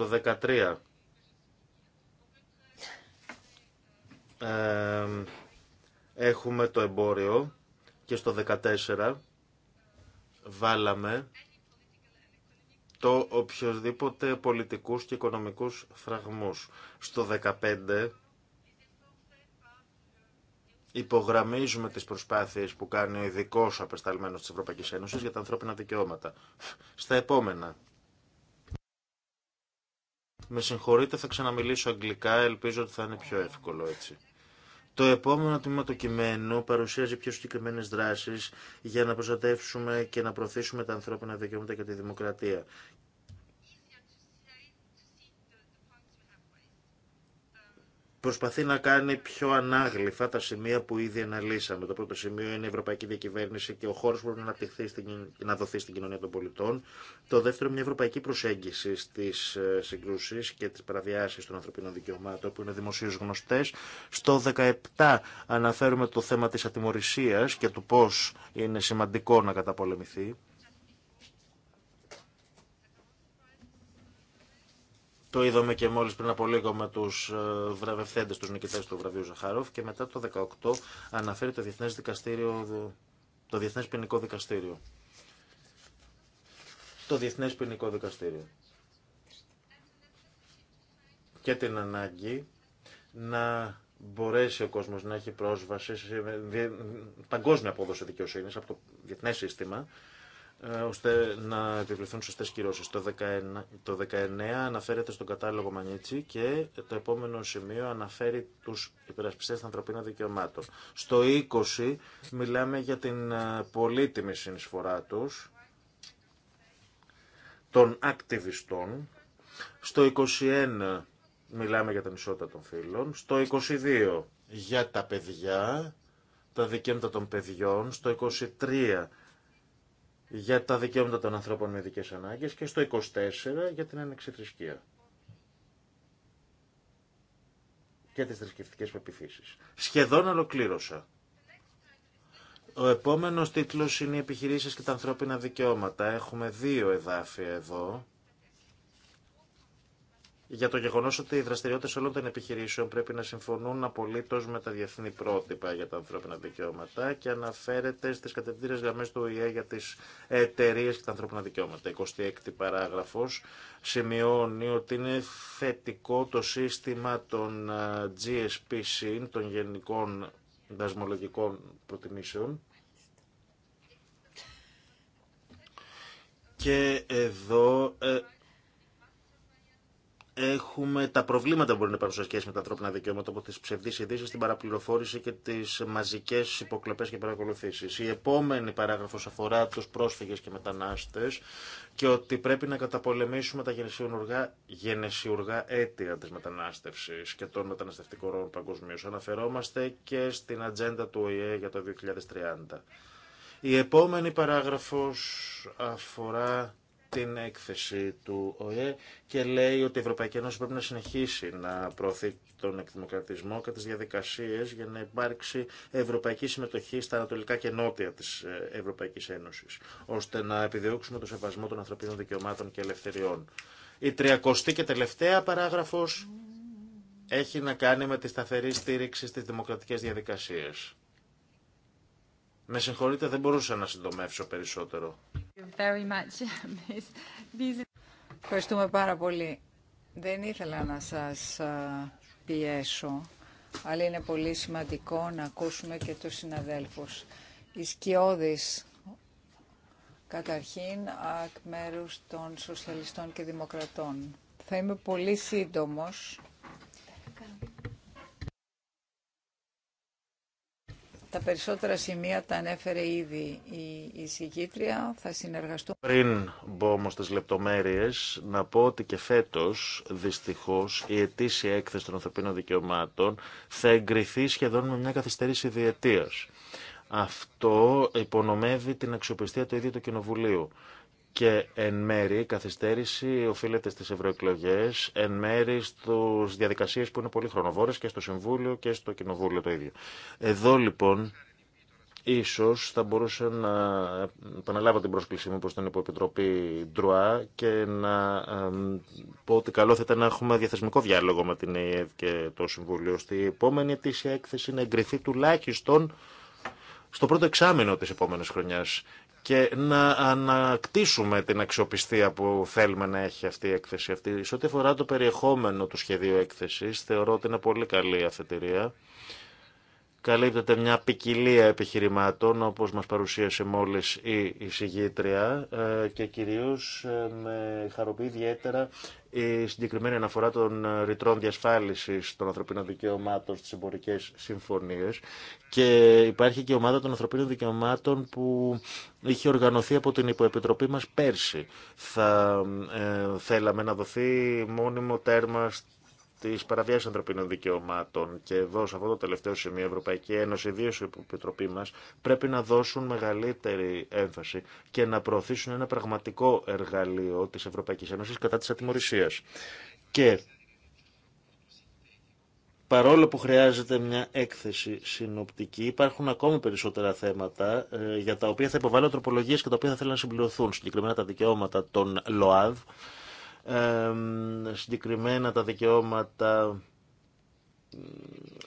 Στο 13. έχουμε το εμπόριο και στο 14 βάλαμε το οποιοδήποτε πολιτικούς και οικονομικούς φραγμούς. Στο 15 υπογραμμίζουμε τις προσπάθειες που κάνει ο ειδικό απεσταλμένος της Ευρωπαϊκής Ένωσης για τα ανθρώπινα δικαιώματα. Στα επόμενα με συγχωρείτε, θα ξαναμιλήσω αγγλικά, ελπίζω ότι θα είναι πιο εύκολο έτσι. Το επόμενο τμήμα του κειμένου παρουσιάζει πιο συγκεκριμένε δράσει για να προστατεύσουμε και να προωθήσουμε τα ανθρώπινα δικαιώματα και τη δημοκρατία προσπαθεί να κάνει πιο ανάγλυφα τα σημεία που ήδη αναλύσαμε. Το πρώτο σημείο είναι η ευρωπαϊκή διακυβέρνηση και ο χώρο που πρέπει να, στην, να δοθεί στην κοινωνία των πολιτών. Το δεύτερο, είναι μια ευρωπαϊκή προσέγγιση στι ε, συγκρούσει και τι παραβιάσει των ανθρωπίνων δικαιωμάτων, που είναι δημοσίω γνωστέ. Στο 17 αναφέρουμε το θέμα τη ατιμορρησία και του πώ είναι σημαντικό να καταπολεμηθεί. Το είδαμε και μόλις πριν από λίγο με τους βραβευθέντες, τους νικητές του βραβείου Ζαχάροφ και μετά το 18 αναφέρει το Διεθνές, δικαστήριο, το Διεθνές Ποινικό Δικαστήριο. Το Διεθνές Ποινικό Δικαστήριο. Και την ανάγκη να μπορέσει ο κόσμος να έχει πρόσβαση σε παγκόσμια απόδοση δικαιοσύνης από το διεθνές σύστημα ε, ώστε να επιβληθούν σωστέ κυρώσει. Το, 19, το 19 αναφέρεται στον κατάλογο Μανίτσι και το επόμενο σημείο αναφέρει του υπερασπιστέ των ανθρωπίνων δικαιωμάτων. Στο 20 μιλάμε για την ε, πολύτιμη συνεισφορά του των ακτιβιστών. Στο 21 μιλάμε για την ισότητα των φίλων. Στο 22 για τα παιδιά, τα δικαιώματα των παιδιών. Στο 23 για τα δικαιώματα των ανθρώπων με ειδικέ ανάγκες και στο 24 για την ανεξιθρησκεία και τις θρησκευτικέ πεπιθήσεις. Σχεδόν ολοκλήρωσα. Ο επόμενος τίτλος είναι οι επιχειρήσεις και τα ανθρώπινα δικαιώματα. Έχουμε δύο εδάφια εδώ για το γεγονός ότι οι δραστηριότητες όλων των επιχειρήσεων πρέπει να συμφωνούν απολύτω με τα διεθνή πρότυπα για τα ανθρώπινα δικαιώματα και αναφέρεται στις κατευθύνες γραμμές του ΟΗΕ για τις εταιρείε και τα ανθρώπινα δικαιώματα. 26η παράγραφος σημειώνει ότι είναι θετικό το σύστημα των GSP ε, των γενικών δασμολογικών προτιμήσεων και εδώ ε, έχουμε τα προβλήματα που μπορεί να υπάρχουν σε σχέση με τα ανθρώπινα δικαιώματα από τι ψευδεί ειδήσει, την παραπληροφόρηση και τι μαζικέ υποκλοπέ και παρακολουθήσει. Η επόμενη παράγραφο αφορά του πρόσφυγε και μετανάστε και ότι πρέπει να καταπολεμήσουμε τα γενεσιουργά, γενεσιουργά αίτια τη μετανάστευση και των μεταναστευτικών ρόλων παγκοσμίω. Αναφερόμαστε και στην ατζέντα του ΟΗΕ για το 2030. Η επόμενη παράγραφος αφορά την έκθεση του ΟΕ και λέει ότι η Ευρωπαϊκή Ένωση πρέπει να συνεχίσει να προωθεί τον εκδημοκρατισμό και τις διαδικασίες για να υπάρξει ευρωπαϊκή συμμετοχή στα ανατολικά και νότια της ε, Ευρωπαϊκής Ένωσης, ώστε να επιδιώξουμε το σεβασμό των ανθρωπίνων δικαιωμάτων και ελευθεριών. Η τριακοστή και τελευταία παράγραφος έχει να κάνει με τη σταθερή στήριξη στις δημοκρατικές διαδικασίες. Με συγχωρείτε, δεν μπορούσα να συντομεύσω περισσότερο. *laughs* Ευχαριστούμε πάρα πολύ. Δεν ήθελα να σας πιέσω, αλλά είναι πολύ σημαντικό να ακούσουμε και τους συναδέλφους. Η Σκιώδης, καταρχήν, εκ μέρους των Σοσιαλιστών και Δημοκρατών. Θα είμαι πολύ σύντομος. Τα περισσότερα σημεία τα ανέφερε ήδη η συγκήτρια, θα συνεργαστούν. Πριν μπω όμως στις λεπτομέρειες, να πω ότι και φέτος, δυστυχώς, η ετήσια έκθεση των ανθρωπίνων δικαιωμάτων θα εγκριθεί σχεδόν με μια καθυστερήση διετίας. Αυτό υπονομεύει την αξιοπιστία του ίδιου του Κοινοβουλίου και εν μέρη η καθυστέρηση οφείλεται στις ευρωεκλογέ, εν μέρη στους διαδικασίες που είναι πολύ χρονοβόρες και στο Συμβούλιο και στο Κοινοβούλιο το ίδιο. Εδώ λοιπόν ίσως θα μπορούσα να επαναλάβω την πρόσκλησή μου προς την Υποεπιτροπή Ντρουά και να πω ότι καλό θα ήταν να έχουμε διαθεσμικό διάλογο με την ΕΕ και το Συμβούλιο. Στη επόμενη ετήσια έκθεση να εγκριθεί τουλάχιστον στο πρώτο εξάμεινο της επόμενης χρονιάς και να ανακτήσουμε την αξιοπιστία που θέλουμε να έχει αυτή η έκθεση. Αυτή. Σε ό,τι αφορά το περιεχόμενο του σχεδίου έκθεσης, θεωρώ ότι είναι πολύ καλή η αφετηρία καλύπτεται μια ποικιλία επιχειρημάτων όπως μας παρουσίασε μόλις η εισηγήτρια ε, και κυρίως ε, με χαροποιεί ιδιαίτερα η συγκεκριμένη αναφορά των ε, ρητρών διασφάλισης των ανθρωπίνων δικαιωμάτων στις εμπορικέ συμφωνίες και υπάρχει και η ομάδα των ανθρωπίνων δικαιωμάτων που είχε οργανωθεί από την υποεπιτροπή μας πέρσι. Θα θέλαμε να δοθεί μόνιμο τέρμα τη παραβίαση ανθρωπίνων δικαιωμάτων. Και εδώ, σε αυτό το τελευταίο σημείο, η Ευρωπαϊκή Ένωση, ιδίω η Επιτροπή μα, πρέπει να δώσουν μεγαλύτερη έμφαση και να προωθήσουν ένα πραγματικό εργαλείο τη Ευρωπαϊκή Ένωση κατά τη ατιμορρησία. Και παρόλο που χρειάζεται μια έκθεση συνοπτική, υπάρχουν ακόμη περισσότερα θέματα ε, για τα οποία θα υποβάλω τροπολογίε και τα οποία θα θέλουν να συμπληρωθούν. Συγκεκριμένα τα δικαιώματα των ΛΟΑΔ, συγκεκριμένα τα δικαιώματα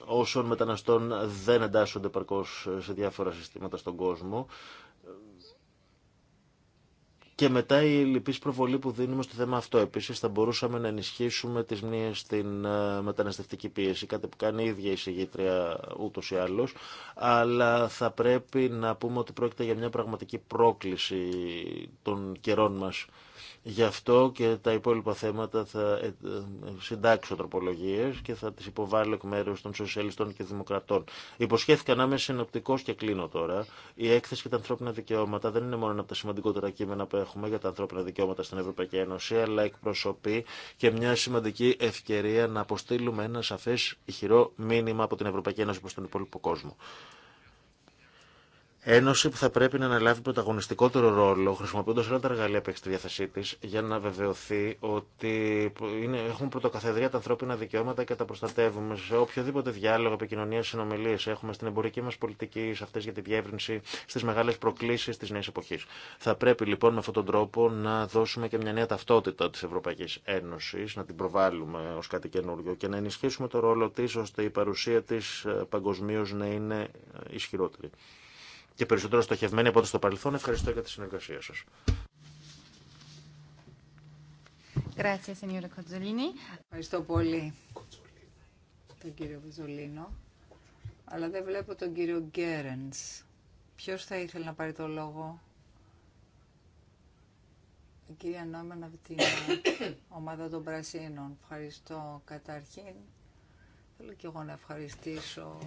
όσων μεταναστών δεν εντάσσονται παρκώς σε διάφορα συστήματα στον κόσμο. Και μετά η λυπής προβολή που δίνουμε στο θέμα αυτό. Επίσης θα μπορούσαμε να ενισχύσουμε τις μνήες στην ε, μεταναστευτική πίεση, κάτι που κάνει η ίδια η συγγήτρια ούτως ή άλλως, αλλά θα πρέπει να πούμε ότι πρόκειται για μια πραγματική πρόκληση των καιρών μας Γι' αυτό και τα υπόλοιπα θέματα θα ε, ε, συντάξω τροπολογίε και θα τι υποβάλω εκ μέρου των Σοσιαλιστών και Δημοκρατών. Υποσχέθηκα να είμαι συνοπτικό και κλείνω τώρα. Η έκθεση για τα ανθρώπινα δικαιώματα δεν είναι μόνο ένα από τα σημαντικότερα κείμενα που έχουμε για τα ανθρώπινα δικαιώματα στην Ευρωπαϊκή Ένωση, αλλά εκπροσωπεί και μια σημαντική ευκαιρία να αποστείλουμε ένα σαφέ ηχηρό μήνυμα από την Ευρωπαϊκή Ένωση προ τον υπόλοιπο κόσμο. Ένωση που θα πρέπει να αναλάβει πρωταγωνιστικότερο ρόλο, χρησιμοποιώντα όλα τα εργαλεία που έχει στη διάθεσή τη, για να βεβαιωθεί ότι είναι, έχουν πρωτοκαθεδρία τα ανθρώπινα δικαιώματα και τα προστατεύουμε σε οποιοδήποτε διάλογο, επικοινωνία, συνομιλίε έχουμε στην εμπορική μα πολιτική, σε αυτέ για τη διεύρυνση, στι μεγάλε προκλήσει τη νέα εποχή. Θα πρέπει λοιπόν με αυτόν τον τρόπο να δώσουμε και μια νέα ταυτότητα τη Ευρωπαϊκή Ένωση, να την προβάλλουμε ω κάτι καινούριο και να ενισχύσουμε το ρόλο τη ώστε η παρουσία τη ε, παγκοσμίω να είναι ε, ισχυρότερη και περισσότερο στοχευμένη από ό,τι στο παρελθόν. Ευχαριστώ για τη συνεργασία σας. Ευχαριστώ πολύ τον κύριο Βεζολίνο, αλλά δεν βλέπω τον κύριο Γκέρενς. Ποιος θα ήθελε να πάρει το λόγο? Η κυρία Νόμενα από την *coughs* ομάδα των Πρασίνων. Ευχαριστώ καταρχήν. Θέλω και εγώ να ευχαριστήσω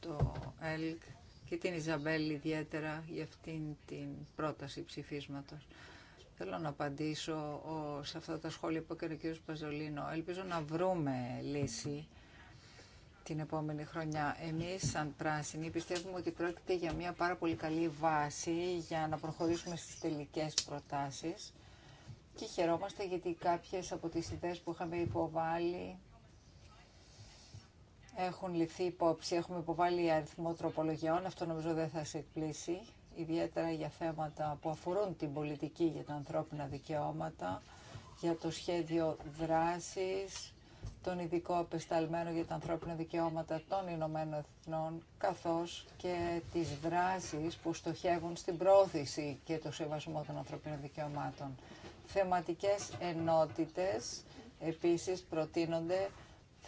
το ΕΛΚ και την Ιζαμπέλ ιδιαίτερα για αυτήν την πρόταση ψηφίσματος. Θέλω να απαντήσω σε αυτά τα σχόλια που έκανε ο κ. Παζολίνο. Ελπίζω να βρούμε λύση την επόμενη χρονιά. Εμείς σαν πράσινοι πιστεύουμε ότι πρόκειται για μια πάρα πολύ καλή βάση για να προχωρήσουμε στις τελικές προτάσεις και χαιρόμαστε γιατί κάποιες από τις ιδέες που είχαμε υποβάλει έχουν ληφθεί υπόψη. Έχουμε υποβάλει αριθμό τροπολογιών, αυτό νομίζω δεν θα σε εκπλήσει, ιδιαίτερα για θέματα που αφορούν την πολιτική για τα ανθρώπινα δικαιώματα, για το σχέδιο δράσης, τον ειδικό απεσταλμένο για τα ανθρώπινα δικαιώματα των Ηνωμένων Εθνών, καθώς και τις δράσεις που στοχεύουν στην πρόθεση και το σεβασμό των ανθρωπίνων δικαιωμάτων. Θεματικές ενότητες επίσης προτείνονται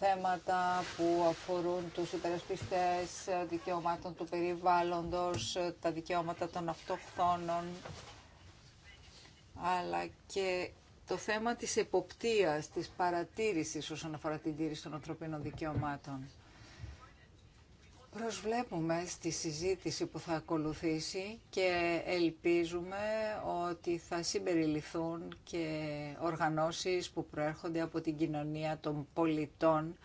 θέματα που αφορούν τους υπερασπιστές δικαιωμάτων του περιβάλλοντος, τα δικαιώματα των αυτοχθόνων, αλλά και το θέμα της εποπτείας, της παρατήρησης όσον αφορά την τήρηση των ανθρωπίνων δικαιωμάτων. Προσβλέπουμε στη συζήτηση που θα ακολουθήσει και ελπίζουμε ότι θα συμπεριληφθούν και οργανώσεις που προέρχονται από την κοινωνία των πολιτών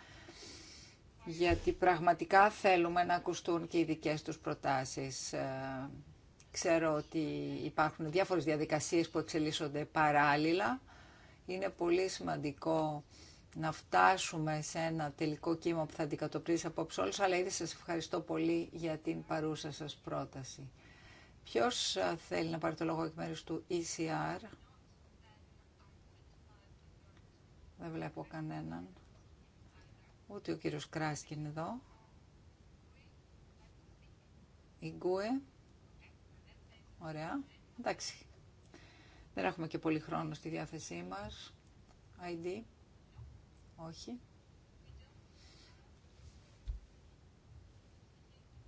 γιατί πραγματικά θέλουμε να ακουστούν και οι δικές τους προτάσεις. Ε, ξέρω ότι υπάρχουν διάφορες διαδικασίες που εξελίσσονται παράλληλα. Είναι πολύ σημαντικό να φτάσουμε σε ένα τελικό κύμα που θα αντικατοπτρίσει απόψε όλους, αλλά ήδη σας ευχαριστώ πολύ για την παρούσα σας πρόταση. Ποιος ε, θέλει να πάρει το λόγο εκ μέρους του ECR? Δεν βλέπω κανέναν. Ούτε ο κύριος Κράσκιν είναι εδώ. Η Γκουε. Ωραία. Εντάξει. Δεν έχουμε και πολύ χρόνο στη διάθεσή μας. ID. Όχι.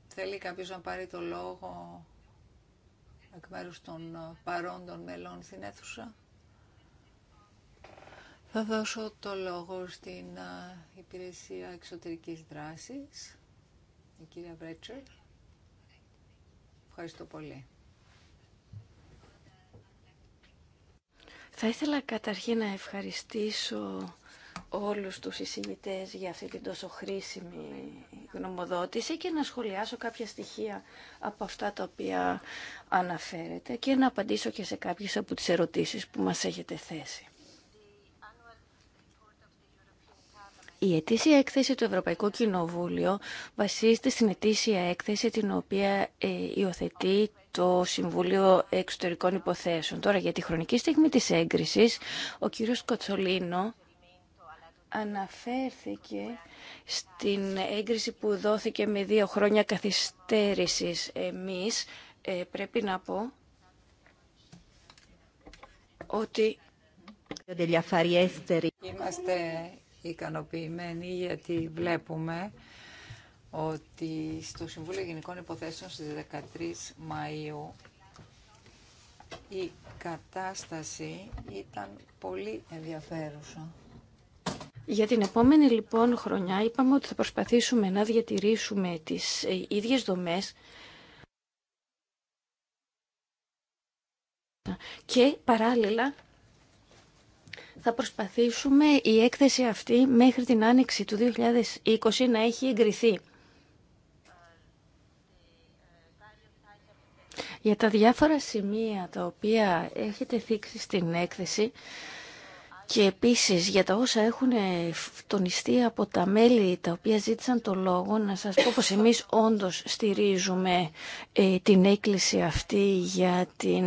Θέλει κάποιος να πάρει το λόγο εκ μέρους των ε, παρόντων μελών στην αίθουσα. Θα δώσω το λόγο στην ε, Υπηρεσία Εξωτερικής Δράσης, η κυρία Βρέτσερ. Ευχαριστώ πολύ. Θα ήθελα καταρχήν να ευχαριστήσω όλους τους εισηγητές για αυτή την τόσο χρήσιμη γνωμοδότηση και να σχολιάσω κάποια στοιχεία από αυτά τα οποία αναφέρετε και να απαντήσω και σε κάποιες από τις ερωτήσεις που μας έχετε θέσει. Η ετήσια έκθεση του Ευρωπαϊκού Κοινοβούλιο βασίζεται στην ετήσια έκθεση την οποία ε, υιοθετεί το Συμβούλιο Εξωτερικών Υποθέσεων. Τώρα για τη χρονική στιγμή της έγκρισης, ο κύριος Κοτσολίνο αναφέρθηκε στην έγκριση που δόθηκε με δύο χρόνια καθυστέρησης εμείς. Ε, πρέπει να πω ότι είμαστε ικανοποιημένοι γιατί βλέπουμε ότι στο Συμβούλιο Γενικών Υποθέσεων στις 13 Μαΐου η κατάσταση ήταν πολύ ενδιαφέρουσα. Για την επόμενη λοιπόν χρονιά είπαμε ότι θα προσπαθήσουμε να διατηρήσουμε τις ε, ίδιες δομές και παράλληλα θα προσπαθήσουμε η έκθεση αυτή μέχρι την άνοιξη του 2020 να έχει εγκριθεί. Για τα διάφορα σημεία τα οποία έχετε θίξει στην έκθεση, και επίσης για τα όσα έχουν τονιστεί από τα μέλη τα οποία ζήτησαν το λόγο να σας πω πως εμείς όντως στηρίζουμε ε, την έκκληση αυτή για την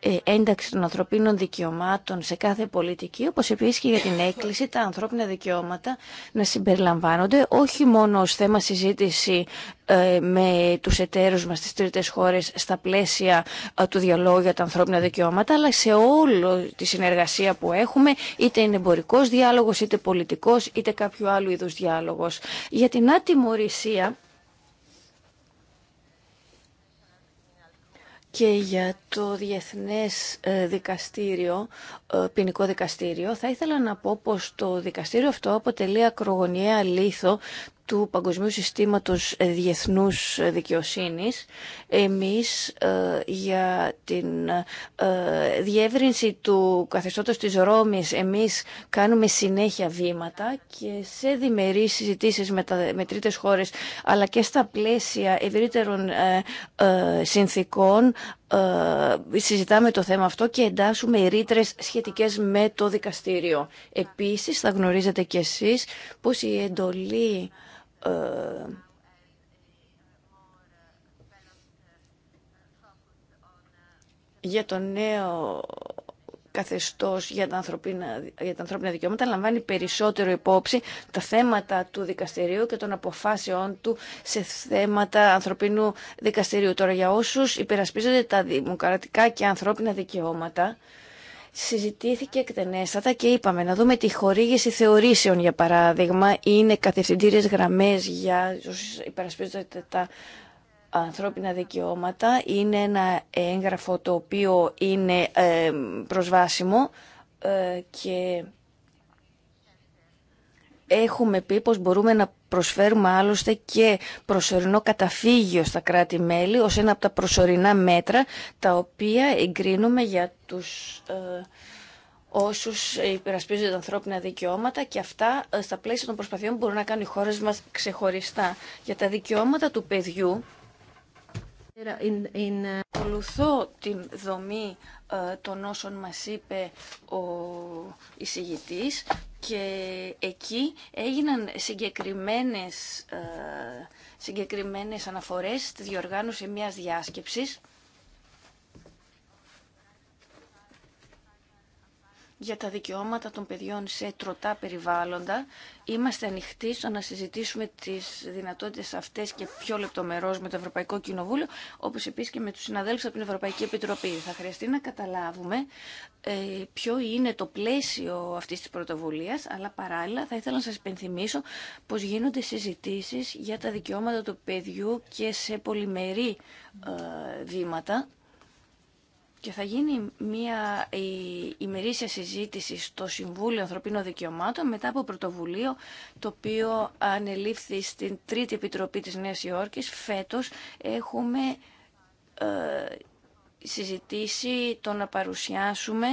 ε, ένταξη των ανθρωπίνων δικαιωμάτων σε κάθε πολιτική όπως επίσης και για την έκκληση τα ανθρώπινα δικαιώματα να συμπεριλαμβάνονται όχι μόνο ως θέμα συζήτηση ε, με τους εταίρους μας στις τρίτες χώρες στα πλαίσια ε, του διαλόγου για τα ανθρώπινα δικαιώματα αλλά σε όλο τη συνεργασία που έχουμε είτε είναι εμπορικό διάλογος είτε πολιτικός είτε κάποιο άλλο είδους διάλογος. Για την ατιμορρησία και για το Διεθνές ε, δικαστήριο, ποινικό δικαστήριο, θα ήθελα να πω πως το δικαστήριο αυτό αποτελεί ακρογωνιαία λίθο του Παγκοσμίου Συστήματος Διεθνούς Δικαιοσύνης εμείς ε, για την ε, διεύρυνση του καθεστώτος της Ρώμης εμείς κάνουμε συνέχεια βήματα και σε διμερείς συζητήσεις με, τα, με τρίτες χώρες αλλά και στα πλαίσια ευρύτερων ε, συνθήκων ε, συζητάμε το θέμα αυτό και εντάσσουμε ρήτρε σχετικές με το δικαστήριο. Επίση, θα γνωρίζετε κι εσεί πω η εντολή ε, για το νέο Καθεστώ για τα, ανθρωπίνα, για τα ανθρώπινα δικαιώματα λαμβάνει περισσότερο υπόψη τα θέματα του δικαστηρίου και των αποφάσεών του σε θέματα ανθρωπίνου δικαστηρίου. Τώρα για όσου υπερασπίζονται τα δημοκρατικά και ανθρώπινα δικαιώματα συζητήθηκε εκτενέστατα και είπαμε να δούμε τη χορήγηση θεωρήσεων για παράδειγμα είναι κατευθυντήριε γραμμέ για όσου υπερασπίζονται τα ανθρώπινα δικαιώματα είναι ένα έγγραφο το οποίο είναι ε, προσβάσιμο ε, και έχουμε πει πως μπορούμε να προσφέρουμε άλλωστε και προσωρινό καταφύγιο στα κράτη-μέλη ως ένα από τα προσωρινά μέτρα τα οποία εγκρίνουμε για τους ε, όσους υπερασπίζονται ανθρώπινα δικαιώματα και αυτά στα πλαίσια των προσπαθειών μπορούν να κάνουν οι χώρες μας ξεχωριστά. Για τα δικαιώματα του παιδιού ε, Ακολουθώ την δομή ε, των όσων μας είπε ο εισηγητής και εκεί έγιναν συγκεκριμένες, ε, συγκεκριμένες αναφορές στη διοργάνωση μιας διάσκεψης για τα δικαιώματα των παιδιών σε τροτά περιβάλλοντα. Είμαστε ανοιχτοί στο να συζητήσουμε τις δυνατότητες αυτές και πιο λεπτομερώς με το Ευρωπαϊκό Κοινοβούλιο, όπως επίσης και με τους συναδέλφους από την Ευρωπαϊκή Επιτροπή. Θα χρειαστεί να καταλάβουμε ε, ποιο είναι το πλαίσιο αυτής της πρωτοβουλίας, αλλά παράλληλα θα ήθελα να σας υπενθυμίσω πως γίνονται συζητήσεις για τα δικαιώματα του παιδιού και σε πολυμερή ε, βήματα και θα γίνει μια ημερήσια συζήτηση στο Συμβούλιο Ανθρωπίνων Δικαιωμάτων μετά από πρωτοβουλίο το οποίο ανελήφθη στην Τρίτη Επιτροπή της Νέας Υόρκης. Φέτος έχουμε ε, συζητήσει το να παρουσιάσουμε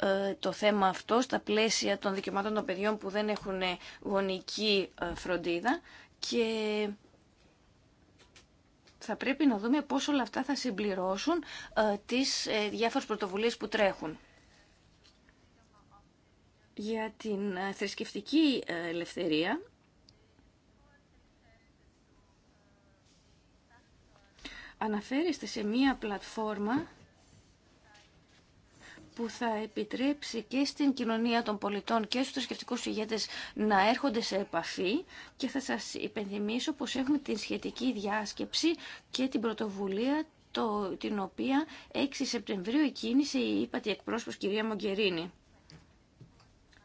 ε, το θέμα αυτό στα πλαίσια των δικαιωμάτων των παιδιών που δεν έχουν γονική ε, φροντίδα και θα πρέπει να δούμε πώς όλα αυτά θα συμπληρώσουν ε, τις ε, διάφορες πρωτοβουλίες που τρέχουν. Για την ε, θρησκευτική ελευθερία αναφέρεστε σε μία πλατφόρμα που θα επιτρέψει και στην κοινωνία των πολιτών και στους θρησκευτικού ηγέτες να έρχονται σε επαφή και θα σας υπενθυμίσω πως έχουμε την σχετική διάσκεψη και την πρωτοβουλία το, την οποία 6 Σεπτεμβρίου εκκίνησε η ύπατη εκπρόσωπος κυρία Μογκερίνη.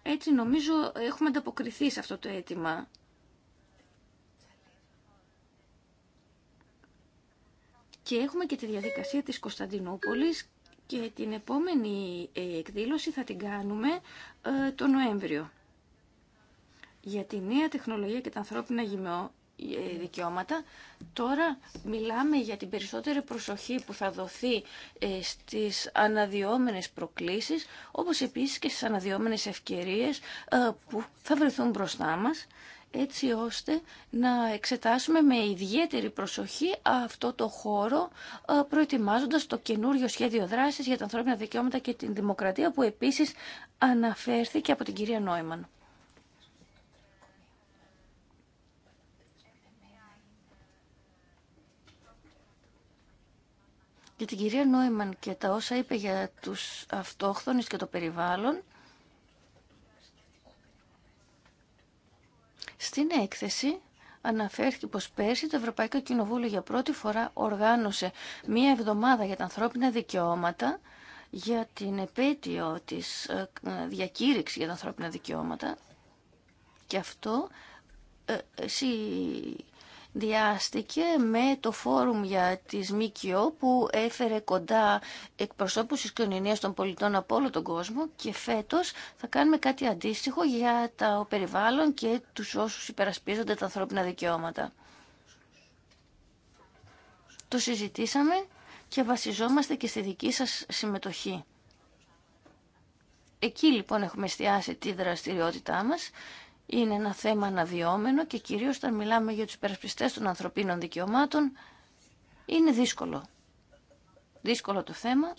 Έτσι νομίζω έχουμε ανταποκριθεί σε αυτό το αίτημα. Και έχουμε και τη διαδικασία της Κωνσταντινούπολης και την επόμενη ε, εκδήλωση θα την κάνουμε ε, το Νοέμβριο. Για τη νέα τεχνολογία και τα ανθρώπινα ε, δικαιώματα, τώρα μιλάμε για την περισσότερη προσοχή που θα δοθεί στις αναδυόμενες προκλήσεις, όπως επίσης και στις αναδυόμενες ευκαιρίες που θα βρεθούν μπροστά μας έτσι ώστε να εξετάσουμε με ιδιαίτερη προσοχή αυτό το χώρο ε, προετοιμάζοντας το καινούριο σχέδιο δράσης για τα ανθρώπινα δικαιώματα και την δημοκρατία που επίσης αναφέρθηκε από την κυρία Νόημαν. Για την κυρία Νόημαν και τα όσα είπε για τους αυτόχθονες και το περιβάλλον, Στην έκθεση αναφέρθηκε πως πέρσι το Ευρωπαϊκό Κοινοβούλιο για πρώτη φορά οργάνωσε μία εβδομάδα για τα ανθρώπινα δικαιώματα για την επέτειο της ε, διακήρυξη για τα ανθρώπινα δικαιώματα και αυτό ε, ε, διάστηκε με το φόρουμ για τις ΜΚΟ που έφερε κοντά εκπροσώπους τη κοινωνίας των πολιτών από όλο τον κόσμο και φέτος θα κάνουμε κάτι αντίστοιχο για το περιβάλλον και τους όσους υπερασπίζονται τα ανθρώπινα δικαιώματα. Το συζητήσαμε και βασιζόμαστε και στη δική σας συμμετοχή. Εκεί λοιπόν έχουμε εστιάσει τη δραστηριότητά μας είναι ένα θέμα αναδυόμενο και κυρίως όταν μιλάμε για τους υπερασπιστές των ανθρωπίνων δικαιωμάτων είναι δύσκολο. Δύσκολο το θέμα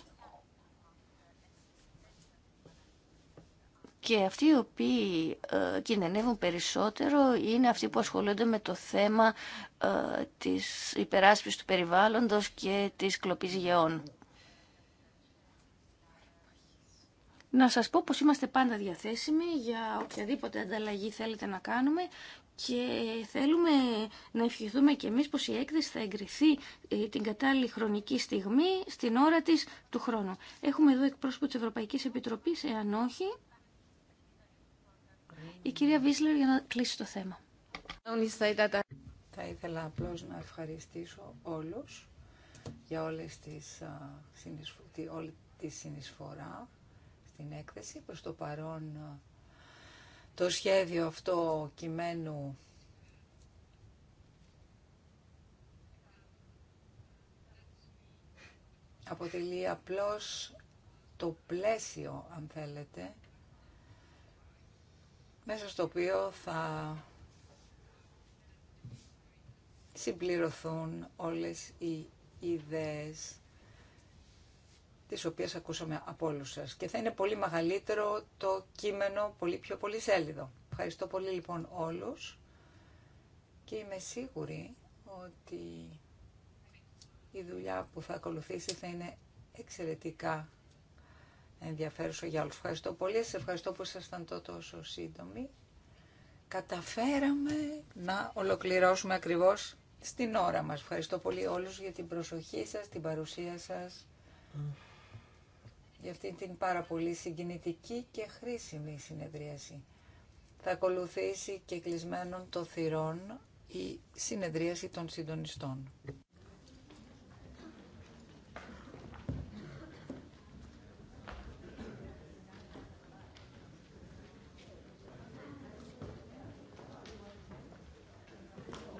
και αυτοί οι οποίοι ε, κινδυνεύουν περισσότερο είναι αυτοί που ασχολούνται με το θέμα ε, της υπεράσπισης του περιβάλλοντος και της κλοπής γεών. Να σας πω πως είμαστε πάντα διαθέσιμοι για οποιαδήποτε ανταλλαγή θέλετε να κάνουμε και θέλουμε να ευχηθούμε και εμείς πως η έκθεση θα εγκριθεί ε, την κατάλληλη χρονική στιγμή στην ώρα της του χρόνου. Έχουμε εδώ εκπρόσωπο της Ευρωπαϊκής Επιτροπής, εάν όχι, η κυρία Βίσλερ για να κλείσει το θέμα. Θα ήθελα απλώς να ευχαριστήσω όλους για όλες τις, όλη τη συνεισφορά στην έκθεση. Προς το παρόν ε, το σχέδιο αυτό κειμένου αποτελεί απλώς το πλαίσιο, αν θέλετε, μέσα στο οποίο θα συμπληρωθούν όλες οι ιδέες τις οποίες ακούσαμε από όλου σας. Και θα είναι πολύ μεγαλύτερο το κείμενο, πολύ πιο πολύ σέλιδο. Ευχαριστώ πολύ λοιπόν όλους και είμαι σίγουρη ότι η δουλειά που θα ακολουθήσει θα είναι εξαιρετικά ενδιαφέρουσα για όλους. Ευχαριστώ πολύ. Σας ευχαριστώ που ήσασταν τόσο σύντομοι. Καταφέραμε να ολοκληρώσουμε ακριβώς στην ώρα μας. Ευχαριστώ πολύ όλους για την προσοχή σας, την παρουσία σας για αυτήν την πάρα πολύ συγκινητική και χρήσιμη συνεδρίαση. Θα ακολουθήσει και κλεισμένων το θυρών η συνεδρίαση των συντονιστών.